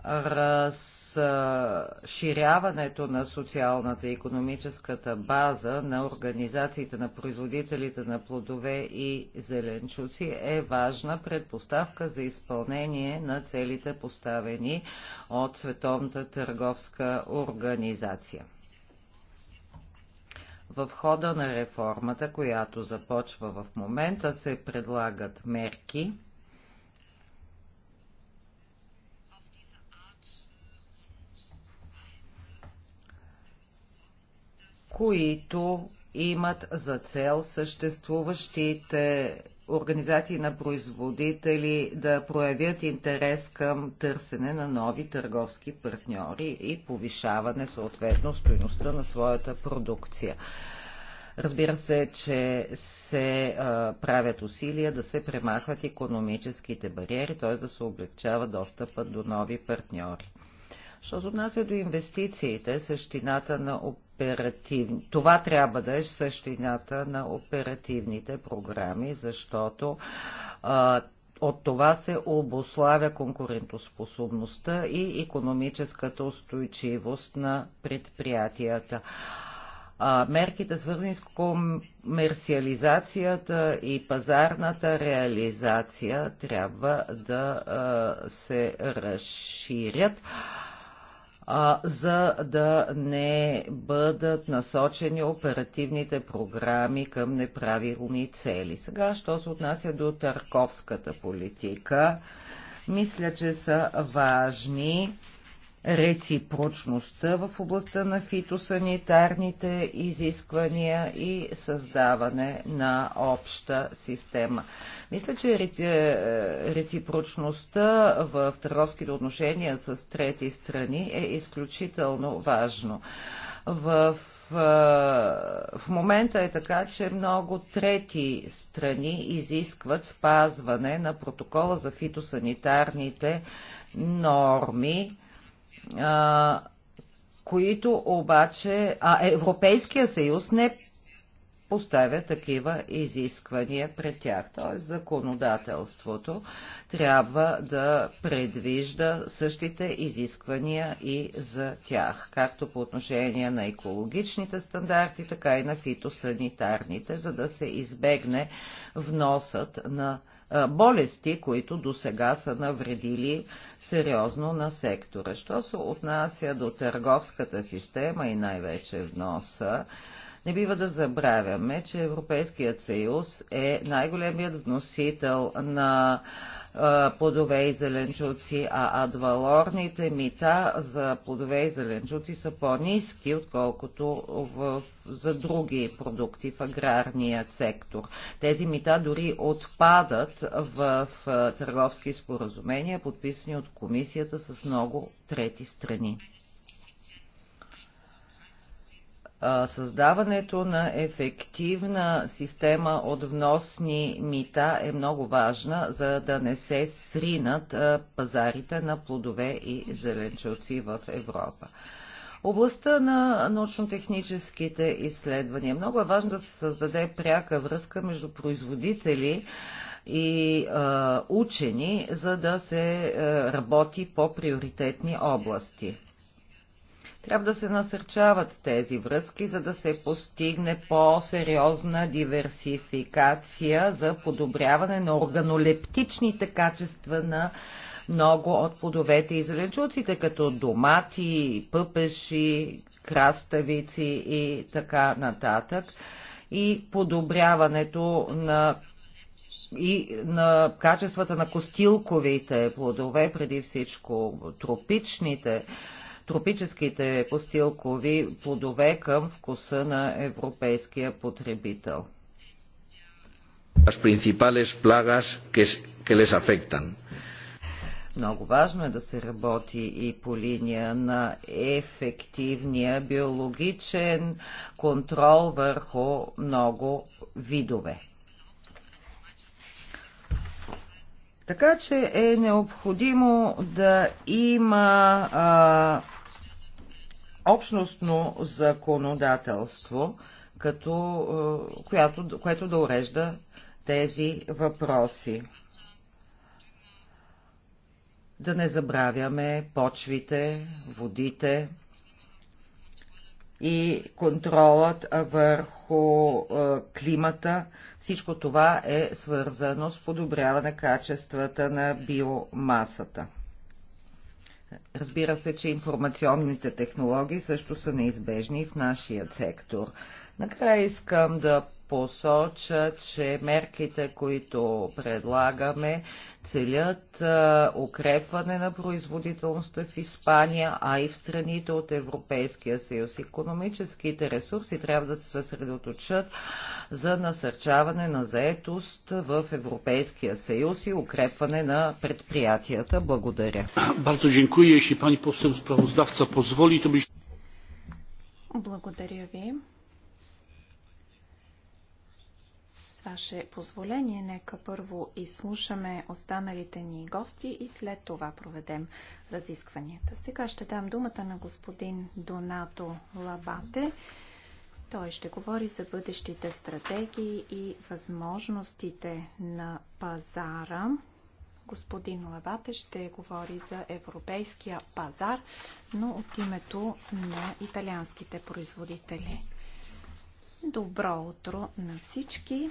разширяването на социалната и економическата база на организациите на производителите на плодове и зеленчуци е важна предпоставка за изпълнение на целите поставени от Световната търговска организация. В хода на реформата, която започва в момента, се предлагат мерки – които имат за цел съществуващите организации на производители да проявят интерес към търсене на нови търговски партньори и повишаване съответно стоеността на своята продукция. Разбира се, че се а, правят усилия да се премахват економическите бариери, т.е. да се облегчава достъпът до нови партньори. Що се отнася до инвестициите, същината на оперативни... Това трябва да е същината на оперативните програми, защото а, от това се обославя конкурентоспособността и економическата устойчивост на предприятията. А, мерките свързани с комерциализацията и пазарната реализация трябва да а, се разширят а, за да не бъдат насочени оперативните програми към неправилни цели. Сега, що се отнася до търковската политика, мисля, че са важни реципрочността в областта на фитосанитарните изисквания и създаване на обща система. Мисля, че е, реципрочността в търговските отношения с трети страни е изключително важно. В е, в момента е така, че много трети страни изискват спазване на протокола за фитосанитарните норми, е, които обаче а Европейския съюз не поставя такива изисквания пред тях. Т.е. законодателството трябва да предвижда същите изисквания и за тях, както по отношение на екологичните стандарти, така и на фитосанитарните, за да се избегне вносът на болести, които до сега са навредили сериозно на сектора. Що се отнася до търговската система и най-вече вноса, не бива да забравяме, че Европейският съюз е най-големият вносител на плодове и зеленчуци, а адвалорните мита за плодове и зеленчуци са по-низки, отколкото в, за други продукти в аграрния сектор. Тези мита дори отпадат в търговски споразумения, подписани от комисията с много трети страни. Създаването на ефективна система от вносни мита е много важна, за да не се сринат пазарите на плодове и зеленчуци в Европа. Областта на научно-техническите изследвания. Много е важно да се създаде пряка връзка между производители и е, учени, за да се е, работи по приоритетни области. Трябва да се насърчават тези връзки, за да се постигне по-сериозна диверсификация за подобряване на органолептичните качества на много от плодовете и зеленчуците, като домати, пъпеши, краставици и така нататък. И подобряването на и на качествата на костилковите плодове, преди всичко тропичните, тропическите постилкови плодове към вкуса на европейския потребител. Las principales plagas que, que les afectan. Много важно е да се работи и по линия на ефективния биологичен контрол върху много видове. Така че е необходимо да има а, общностно законодателство, като, а, която, което да урежда тези въпроси. Да не забравяме почвите, водите, и контролът върху е, климата. Всичко това е свързано с подобряване качествата на биомасата. Разбира се, че информационните технологии също са неизбежни в нашия сектор. Накрая искам да посоча, че мерките, които предлагаме, целят укрепване на производителността в Испания, а и в страните от Европейския съюз. Економическите ресурси трябва да се съсредоточат за насърчаване на заетост в Европейския съюз и укрепване на предприятията. Благодаря. Bardzo dziękuję. Jeśli пани poseł справоздавца pozwoli, to Благодаря ви. ваше позволение, нека първо изслушаме останалите ни гости и след това проведем разискванията. Сега ще дам думата на господин Донато Лабате. Той ще говори за бъдещите стратегии и възможностите на пазара. Господин Лабате ще говори за европейския пазар, но от името на италианските производители. Добро утро на всички!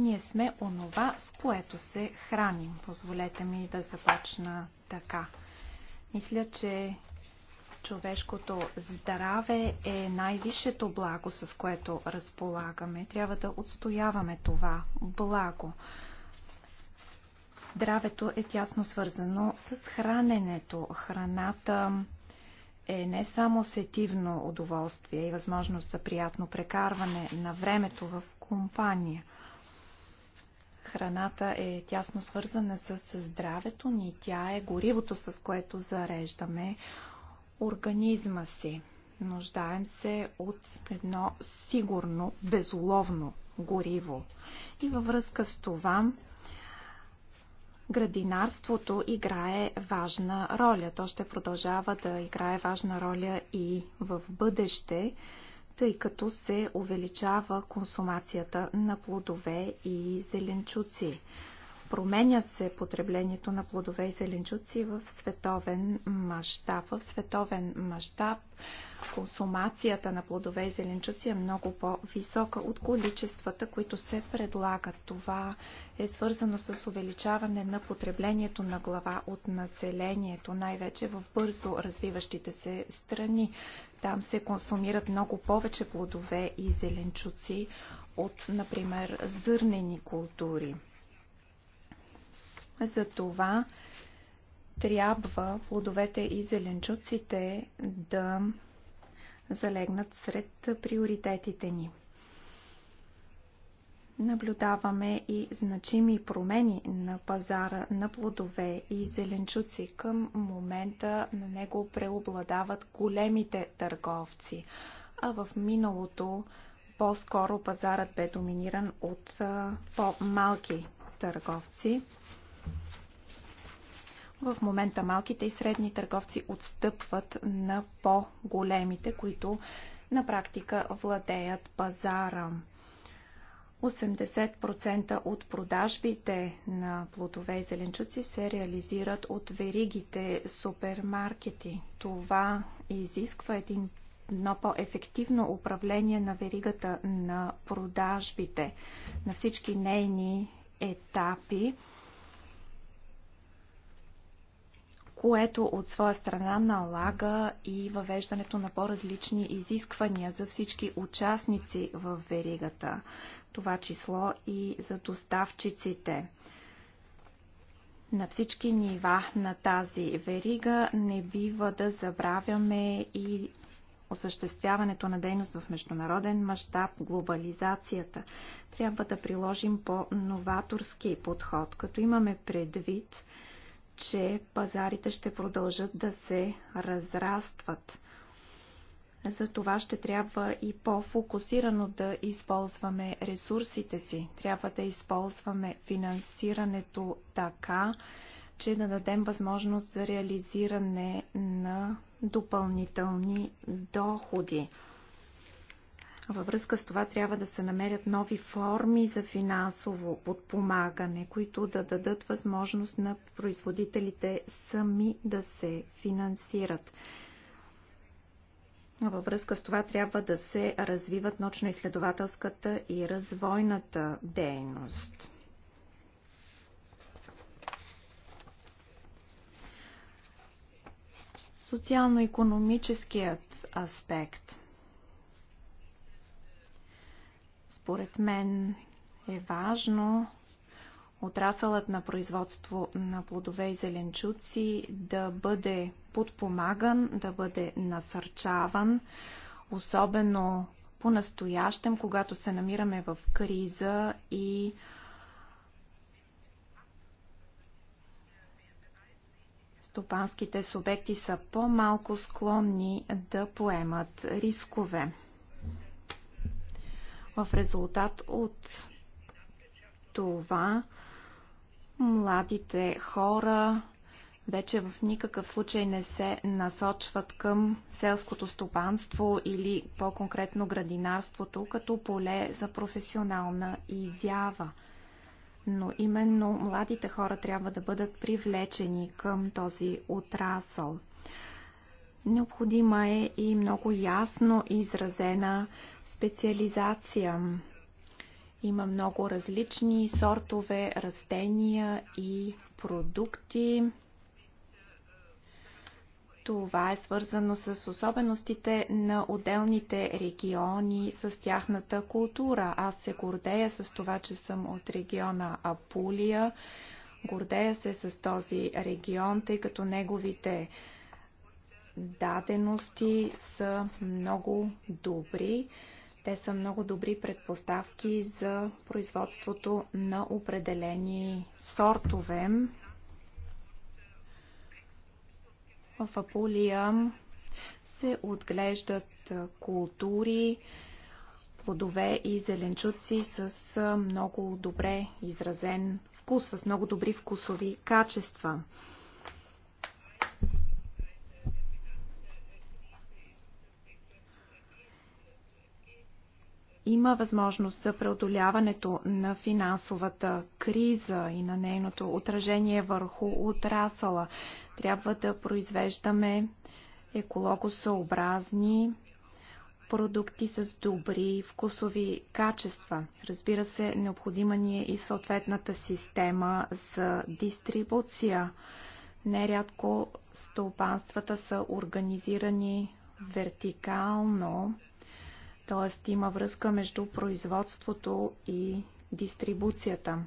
Ние сме онова, с което се храним. Позволете ми да започна така. Мисля, че човешкото здраве е най-висшето благо, с което разполагаме. Трябва да отстояваме това благо. Здравето е тясно свързано с храненето. Храната е не само сетивно удоволствие и възможност за приятно прекарване на времето в компания – Храната е тясно свързана с здравето ни. Тя е горивото, с което зареждаме организма си. Нуждаем се от едно сигурно, безуловно гориво. И във връзка с това градинарството играе важна роля. То ще продължава да играе важна роля и в бъдеще тъй като се увеличава консумацията на плодове и зеленчуци. Променя се потреблението на плодове и зеленчуци в световен мащаб. В световен мащаб консумацията на плодове и зеленчуци е много по-висока от количествата, които се предлагат. Това е свързано с увеличаване на потреблението на глава от населението, най-вече в бързо развиващите се страни. Там се консумират много повече плодове и зеленчуци от, например, зърнени култури. За това трябва плодовете и зеленчуците да залегнат сред приоритетите ни. Наблюдаваме и значими промени на пазара на плодове и зеленчуци. Към момента на него преобладават големите търговци, а в миналото по-скоро пазарът бе доминиран от по-малки търговци. В момента малките и средни търговци отстъпват на по-големите, които на практика владеят пазара. 80% от продажбите на плодове и зеленчуци се реализират от веригите супермаркети. Това изисква един едно по-ефективно управление на веригата на продажбите на всички нейни етапи което от своя страна налага и въвеждането на по-различни изисквания за всички участници в веригата, това число и за доставчиците. На всички нива на тази верига не бива да забравяме и осъществяването на дейност в международен мащаб, глобализацията. Трябва да приложим по-новаторски подход, като имаме предвид, че пазарите ще продължат да се разрастват. За това ще трябва и по-фокусирано да използваме ресурсите си. Трябва да използваме финансирането така, че да дадем възможност за реализиране на допълнителни доходи. Във връзка с това трябва да се намерят нови форми за финансово подпомагане, които да дадат възможност на производителите сами да се финансират. Във връзка с това трябва да се развиват научно-изследователската и развойната дейност. Социално-економическият аспект – Според мен е важно отрасълът на производство на плодове и зеленчуци да бъде подпомаган, да бъде насърчаван, особено по-настоящем, когато се намираме в криза и стопанските субекти са по-малко склонни да поемат рискове. В резултат от това младите хора вече в никакъв случай не се насочват към селското стопанство или по-конкретно градинарството като поле за професионална изява. Но именно младите хора трябва да бъдат привлечени към този отрасъл. Необходима е и много ясно изразена специализация. Има много различни сортове растения и продукти. Това е свързано с особеностите на отделните региони, с тяхната култура. Аз се гордея с това, че съм от региона Апулия. Гордея се с този регион, тъй като неговите дадености са много добри. Те са много добри предпоставки за производството на определени сортове. В Апулия се отглеждат култури, плодове и зеленчуци с много добре изразен вкус, с много добри вкусови качества. има възможност за преодоляването на финансовата криза и на нейното отражение върху отрасъла. Трябва да произвеждаме екологосъобразни продукти с добри вкусови качества. Разбира се, необходима ни е и съответната система за дистрибуция. Нерядко стопанствата са организирани вертикално т.е. има връзка между производството и дистрибуцията.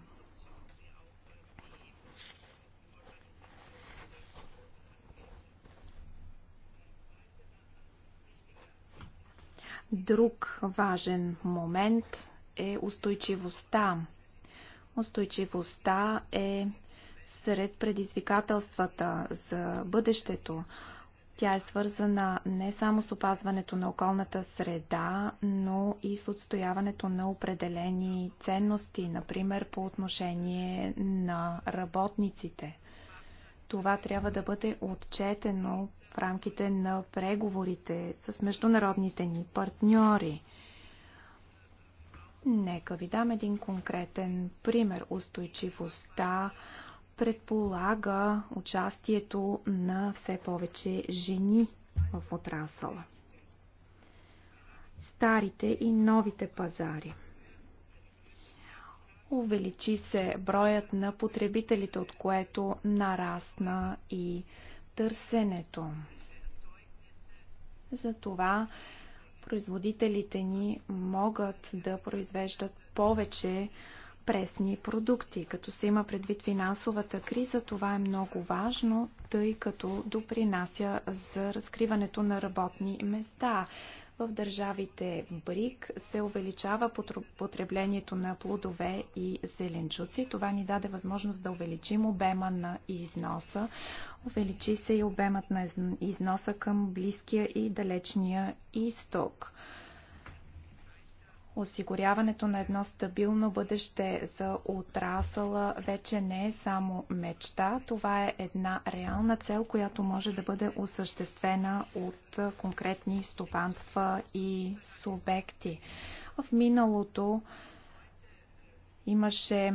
Друг важен момент е устойчивостта. Устойчивостта е сред предизвикателствата за бъдещето. Тя е свързана не само с опазването на околната среда, но и с отстояването на определени ценности, например по отношение на работниците. Това трябва да бъде отчетено в рамките на преговорите с международните ни партньори. Нека ви дам един конкретен пример. Устойчивостта предполага участието на все повече жени в отрасъла. Старите и новите пазари. Увеличи се броят на потребителите, от което нарасна и търсенето. Затова производителите ни могат да произвеждат повече пресни продукти. Като се има предвид финансовата криза, това е много важно, тъй като допринася за разкриването на работни места. В държавите БРИК се увеличава потреблението на плодове и зеленчуци. Това ни даде възможност да увеличим обема на износа. Увеличи се и обемът на износа към Близкия и Далечния изток. Осигуряването на едно стабилно бъдеще за отрасъла вече не е само мечта, това е една реална цел, която може да бъде осъществена от конкретни стопанства и субекти. В миналото имаше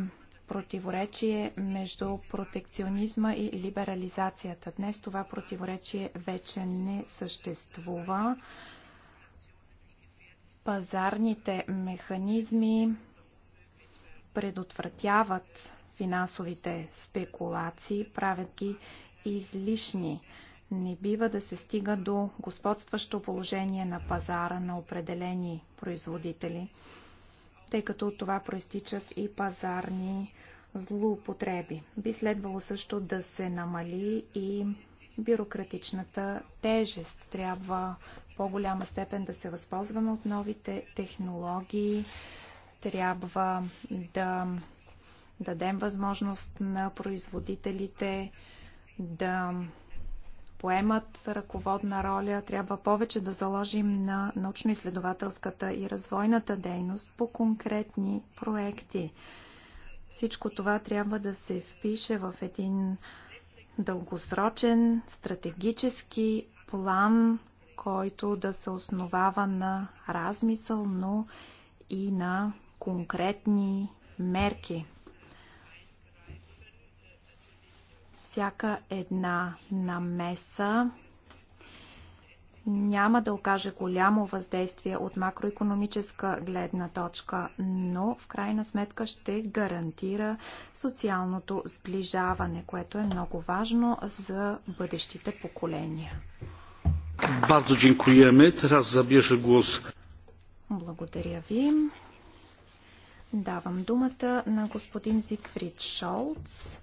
противоречие между протекционизма и либерализацията. Днес това противоречие вече не съществува. Пазарните механизми предотвратяват финансовите спекулации, правят ги излишни. Не бива да се стига до господстващо положение на пазара на определени производители, тъй като от това проистичат и пазарни злоупотреби. Би следвало също да се намали и бюрократичната тежест. Трябва по-голяма степен да се възползваме от новите технологии. Трябва да дадем възможност на производителите да поемат ръководна роля. Трябва повече да заложим на научно-изследователската и развойната дейност по конкретни проекти. Всичко това трябва да се впише в един дългосрочен стратегически план, който да се основава на размисъл, но и на конкретни мерки. Всяка една намеса няма да окаже голямо въздействие от макроекономическа гледна точка, но в крайна сметка ще гарантира социалното сближаване, което е много важно за бъдещите поколения. Bardzo dziękujemy. Teraz zabierze głos. Благодаря ви. Давам думата на господин Зигфрид Шолц,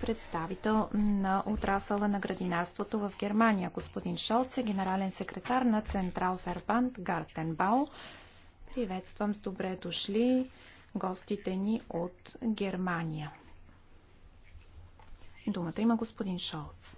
представител на отрасъла на градинарството в Германия. Господин Шолц е генерален секретар на Централ Фербанд Гартенбау. Приветствам с добре дошли гостите ни от Германия. Думата има господин Шолц.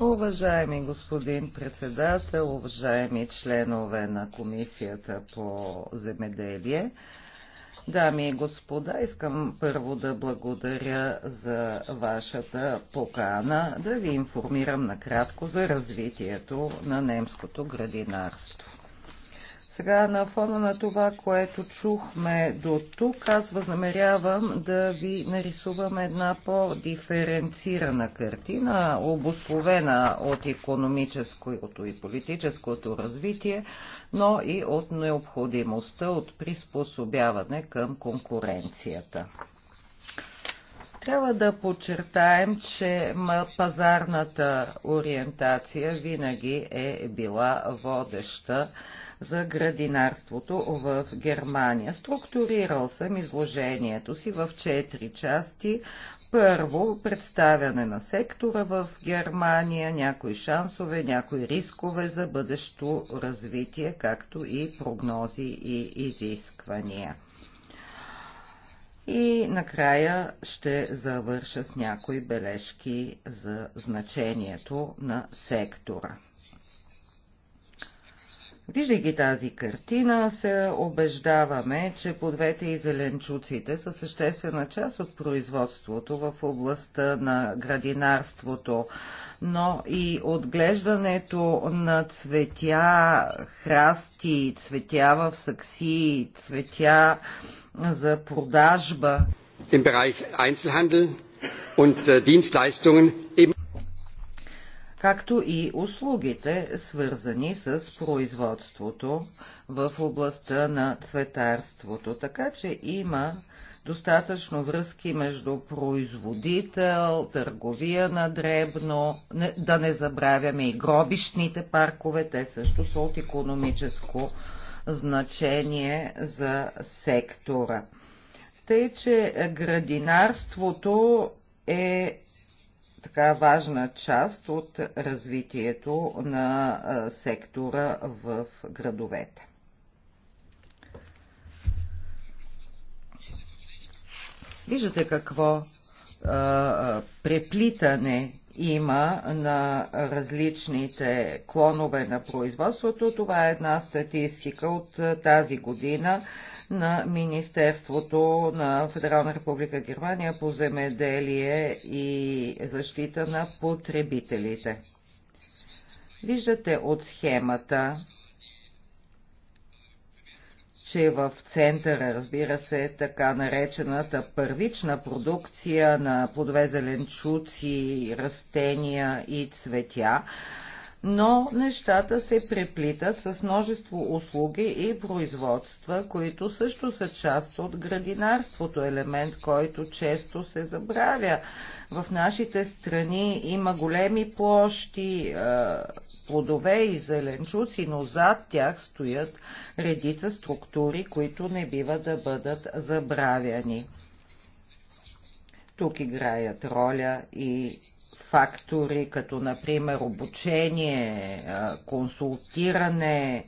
Уважаеми господин председател, уважаеми членове на Комисията по земеделие, дами и господа, искам първо да благодаря за вашата покана да ви информирам накратко за развитието на немското градинарство. Сега на фона на това, което чухме до тук, аз възнамерявам да ви нарисувам една по-диференцирана картина, обословена от економическото и политическото развитие, но и от необходимостта от приспособяване към конкуренцията. Трябва да подчертаем, че пазарната ориентация винаги е била водеща за градинарството в Германия. Структурирал съм изложението си в четири части. Първо, представяне на сектора в Германия, някои шансове, някои рискове за бъдещо развитие, както и прогнози и изисквания. И накрая ще завърша с някои бележки за значението на сектора. Виждайки тази картина, се убеждаваме, че подвете и зеленчуците са съществена част от производството в областта на градинарството, но и отглеждането на цветя, храсти, цветя в сакси, цветя за продажба. Im Bereich Einzelhandel und äh, Dienstleistungen eben както и услугите, свързани с производството в областта на цветарството. Така че има достатъчно връзки между производител, търговия на дребно, не, да не забравяме и гробищните паркове, те също са от економическо значение за сектора. Тъй, че градинарството е така важна част от развитието на сектора в градовете. Виждате какво а, преплитане има на различните клонове на производството. Това е една статистика от тази година на Министерството на Федерална република Германия по земеделие и защита на потребителите. Виждате от схемата, че в центъра, разбира се, така наречената първична продукция на плодове, зеленчуци, растения и цветя, но нещата се преплитат с множество услуги и производства, които също са част от градинарството, елемент, който често се забравя. В нашите страни има големи площи, плодове и зеленчуци, но зад тях стоят редица структури, които не бива да бъдат забравяни. Тук играят роля и фактори, като например обучение, консултиране,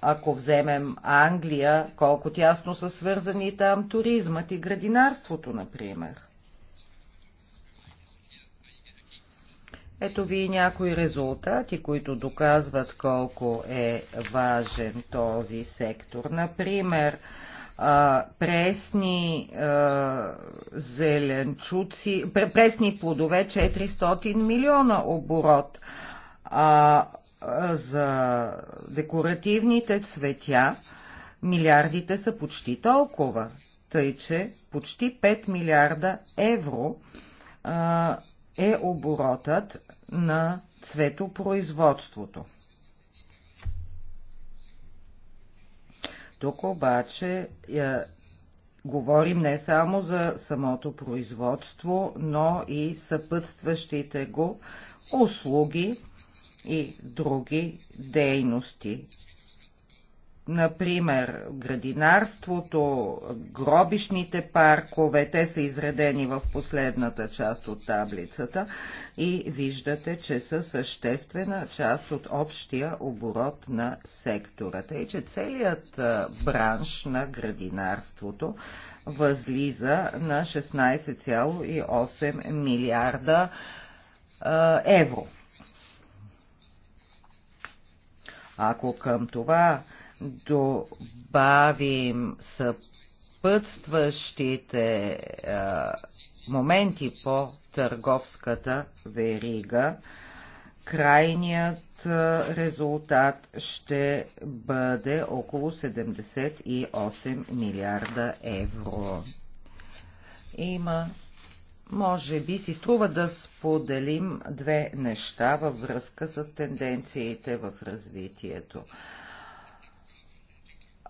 ако вземем Англия, колко тясно са свързани там туризмът и градинарството, например. Ето ви и някои резултати, които доказват колко е важен този сектор. Например, пресни а, зеленчуци, пресни плодове 400 милиона оборот. А, а за декоративните цветя милиардите са почти толкова, тъй че почти 5 милиарда евро а, е оборотът на цветопроизводството. Тук обаче я, е, говорим не само за самото производство, но и съпътстващите го услуги и други дейности. Например, градинарството, гробишните паркове, те са изредени в последната част от таблицата и виждате, че са съществена част от общия оборот на сектората. И че целият бранш на градинарството възлиза на 16,8 милиарда евро. Ако към това добавим съпътстващите а, моменти по търговската верига, крайният резултат ще бъде около 78 милиарда евро. Има може би си струва да споделим две неща във връзка с тенденциите в развитието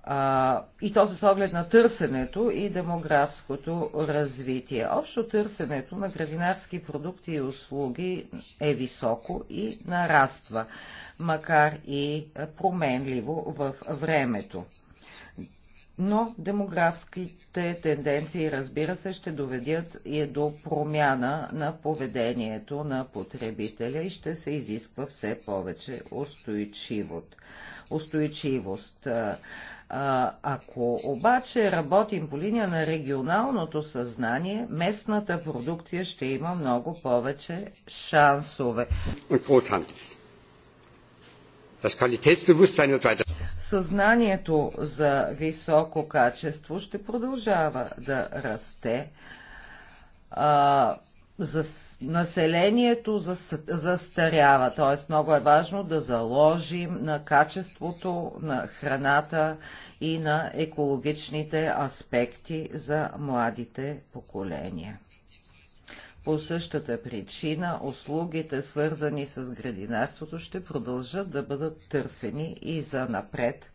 а, и то с оглед на търсенето и демографското развитие. Общо търсенето на градинарски продукти и услуги е високо и нараства, макар и променливо в времето. Но демографските тенденции, разбира се, ще доведят и до промяна на поведението на потребителя и ще се изисква все повече устойчивост. Ако обаче работим по линия на регионалното съзнание, местната продукция ще има много повече шансове. Съзнанието за високо качество ще продължава да расте. А, за населението застарява, т.е. много е важно да заложим на качеството на храната и на екологичните аспекти за младите поколения. По същата причина услугите, свързани с градинарството, ще продължат да бъдат търсени и за напред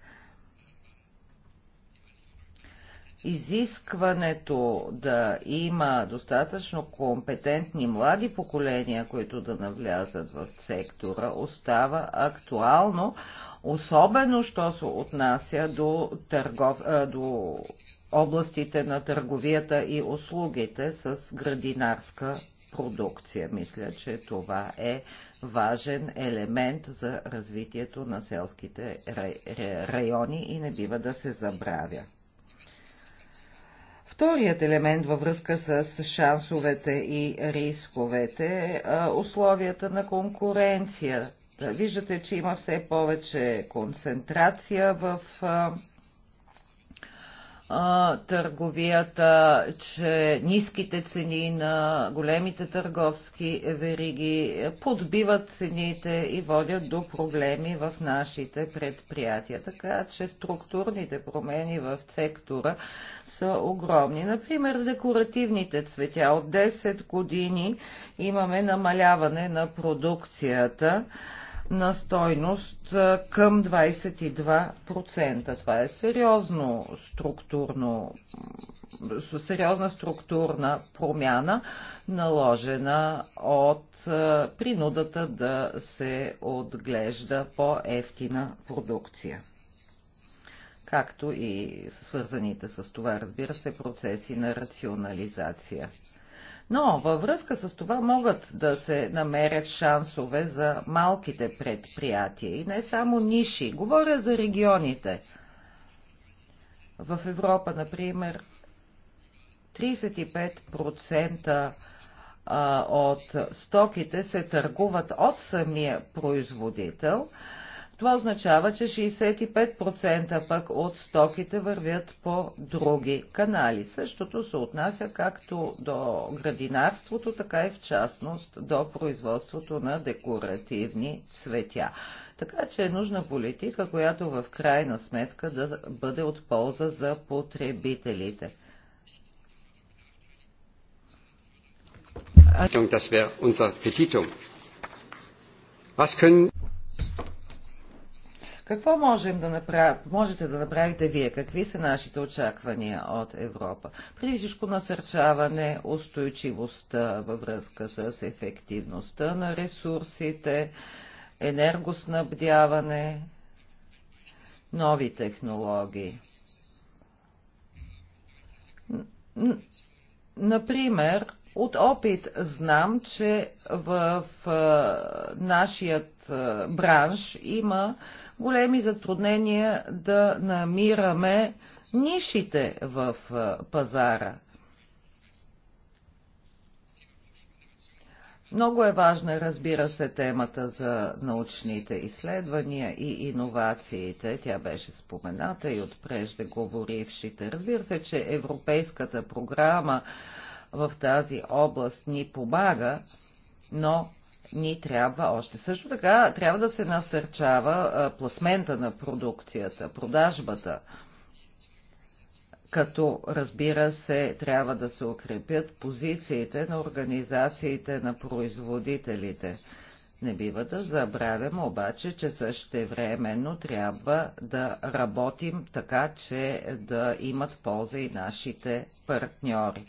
изискването да има достатъчно компетентни млади поколения, които да навлязат в сектора, остава актуално, особено, що се отнася до, търгов... до областите на търговията и услугите с градинарска продукция. Мисля, че това е важен елемент за развитието на селските райони и не бива да се забравя. Вторият елемент във връзка с шансовете и рисковете е условията на конкуренция. Виждате, че има все повече концентрация в търговията, че ниските цени на големите търговски вериги подбиват цените и водят до проблеми в нашите предприятия. Така че структурните промени в сектора са огромни. Например, декоративните цветя от 10 години имаме намаляване на продукцията на стойност към 22%. Това е сериозно структурно, сериозна структурна промяна, наложена от принудата да се отглежда по-ефтина продукция както и свързаните с това, разбира се, процеси на рационализация. Но във връзка с това могат да се намерят шансове за малките предприятия и не само ниши. Говоря за регионите. В Европа, например, 35% от стоките се търгуват от самия производител това означава, че 65% пък от стоките вървят по други канали. Същото се отнася както до градинарството, така и в частност до производството на декоративни цветя. Така че е нужна политика, която в крайна сметка да бъде от полза за потребителите. Das wäre unser Petitum. Was können какво можем да направ... можете да направите вие? Какви са нашите очаквания от Европа? Преди всичко насърчаване, устойчивостта във връзка с ефективността на ресурсите, енергоснабдяване, нови технологии. Например, от опит знам, че в нашият бранш има големи затруднения да намираме нишите в пазара. Много е важна, разбира се, темата за научните изследвания и иновациите. Тя беше спомената и от преждеговорившите. Разбира се, че Европейската програма в тази област ни помага, но ни трябва още. Също така трябва да се насърчава а, пласмента на продукцията, продажбата, като разбира се трябва да се укрепят позициите на организациите на производителите. Не бива да забравям обаче, че същевременно трябва да работим така, че да имат полза и нашите партньори.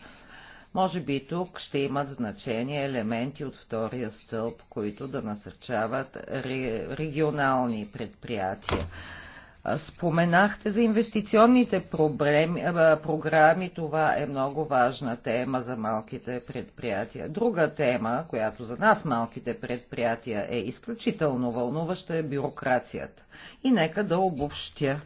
Може би тук ще имат значение елементи от втория стълб, които да насърчават регионални предприятия. Споменахте за инвестиционните проблеми, програми. Това е много важна тема за малките предприятия. Друга тема, която за нас малките предприятия е изключително вълнуваща, е бюрокрацията. И нека да обобщя.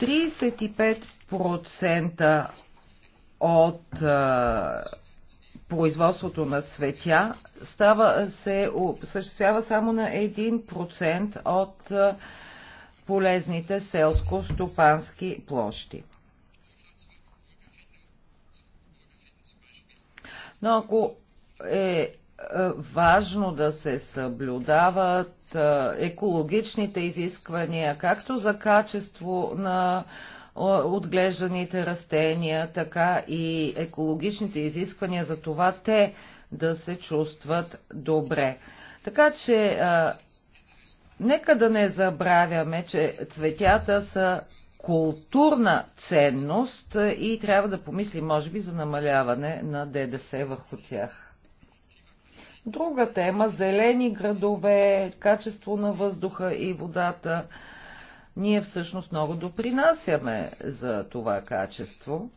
35% от а, производството на цветя става, се осъществява само на 1% от а, полезните селско-стопански площи. Но ако е е, важно да се съблюдават е, екологичните изисквания, както за качество на е, отглежданите растения, така и екологичните изисквания за това те да се чувстват добре. Така че нека да не забравяме, че цветята са културна ценност и трябва да помислим, може би, за намаляване на ДДС върху тях. Друга тема – зелени градове, качество на въздуха и водата. Ние всъщност много допринасяме за това качество.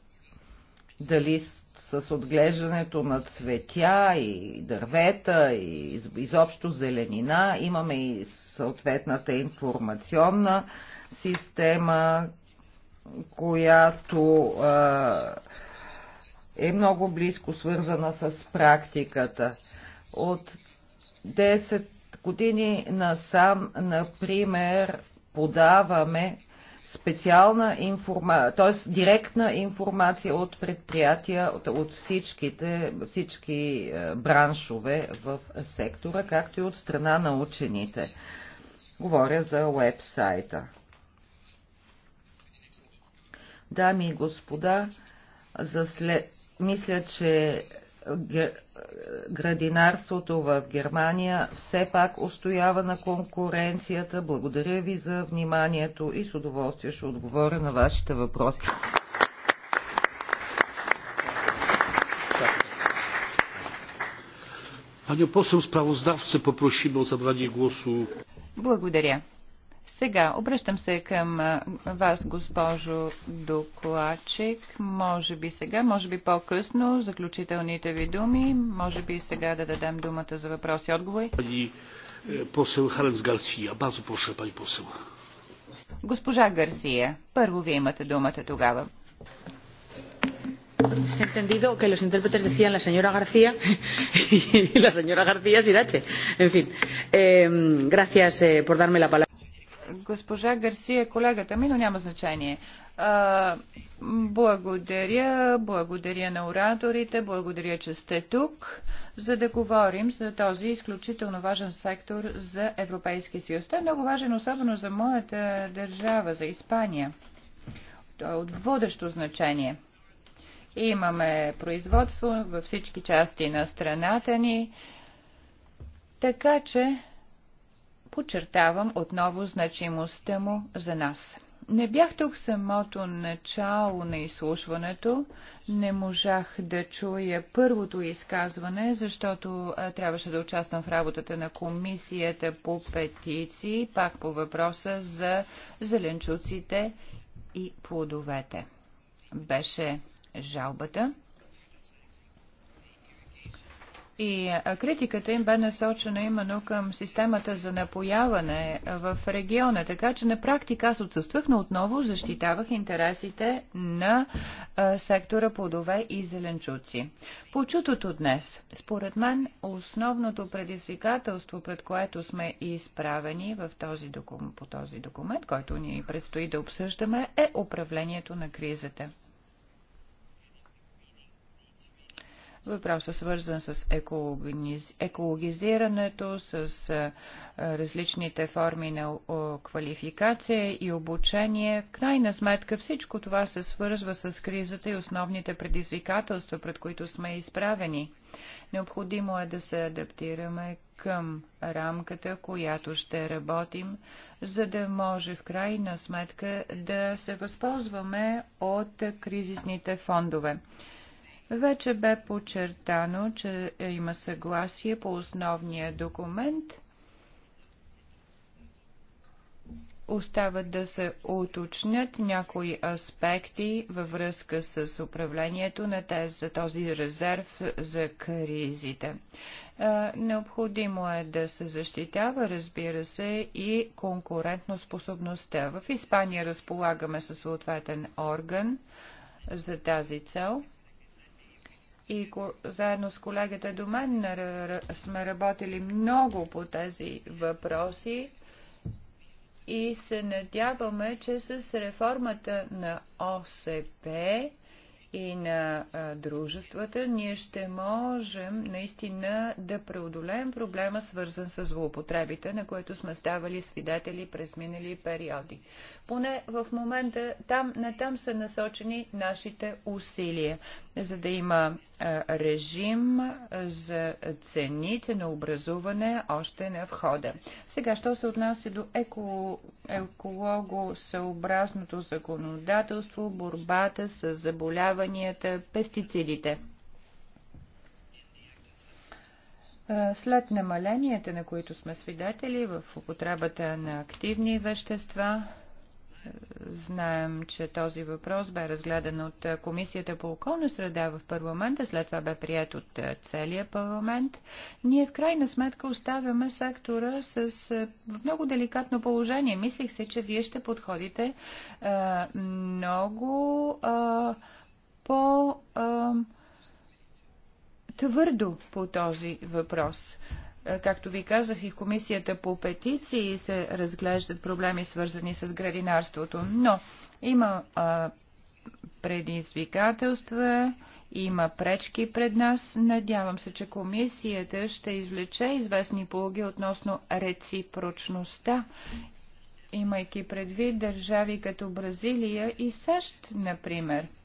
Дали с отглеждането на цветя и дървета и изобщо зеленина. Имаме и съответната информационна система, която а, е много близко свързана с практиката. От 10 години насам, например, подаваме специална информация, т.е. директна информация от предприятия, от всичките, всички е, браншове в сектора, както и от страна на учените. Говоря за уебсайта. Дами и господа, за след... мисля, че е, градинарството в Германия все пак устоява на конкуренцията. Благодаря ви за вниманието и с удоволствие ще отговоря на вашите въпроси. Panią poseł sprawozdawcę poprosimy o zabranie głosu. Благодаря. Сега обръщам се към вас, госпожо докладчик. Може би сега, може би по-късно, заключителните ви думи. Може би сега да дадем думата за въпроси и отговори. Пани е, посел Харенс Гарсия. Базо проша, пани посел. Госпожа Гарсия, първо вие имате думата тогава. Se ha entendido que los intérpretes decían la señora García *laughs* y la señora García Sirache. En fin, eh, gracias eh, por darme la palabra. Госпожа Гарсия, е колегата ми, но няма значение. Благодаря, благодаря на ораторите, благодаря, че сте тук, за да говорим за този изключително важен сектор за Европейския съюз. Той е много важен, особено за моята държава, за Испания. Той е от водещо значение. Имаме производство във всички части на страната ни, така че Подчертавам отново значимостта му за нас. Не бях тук самото начало на изслушването. Не можах да чуя първото изказване, защото трябваше да участвам в работата на комисията по петиции, пак по въпроса за зеленчуците и плодовете. Беше жалбата. И критиката им бе насочена именно към системата за напояване в региона, така че на практика аз отсъствах, но отново защитавах интересите на сектора плодове и зеленчуци. По чутото днес, според мен, основното предизвикателство, пред което сме изправени в този докум, по този документ, който ни предстои да обсъждаме, е управлението на кризата. въпроса е свързан с екологизирането, с различните форми на квалификация и обучение. В крайна сметка всичко това се свързва с кризата и основните предизвикателства, пред които сме изправени. Необходимо е да се адаптираме към рамката, в която ще работим, за да може в крайна сметка да се възползваме от кризисните фондове. Вече бе подчертано, че има съгласие по основния документ. Остават да се уточнят някои аспекти във връзка с управлението на тези, този резерв за кризите. Необходимо е да се защитява, разбира се, и конкурентноспособността. В Испания разполагаме със съответен орган за тази цел и заедно с колегите до мен сме работили много по тези въпроси и се надяваме, че с реформата на ОСП и на дружествата ние ще можем наистина да преодолеем проблема, свързан с злоупотребите, на които сме ставали свидетели през минали периоди. Поне в момента там, на там са насочени нашите усилия, за да има режим за цените на образуване още на входа. Сега, що се отнася до еколого екологосъобразното законодателство, борбата с заболяванията, пестицидите. След намаленията, на които сме свидетели в употребата на активни вещества, Знаем, че този въпрос бе разгледан от Комисията по околна среда в парламента, след това бе прият от целия парламент. Ние в крайна сметка оставяме сектора с много деликатно положение. Мислих се, че вие ще подходите а, много а, по а, твърдо по този въпрос. А, е, както ви казах, и комисията по петиции се разглеждат проблеми, свързани с градинарството. Но има а, предизвикателства, има пречки пред нас. Надявам се, че комисията ще извлече известни полуги относно реципрочността, имайки предвид държави като Бразилия и САЩ, например –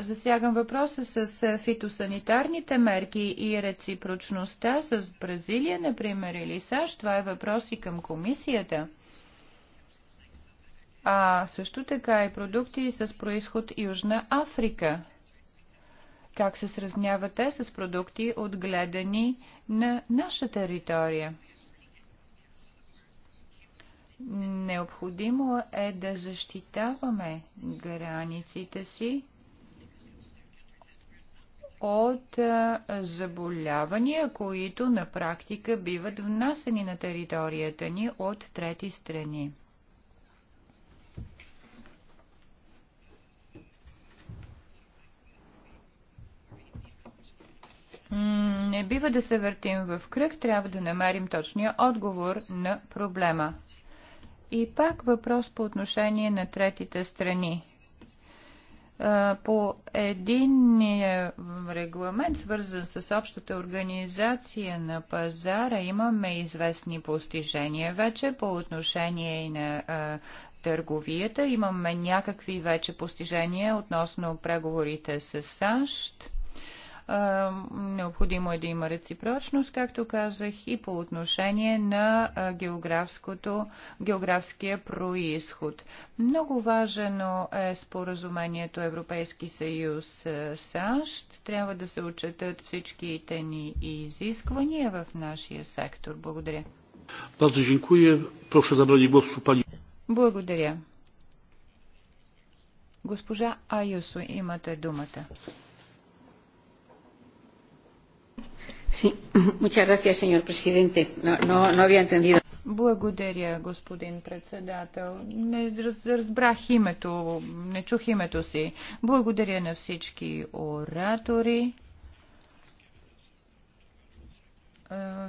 засягам въпроса с фитосанитарните мерки и реципрочността с Бразилия, например, или САЩ. Това е въпрос и към комисията. А също така и продукти с происход Южна Африка. Как се сравняват те с продукти, отгледани на наша територия? Необходимо е да защитаваме границите си от заболявания, които на практика биват внасени на територията ни от трети страни. Не бива да се въртим в кръг, трябва да намерим точния отговор на проблема. И пак въпрос по отношение на третите страни по един регламент, свързан с общата организация на пазара, имаме известни постижения вече по отношение и на търговията. Имаме някакви вече постижения относно преговорите с САЩ Необходимо е да има реципрочност, както казах, и по отношение на географското, географския происход. Много важно е споразумението Европейски съюз САЩ. Трябва да се отчетат всичките ни изисквания в нашия сектор. Благодаря. Bardzo dziękuję. Proszę pani. Благодаря. Госпожа Аюсо, имате думата. *clears throat* Благодаря, господин председател. Не разбрах името, не чух името си. Благодаря на всички оратори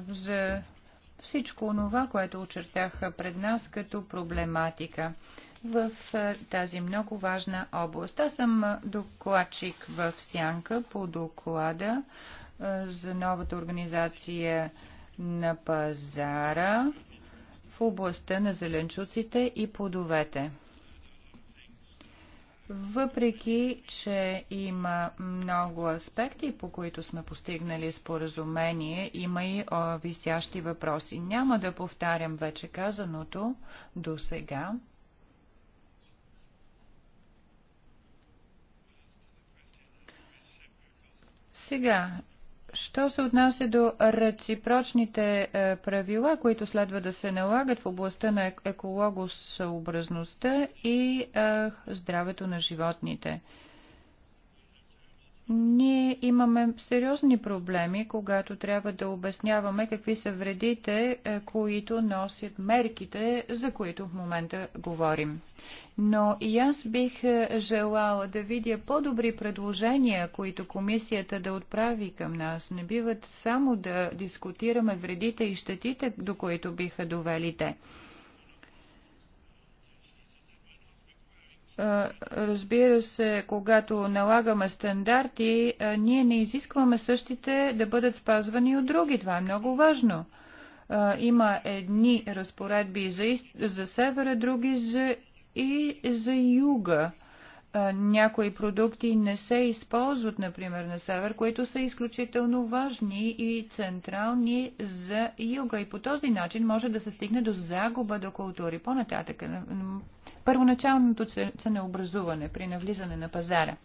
за всичко това, което очертаха пред нас като проблематика в тази много важна област. Аз съм докладчик в Сянка по доклада за новата организация на пазара в областта на зеленчуците и плодовете. Въпреки, че има много аспекти, по които сме постигнали споразумение, има и о, висящи въпроси. Няма да повтарям вече казаното до сега. Сега Що се отнася до реципрочните е, правила, които следва да се налагат в областта на екологосъобразността и е, здравето на животните – ние имаме сериозни проблеми, когато трябва да обясняваме какви са вредите, е, които носят мерките, за които в момента говорим. Но и аз бих е, желала да видя по-добри предложения, които комисията да отправи към нас. Не биват само да дискутираме вредите и щетите, до които биха довели те. Разбира се, когато налагаме стандарти, ние не изискваме същите да бъдат спазвани от други. Това е много важно. Има едни разпоредби за, за севера, други за и за юга. Някои продукти не се използват, например, на север, които са изключително важни и централни за юга. И по този начин може да се стигне до загуба до култури. По-нататък, първоначалното ценообразуване при навлизане на пазара.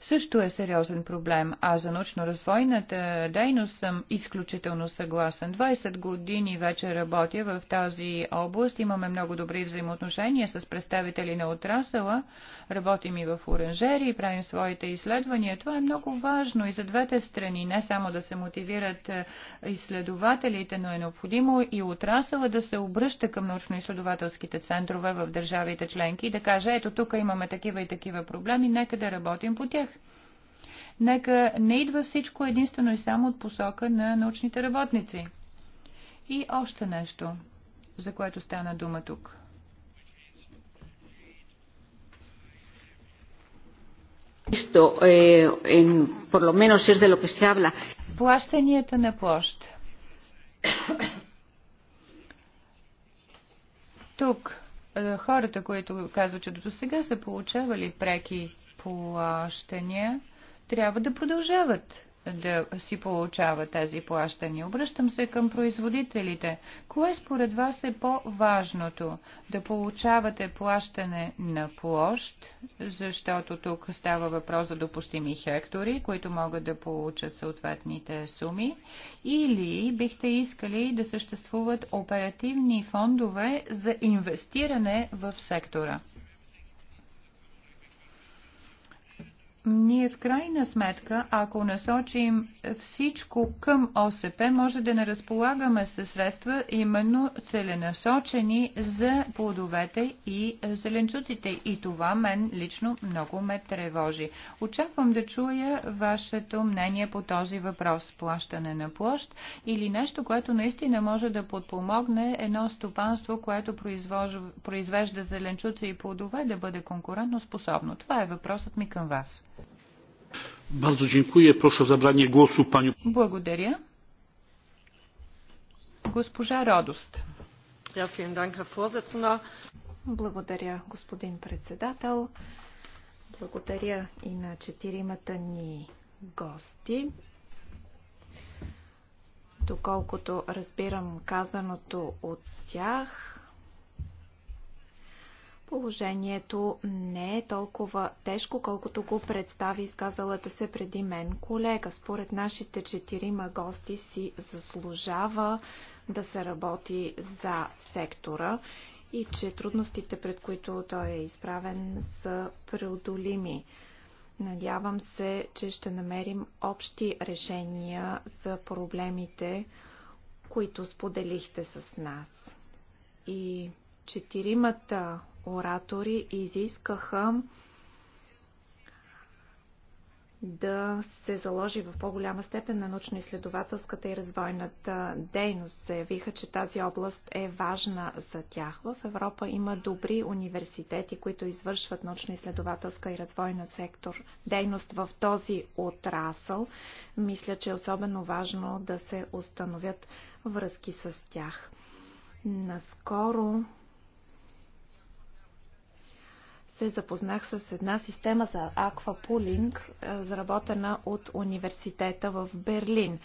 също е сериозен проблем, а за научно-развойната дейност съм изключително съгласен. 20 години вече работя в тази област, имаме много добри взаимоотношения с представители на отрасъла, работим и в оранжери, правим своите изследвания. Това е много важно и за двете страни, не само да се мотивират е, изследователите, но е необходимо и отрасъла да се обръща към научно-изследователските центрове в държавите членки и да каже, ето тук имаме такива и такива проблеми, нека да работим по тях. Нека не идва всичко единствено и само от посока на научните работници. И още нещо, за което стана дума тук. Esto, eh, en, por lo menos es de lo que se habla. Плащанията на площ. Тук е, хората, които казват, че до сега са получавали преки плащания, трябва да продължават да си получава тези плащания. Обръщам се към производителите. Кое според вас е по-важното? Да получавате плащане на площ, защото тук става въпрос за допустими хектори, които могат да получат съответните суми, или бихте искали да съществуват оперативни фондове за инвестиране в сектора? ние в крайна сметка, ако насочим всичко към ОСП, може да не разполагаме със средства именно целенасочени за плодовете и зеленчуците. И това мен лично много ме тревожи. Очаквам да чуя вашето мнение по този въпрос. Плащане на площ или нещо, което наистина може да подпомогне едно стопанство, което произвежда зеленчуци и плодове да бъде конкурентно способно. Това е въпросът ми към вас. Bardzo dziękuję. Proszę o zabranie głosu panią. Благодаря. Госпожа Родост. Ja, vielen Dank, Herr Vorsitzender. Благодаря, господин председател. Благодаря и на четиримата ни гости. Доколкото разбирам казаното от тях, Положението не е толкова тежко, колкото го представи изказалата се преди мен колега. Според нашите четирима гости си заслужава да се работи за сектора и че трудностите, пред които той е изправен, са преодолими. Надявам се, че ще намерим общи решения за проблемите, които споделихте с нас. И четиримата оратори изискаха да се заложи в по-голяма степен на научно-изследователската и развойната дейност. Заявиха, че тази област е важна за тях. В Европа има добри университети, които извършват научно-изследователска и развойна сектор дейност в този отрасъл. Мисля, че е особено важно да се установят връзки с тях. Наскоро се запознах с една система за аквапулинг, е, заработена от университета в Берлин.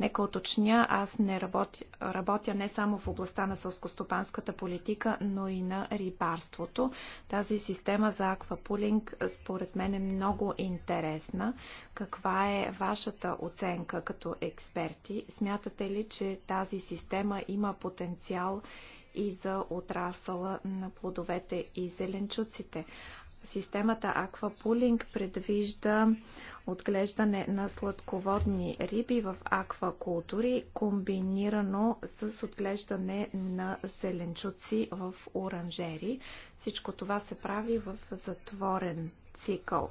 Нека уточня, аз не работя, работя не само в областта на сълскостопанската политика, но и на рибарството. Тази система за аквапулинг е, според мен е много интересна. Каква е вашата оценка като експерти? Смятате ли, че тази система има потенциал и за отрасъла на плодовете и зеленчуците. Системата аквапулинг предвижда отглеждане на сладководни риби в аквакултури, комбинирано с отглеждане на зеленчуци в оранжери. Всичко това се прави в затворен цикъл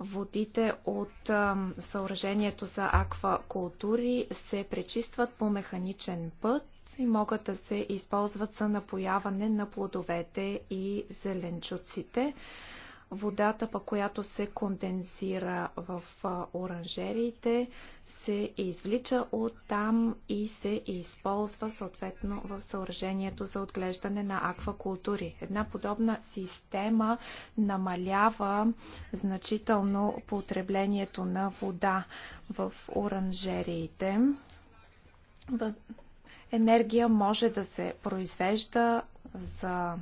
водите от съоръжението за аквакултури се пречистват по механичен път и могат да се използват за напояване на плодовете и зеленчуците. Водата, по която се кондензира в оранжериите, се извлича от там и се използва съответно в съоръжението за отглеждане на аквакултури. Една подобна система намалява значително потреблението на вода в оранжериите енергия може да се произвежда за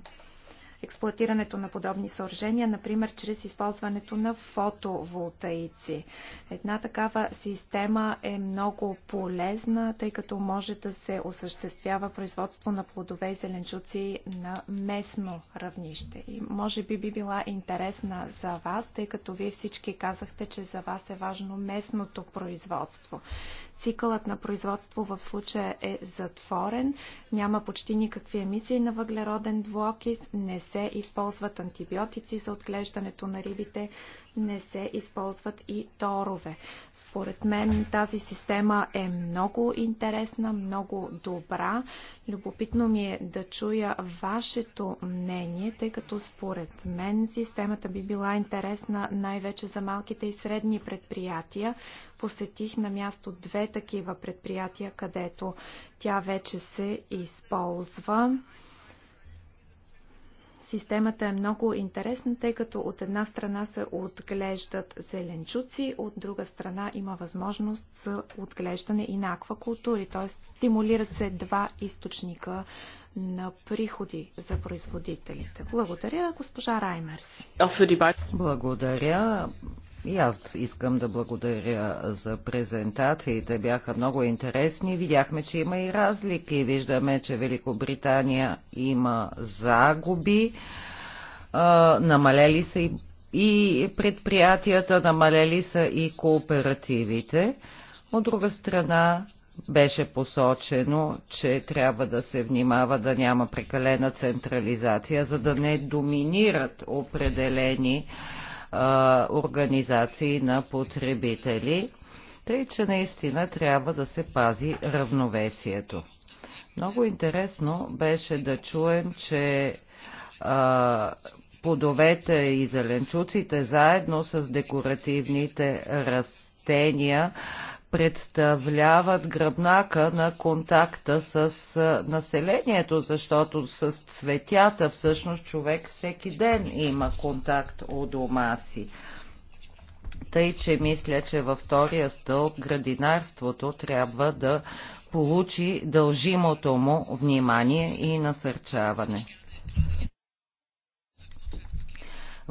експлуатирането на подобни съоръжения, например чрез използването на фотоволтаици. Една такава система е много полезна, тъй като може да се осъществява производство на плодове и зеленчуци на местно равнище. И може би би била интересна за вас, тъй като вие всички казахте, че за вас е важно местното производство. Цикълът на производство в случая е затворен, няма почти никакви емисии на въглероден двуокис, не се използват антибиотици за отглеждането на рибите, не се използват и торове. Според мен тази система е много интересна, много добра. Любопитно ми е да чуя вашето мнение, тъй като според мен системата би била интересна най-вече за малките и средни предприятия. Посетих на място две такива предприятия, където тя вече се използва. Системата е много интересна, тъй като от една страна се отглеждат зеленчуци, от друга страна има възможност за отглеждане и на аквакултури, т.е. стимулират се два източника на приходи за производителите. Благодаря, госпожа Раймерс. Благодаря. И аз искам да благодаря за презентациите. Бяха много интересни. Видяхме, че има и разлики. Виждаме, че Великобритания има загуби. намалели са и, предприятията, намалели са и кооперативите. От друга страна, беше посочено, че трябва да се внимава да няма прекалена централизация, за да не доминират определени а, организации на потребители, тъй че наистина трябва да се пази равновесието. Много интересно беше да чуем, че а, плодовете и зеленчуците заедно с декоративните растения представляват гръбнака на контакта с населението, защото с цветята всъщност човек всеки ден има контакт у дома си. Тъй, че мисля, че във втория стълб градинарството трябва да получи дължимото му внимание и насърчаване.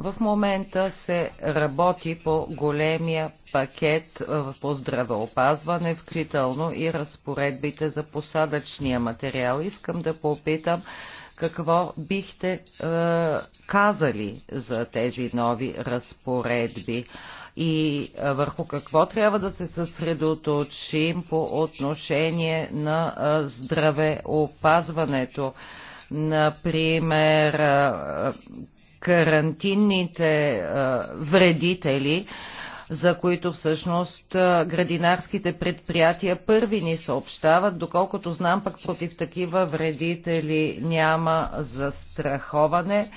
В момента се работи по големия пакет е, по здравеопазване, включително и разпоредбите за посадъчния материал. Искам да попитам какво бихте е, казали за тези нови разпоредби и е, върху какво трябва да се съсредоточим по отношение на е, здравеопазването. Например, карантинните вредители, за които всъщност градинарските предприятия първи ни съобщават. Доколкото знам, пък против такива вредители няма застраховане.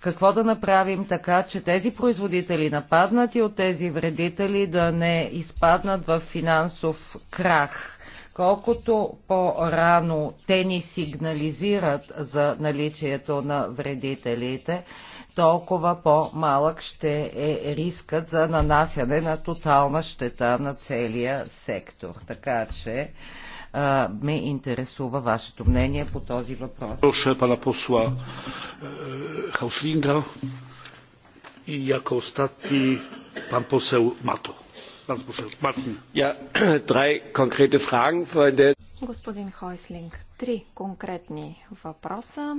Какво да направим така, че тези производители, нападнати от тези вредители, да не изпаднат в финансов крах? Колкото по-рано те ни сигнализират за наличието на вредителите, толкова по-малък ще е рискът за нанасяне на тотална щета на целия сектор. Така че а, ме интересува вашето мнение по този въпрос. Проше пана посла е, Хауслинга и ако остатни пан посел Мато. *clears throat* Господин Хойслинг, три конкретни въпроса.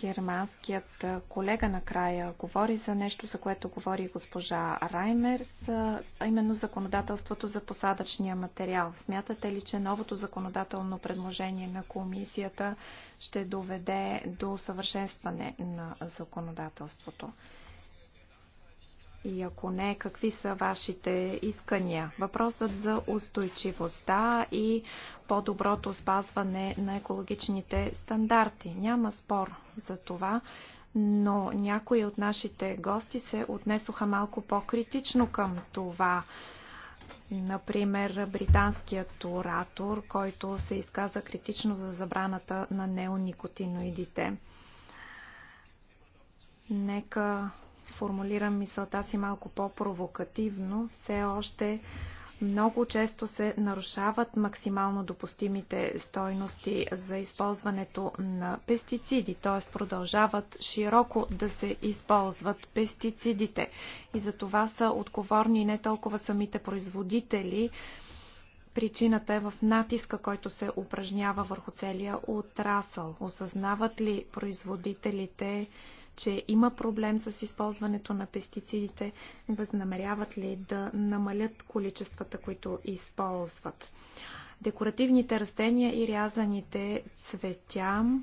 Германският колега накрая говори за нещо, за което говори госпожа Раймерс, а именно законодателството за посадъчния материал. Смятате ли, че новото законодателно предложение на комисията ще доведе до съвършенстване на законодателството? И ако не, какви са вашите искания? Въпросът за устойчивостта и по-доброто спазване на екологичните стандарти. Няма спор за това, но някои от нашите гости се отнесоха малко по-критично към това. Например, британският оратор, който се изказа критично за забраната на неоникотиноидите. Нека формулирам мисълта си малко по-провокативно, все още много често се нарушават максимално допустимите стойности за използването на пестициди, т.е. продължават широко да се използват пестицидите. И за това са отговорни не толкова самите производители, Причината е в натиска, който се упражнява върху целия отрасъл. Осъзнават ли производителите, че има проблем с използването на пестицидите, възнамеряват ли да намалят количествата, които използват. Декоративните растения и рязаните цветя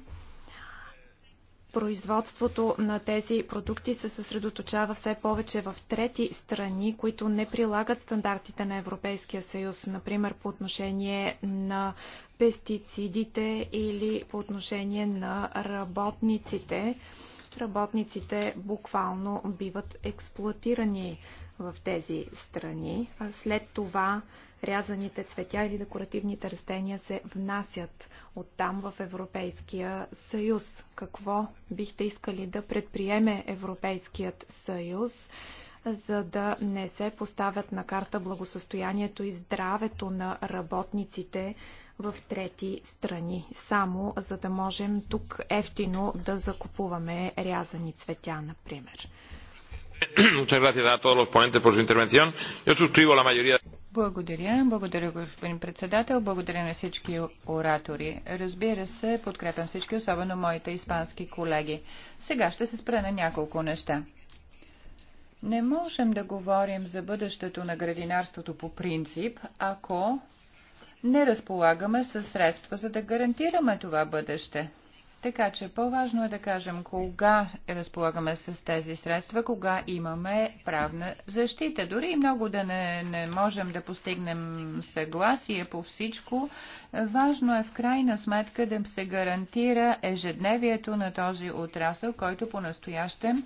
производството на тези продукти се съсредоточава все повече в трети страни, които не прилагат стандартите на Европейския съюз, например по отношение на пестицидите или по отношение на работниците. Работниците буквално биват експлуатирани в тези страни, а след това рязаните цветя или декоративните растения се внасят от там в Европейския съюз. Какво бихте искали да предприеме Европейският съюз, за да не се поставят на карта благосъстоянието и здравето на работниците в трети страни, само за да можем тук ефтино да закупуваме рязани цветя, например. Благодаря. Благодаря, господин председател. Благодаря на всички оратори. Разбира се, подкрепям всички, особено моите испански колеги. Сега ще се спра на няколко неща. Не можем да говорим за бъдещето на градинарството по принцип, ако не разполагаме със средства, за да гарантираме това бъдеще. Така че по-важно е да кажем кога разполагаме с тези средства, кога имаме правна защита. Дори и много да не, не можем да постигнем съгласие по всичко, важно е в крайна сметка да се гарантира ежедневието на този отрасъл, който по-настоящем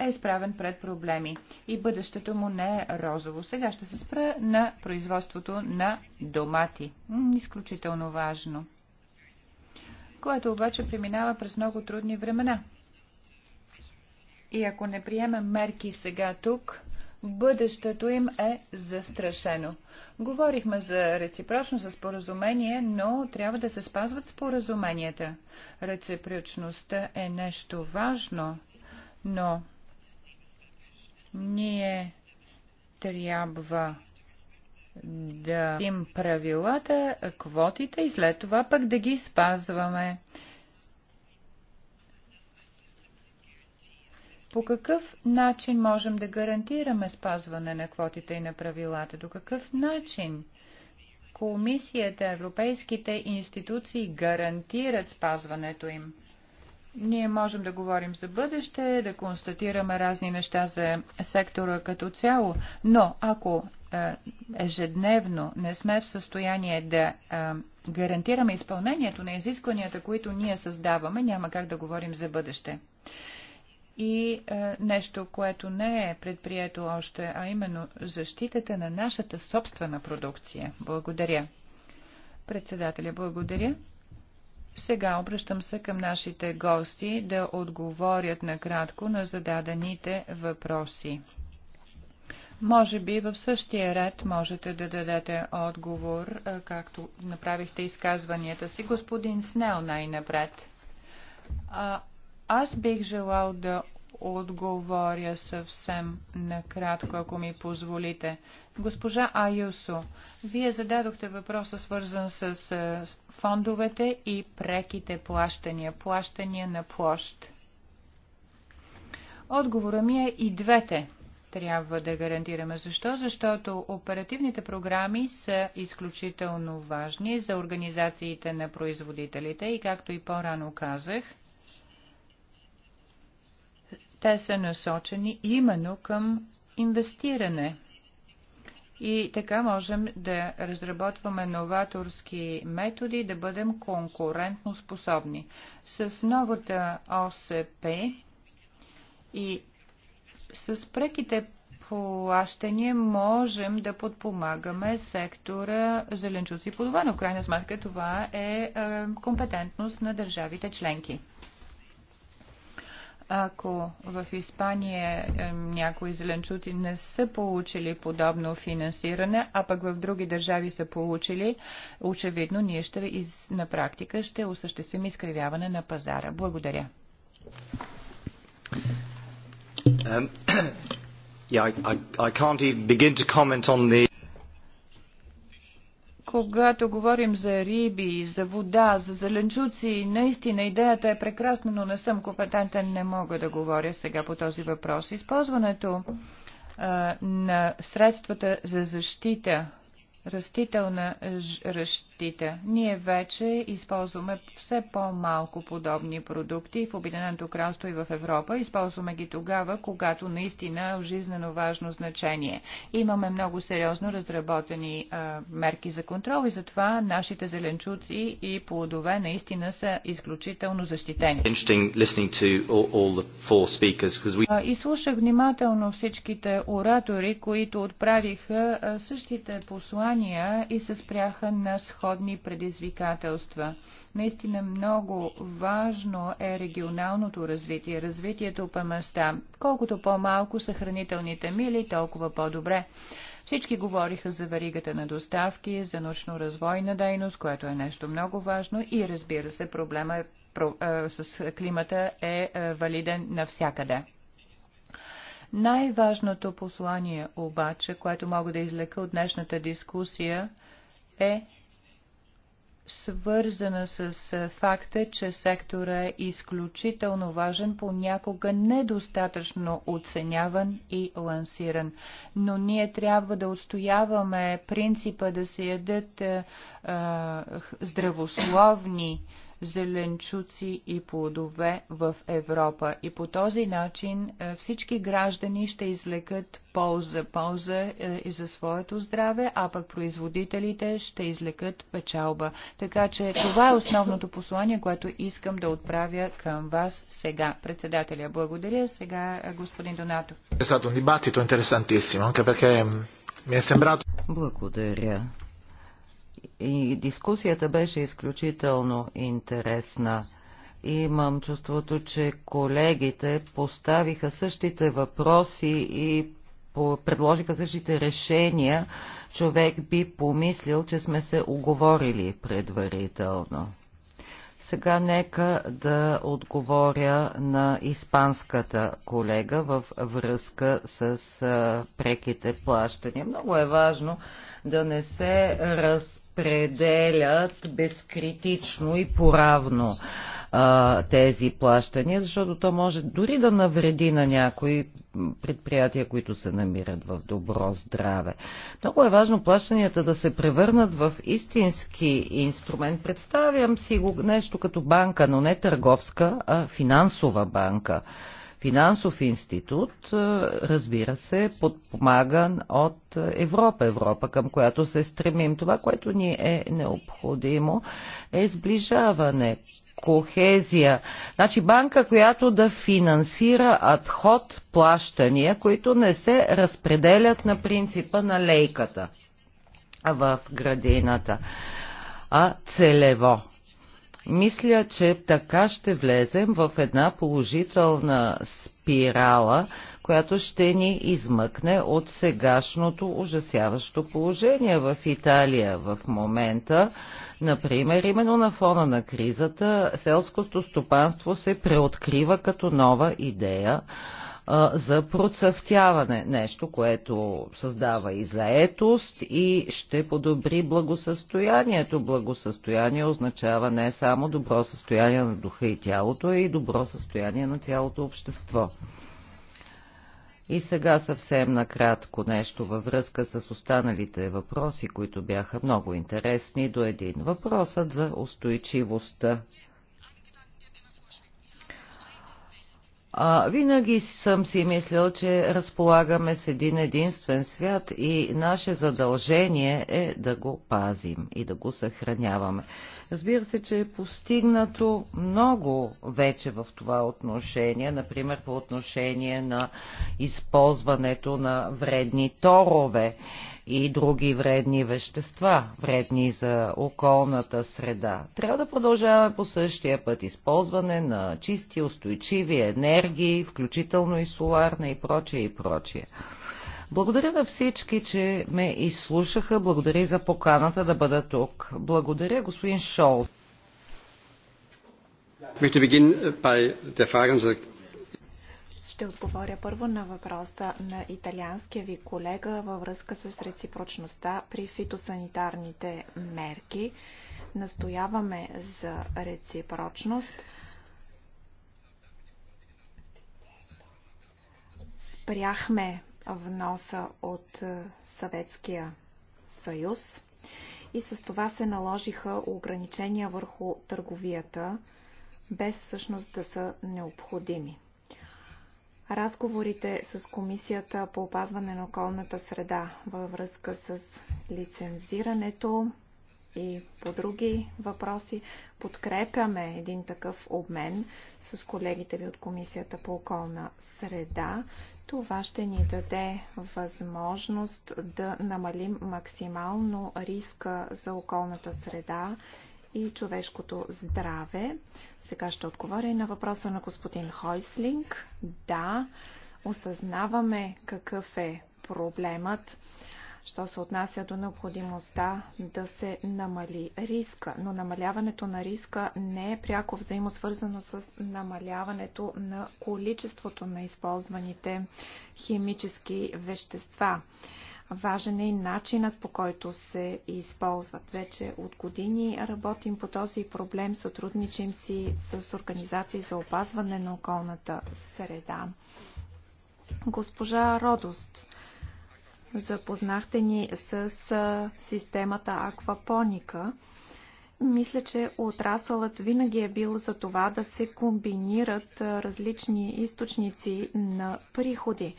е изправен пред проблеми и бъдещето му не е розово. Сега ще се спра на производството на домати. Изключително важно. Което обаче преминава през много трудни времена. И ако не приемем мерки сега тук, бъдещето им е застрашено. Говорихме за реципрочно за споразумение, но трябва да се спазват споразуменията. Реципрочността е нещо важно, но ние трябва да им правилата, квотите и след това пък да ги спазваме. По какъв начин можем да гарантираме спазване на квотите и на правилата? До какъв начин комисията, европейските институции гарантират спазването им? Ние можем да говорим за бъдеще, да констатираме разни неща за сектора като цяло, но ако е, ежедневно не сме в състояние да е, гарантираме изпълнението на изискванията, които ние създаваме, няма как да говорим за бъдеще. И е, нещо, което не е предприето още, а именно защитата на нашата собствена продукция. Благодаря. Председателя, благодаря. Сега обръщам се към нашите гости да отговорят накратко на зададените въпроси. Може би в същия ред можете да дадете отговор, както направихте изказванията си. Господин Снел най-напред. Аз бих желал да отговоря съвсем накратко, ако ми позволите. Госпожа Аюсо, вие зададохте въпроса свързан с е, фондовете и преките плащания, плащания на площ. Отговора ми е и двете трябва да гарантираме. Защо? Защото оперативните програми са изключително важни за организациите на производителите и, както и по-рано казах, те са насочени именно към инвестиране. И така можем да разработваме новаторски методи, да бъдем конкурентно способни. С новата ОСП и с преките плащания можем да подпомагаме сектора зеленчуци и плодова, но в крайна сметка това е, е компетентност на държавите членки. Ако в Испания е, някои зеленчуци не са получили подобно финансиране, а пък в други държави са получили, очевидно ние ще из, на практика ще осъществим изкривяване на пазара. Благодаря. Um, *coughs* yeah, I, I, I can't even begin to comment on the когато говорим за риби, за вода, за зеленчуци, наистина идеята е прекрасна, но не съм компетентен, не мога да говоря сега по този въпрос. Използването а, на средствата за защита растителна ръщита. Ние вече използваме все по-малко подобни продукти в Обединеното кралство и в Европа. Използваме ги тогава, когато наистина е жизнено важно значение. Имаме много сериозно разработени а, мерки за контрол и затова нашите зеленчуци и плодове наистина са изключително защитени. И слушах внимателно всичките оратори, които отправиха същите послания желания и се спряха на сходни предизвикателства. Наистина много важно е регионалното развитие, развитието по места. Колкото по-малко са хранителните мили, толкова по-добре. Всички говориха за варигата на доставки, за научно-развойна дейност, което е нещо много важно и разбира се, проблема е е, с климата е, е валиден навсякъде. Най-важното послание обаче, което мога да излека от днешната дискусия е свързана с факта, че сектора е изключително важен, понякога недостатъчно оценяван и лансиран. Но ние трябва да отстояваме принципа да се ядат а, здравословни, зеленчуци и плодове в Европа. И по този начин е, всички граждани ще извлекат полза, полза е, и за своето здраве, а пък производителите ще извлекат печалба. Така че това е основното послание, което искам да отправя към вас сега. Председателя, благодаря. Сега е, господин Донатов. È stato un dibattito anche perché mi è sembrato... Благодаря и дискусията беше изключително интересна. Имам чувството, че колегите поставиха същите въпроси и предложиха същите решения. Човек би помислил, че сме се оговорили предварително. Сега нека да отговоря на испанската колега във връзка с преките плащания. Много е важно да не се разпределят безкритично и поравно а, тези плащания, защото то може дори да навреди на някои предприятия, които се намират в добро здраве. Много е важно плащанията да се превърнат в истински инструмент. Представям си го нещо като банка, но не търговска, а финансова банка финансов институт, е, разбира се, подпомаган от Европа, Европа, към която се стремим. Това, което ни е необходимо, е сближаване, кохезия. Значи банка, която да финансира адход плащания, които не се разпределят на принципа на лейката в градината, а целево. Мисля, че така ще влезем в една положителна спирала, която ще ни измъкне от сегашното ужасяващо положение в Италия в момента. Например, именно на фона на кризата селското стопанство се преоткрива като нова идея за процъфтяване. Нещо, което създава и заетост и ще подобри благосъстоянието. Благосъстояние означава не само добро състояние на духа и тялото, а и добро състояние на цялото общество. И сега съвсем накратко нещо във връзка с останалите въпроси, които бяха много интересни до един. Въпросът за устойчивостта А, винаги съм си мислил, че разполагаме с един единствен свят и наше задължение е да го пазим и да го съхраняваме. Разбира се, че е постигнато много вече в това отношение, например по отношение на използването на вредни торове и други вредни вещества, вредни за околната среда. Трябва да продължаваме по същия път използване на чисти, устойчиви енергии, включително и соларна и прочее и прочее. Благодаря на всички, че ме изслушаха. Благодаря и за поканата да бъда тук. Благодаря, господин Шол. Ich möchte beginnen äh, bei der Frage ще отговоря първо на въпроса на италианския ви колега във връзка с реципрочността при фитосанитарните мерки. Настояваме за реципрочност. Спряхме вноса от Съветския съюз и с това се наложиха ограничения върху търговията, без всъщност да са необходими разговорите с Комисията по опазване на околната среда във връзка с лицензирането и по други въпроси. Подкрепяме един такъв обмен с колегите ви от Комисията по околна среда. Това ще ни даде възможност да намалим максимално риска за околната среда и човешкото здраве. Сега ще отговоря и на въпроса на господин Хойслинг. Да, осъзнаваме какъв е проблемът, що се отнася до необходимостта да се намали риска. Но намаляването на риска не е пряко взаимосвързано с намаляването на количеството на използваните химически вещества. Важен е и начинът по който се използват. Вече от години работим по този проблем, сътрудничим си с организации за опазване на околната среда. Госпожа Родост, запознахте ни с системата аквапоника. Мисля, че отрасълът винаги е бил за това да се комбинират различни източници на приходи.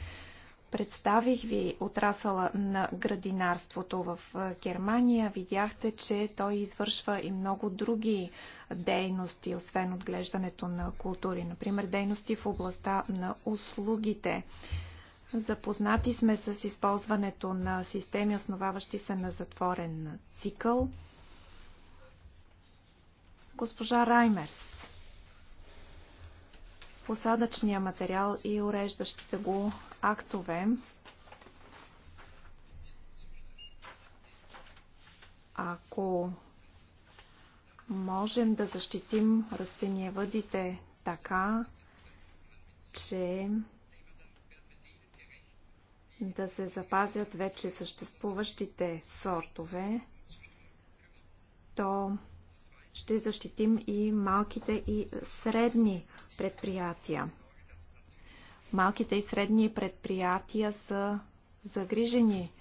Представих ви отрасъла на градинарството в е, Германия. Видяхте, че той извършва и много други дейности, освен отглеждането на култури. Например, дейности в областта на услугите. Запознати сме с използването на системи, основаващи се на затворен цикъл. Госпожа Раймерс, посадъчния материал и уреждащите го актове, ако можем да защитим растениевъдите така, че да се запазят вече съществуващите сортове, то ще защитим и малките и средни предприятия. Малките и средни предприятия са загрижени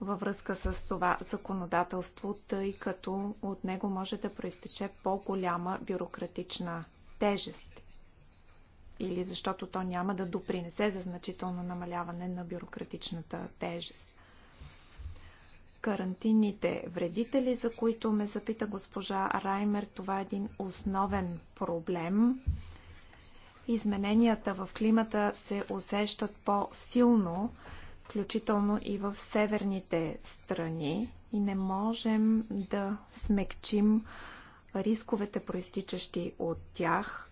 във връзка с това законодателство, тъй като от него може да проистече по-голяма бюрократична тежест или защото то няма да допринесе за значително намаляване на бюрократичната тежест. Карантинните вредители, за които ме запита госпожа Раймер, това е един основен проблем измененията в климата се усещат по-силно, включително и в северните страни и не можем да смекчим рисковете, проистичащи от тях,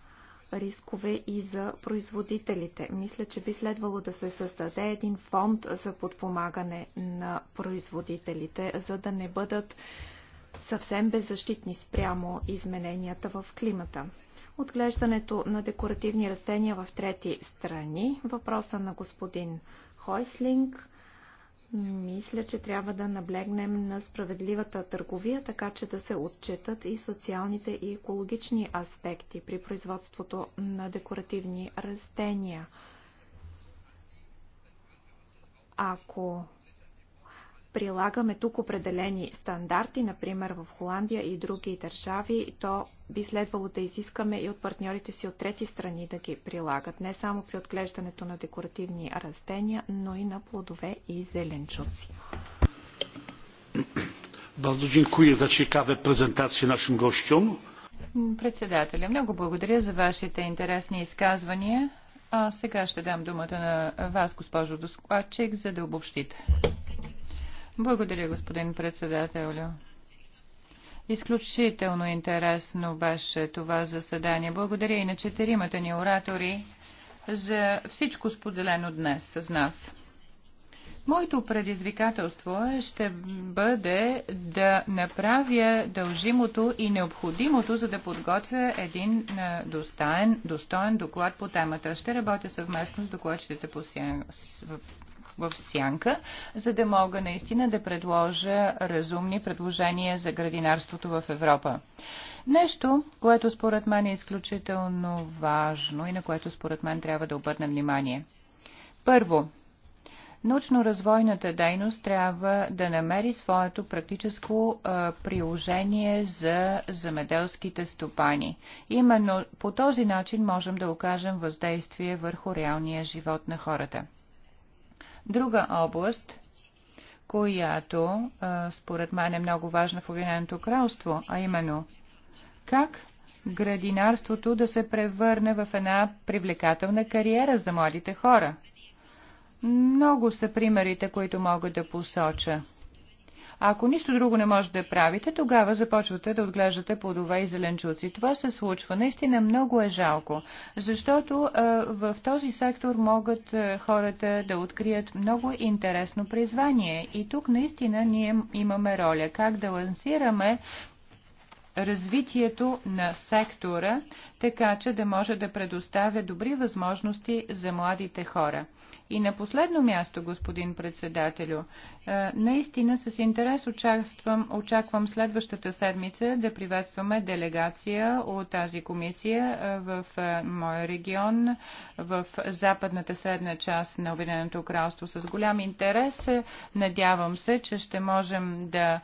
рискове и за производителите. Мисля, че би следвало да се създаде един фонд за подпомагане на производителите, за да не бъдат съвсем беззащитни спрямо измененията в климата. Отглеждането на декоративни растения в трети страни. Въпроса на господин Хойслинг. Мисля, че трябва да наблегнем на справедливата търговия, така че да се отчетат и социалните и екологични аспекти при производството на декоративни растения. Ако прилагаме тук определени стандарти, например в Холандия и други държави, то би следвало да изискаме и от партньорите си от трети страни да ги прилагат, не само при отглеждането на декоративни растения, но и на плодове и зеленчуци. Bardzo dziękuję za ciekawe презентации нашим гостям. Председателя, много благодаря за вашите интересни изказвания. А сега ще дам думата на вас, госпожо Доскладчик, за да обобщите. Благодаря, господин председател, Изключително интересно беше това заседание. Благодаря и на четиримата ни оратори за всичко споделено днес с нас. Моето предизвикателство ще бъде да направя дължимото и необходимото, за да подготвя един достоен, достоен доклад по темата. Ще работя съвместно с докладчите по в сянка, за да мога наистина да предложа разумни предложения за градинарството в Европа. Нещо, което според мен е изключително важно и на което според мен трябва да обърнем внимание. Първо, научно-развойната дейност трябва да намери своето практическо приложение за замеделските стопани. Именно по този начин можем да окажем въздействие върху реалния живот на хората. Друга област, която според мен е много важна в Обединеното кралство, а именно как градинарството да се превърне в една привлекателна кариера за младите хора. Много са примерите, които мога да посоча ако нищо друго не можете да правите, тогава започвате да отглеждате плодове и зеленчуци. Това се случва. Наистина много е жалко, защото в този сектор могат хората да открият много интересно призвание. И тук наистина ние имаме роля как да лансираме развитието на сектора, така че да може да предоставя добри възможности за младите хора. И на последно място, господин председателю, е, наистина с интерес очаквам, очаквам следващата седмица да приветстваме делегация от тази комисия е, в е, моя регион, в западната средна част на Обединеното кралство. С голям интерес надявам се, че ще можем да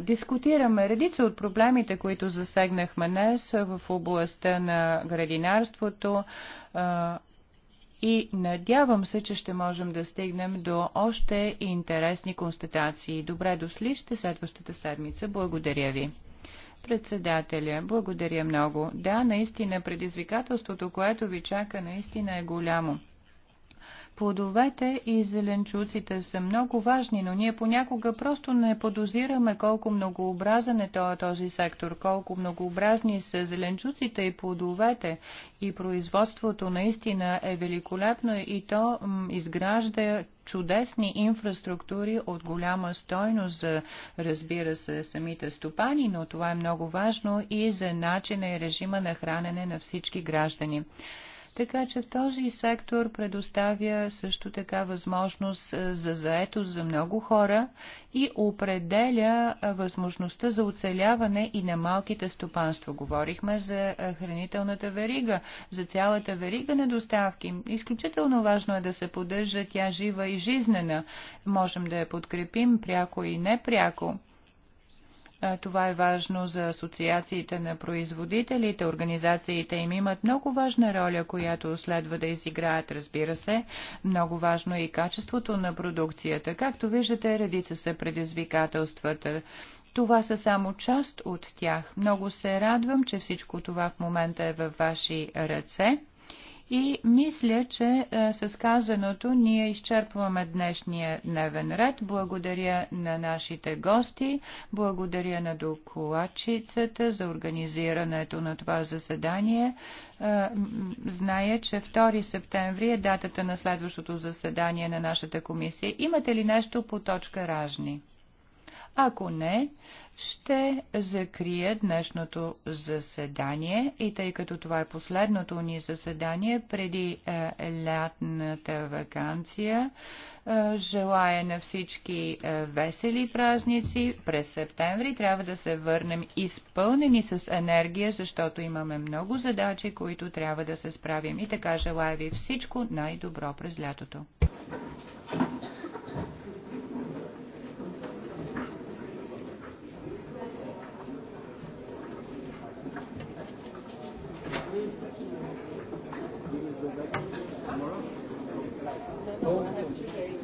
дискутираме редица от проблемите, които засегнахме днес в областта на градинарството, и надявам се, че ще можем да стигнем до още интересни констатации. Добре дошли, ще следващата седмица. Благодаря ви. Председателя, благодаря много. Да, наистина предизвикателството, което ви чака, наистина е голямо. Плодовете и зеленчуците са много важни, но ние понякога просто не подозираме колко многообразен е този сектор, колко многообразни са зеленчуците и плодовете. И производството наистина е великолепно и то изгражда чудесни инфраструктури от голяма стойност за, разбира се, самите стопани, но това е много важно и за начина и режима на хранене на всички граждани. Така че в този сектор предоставя също така възможност е, за заетост за много хора и определя е, възможността за оцеляване и на малките стопанства. Говорихме за е, хранителната верига, за цялата верига на доставки. Изключително важно е да се поддържа тя жива и жизнена. Можем да я подкрепим пряко и непряко това е важно за асоциациите на производителите. Организациите им имат много важна роля, която следва да изиграят, разбира се. Много важно е и качеството на продукцията. Както виждате, редица са предизвикателствата. Това са само част от тях. Много се радвам, че всичко това в момента е във ваши ръце. И мисля, че е, с казаното ние изчерпваме днешния дневен ред. Благодаря на нашите гости, благодаря на докладчицата за организирането на това заседание. Е, зная, че 2 септември е датата на следващото заседание на нашата комисия. Имате ли нещо по точка ражни? Ако не, ще закрия днешното заседание и тъй като това е последното ни заседание преди е, лятната вакансия, е, желая на всички е, весели празници. През септември трябва да се върнем изпълнени с енергия, защото имаме много задачи, които трябва да се справим. И така желая ви всичко най-добро през лятото. No, no, I have today.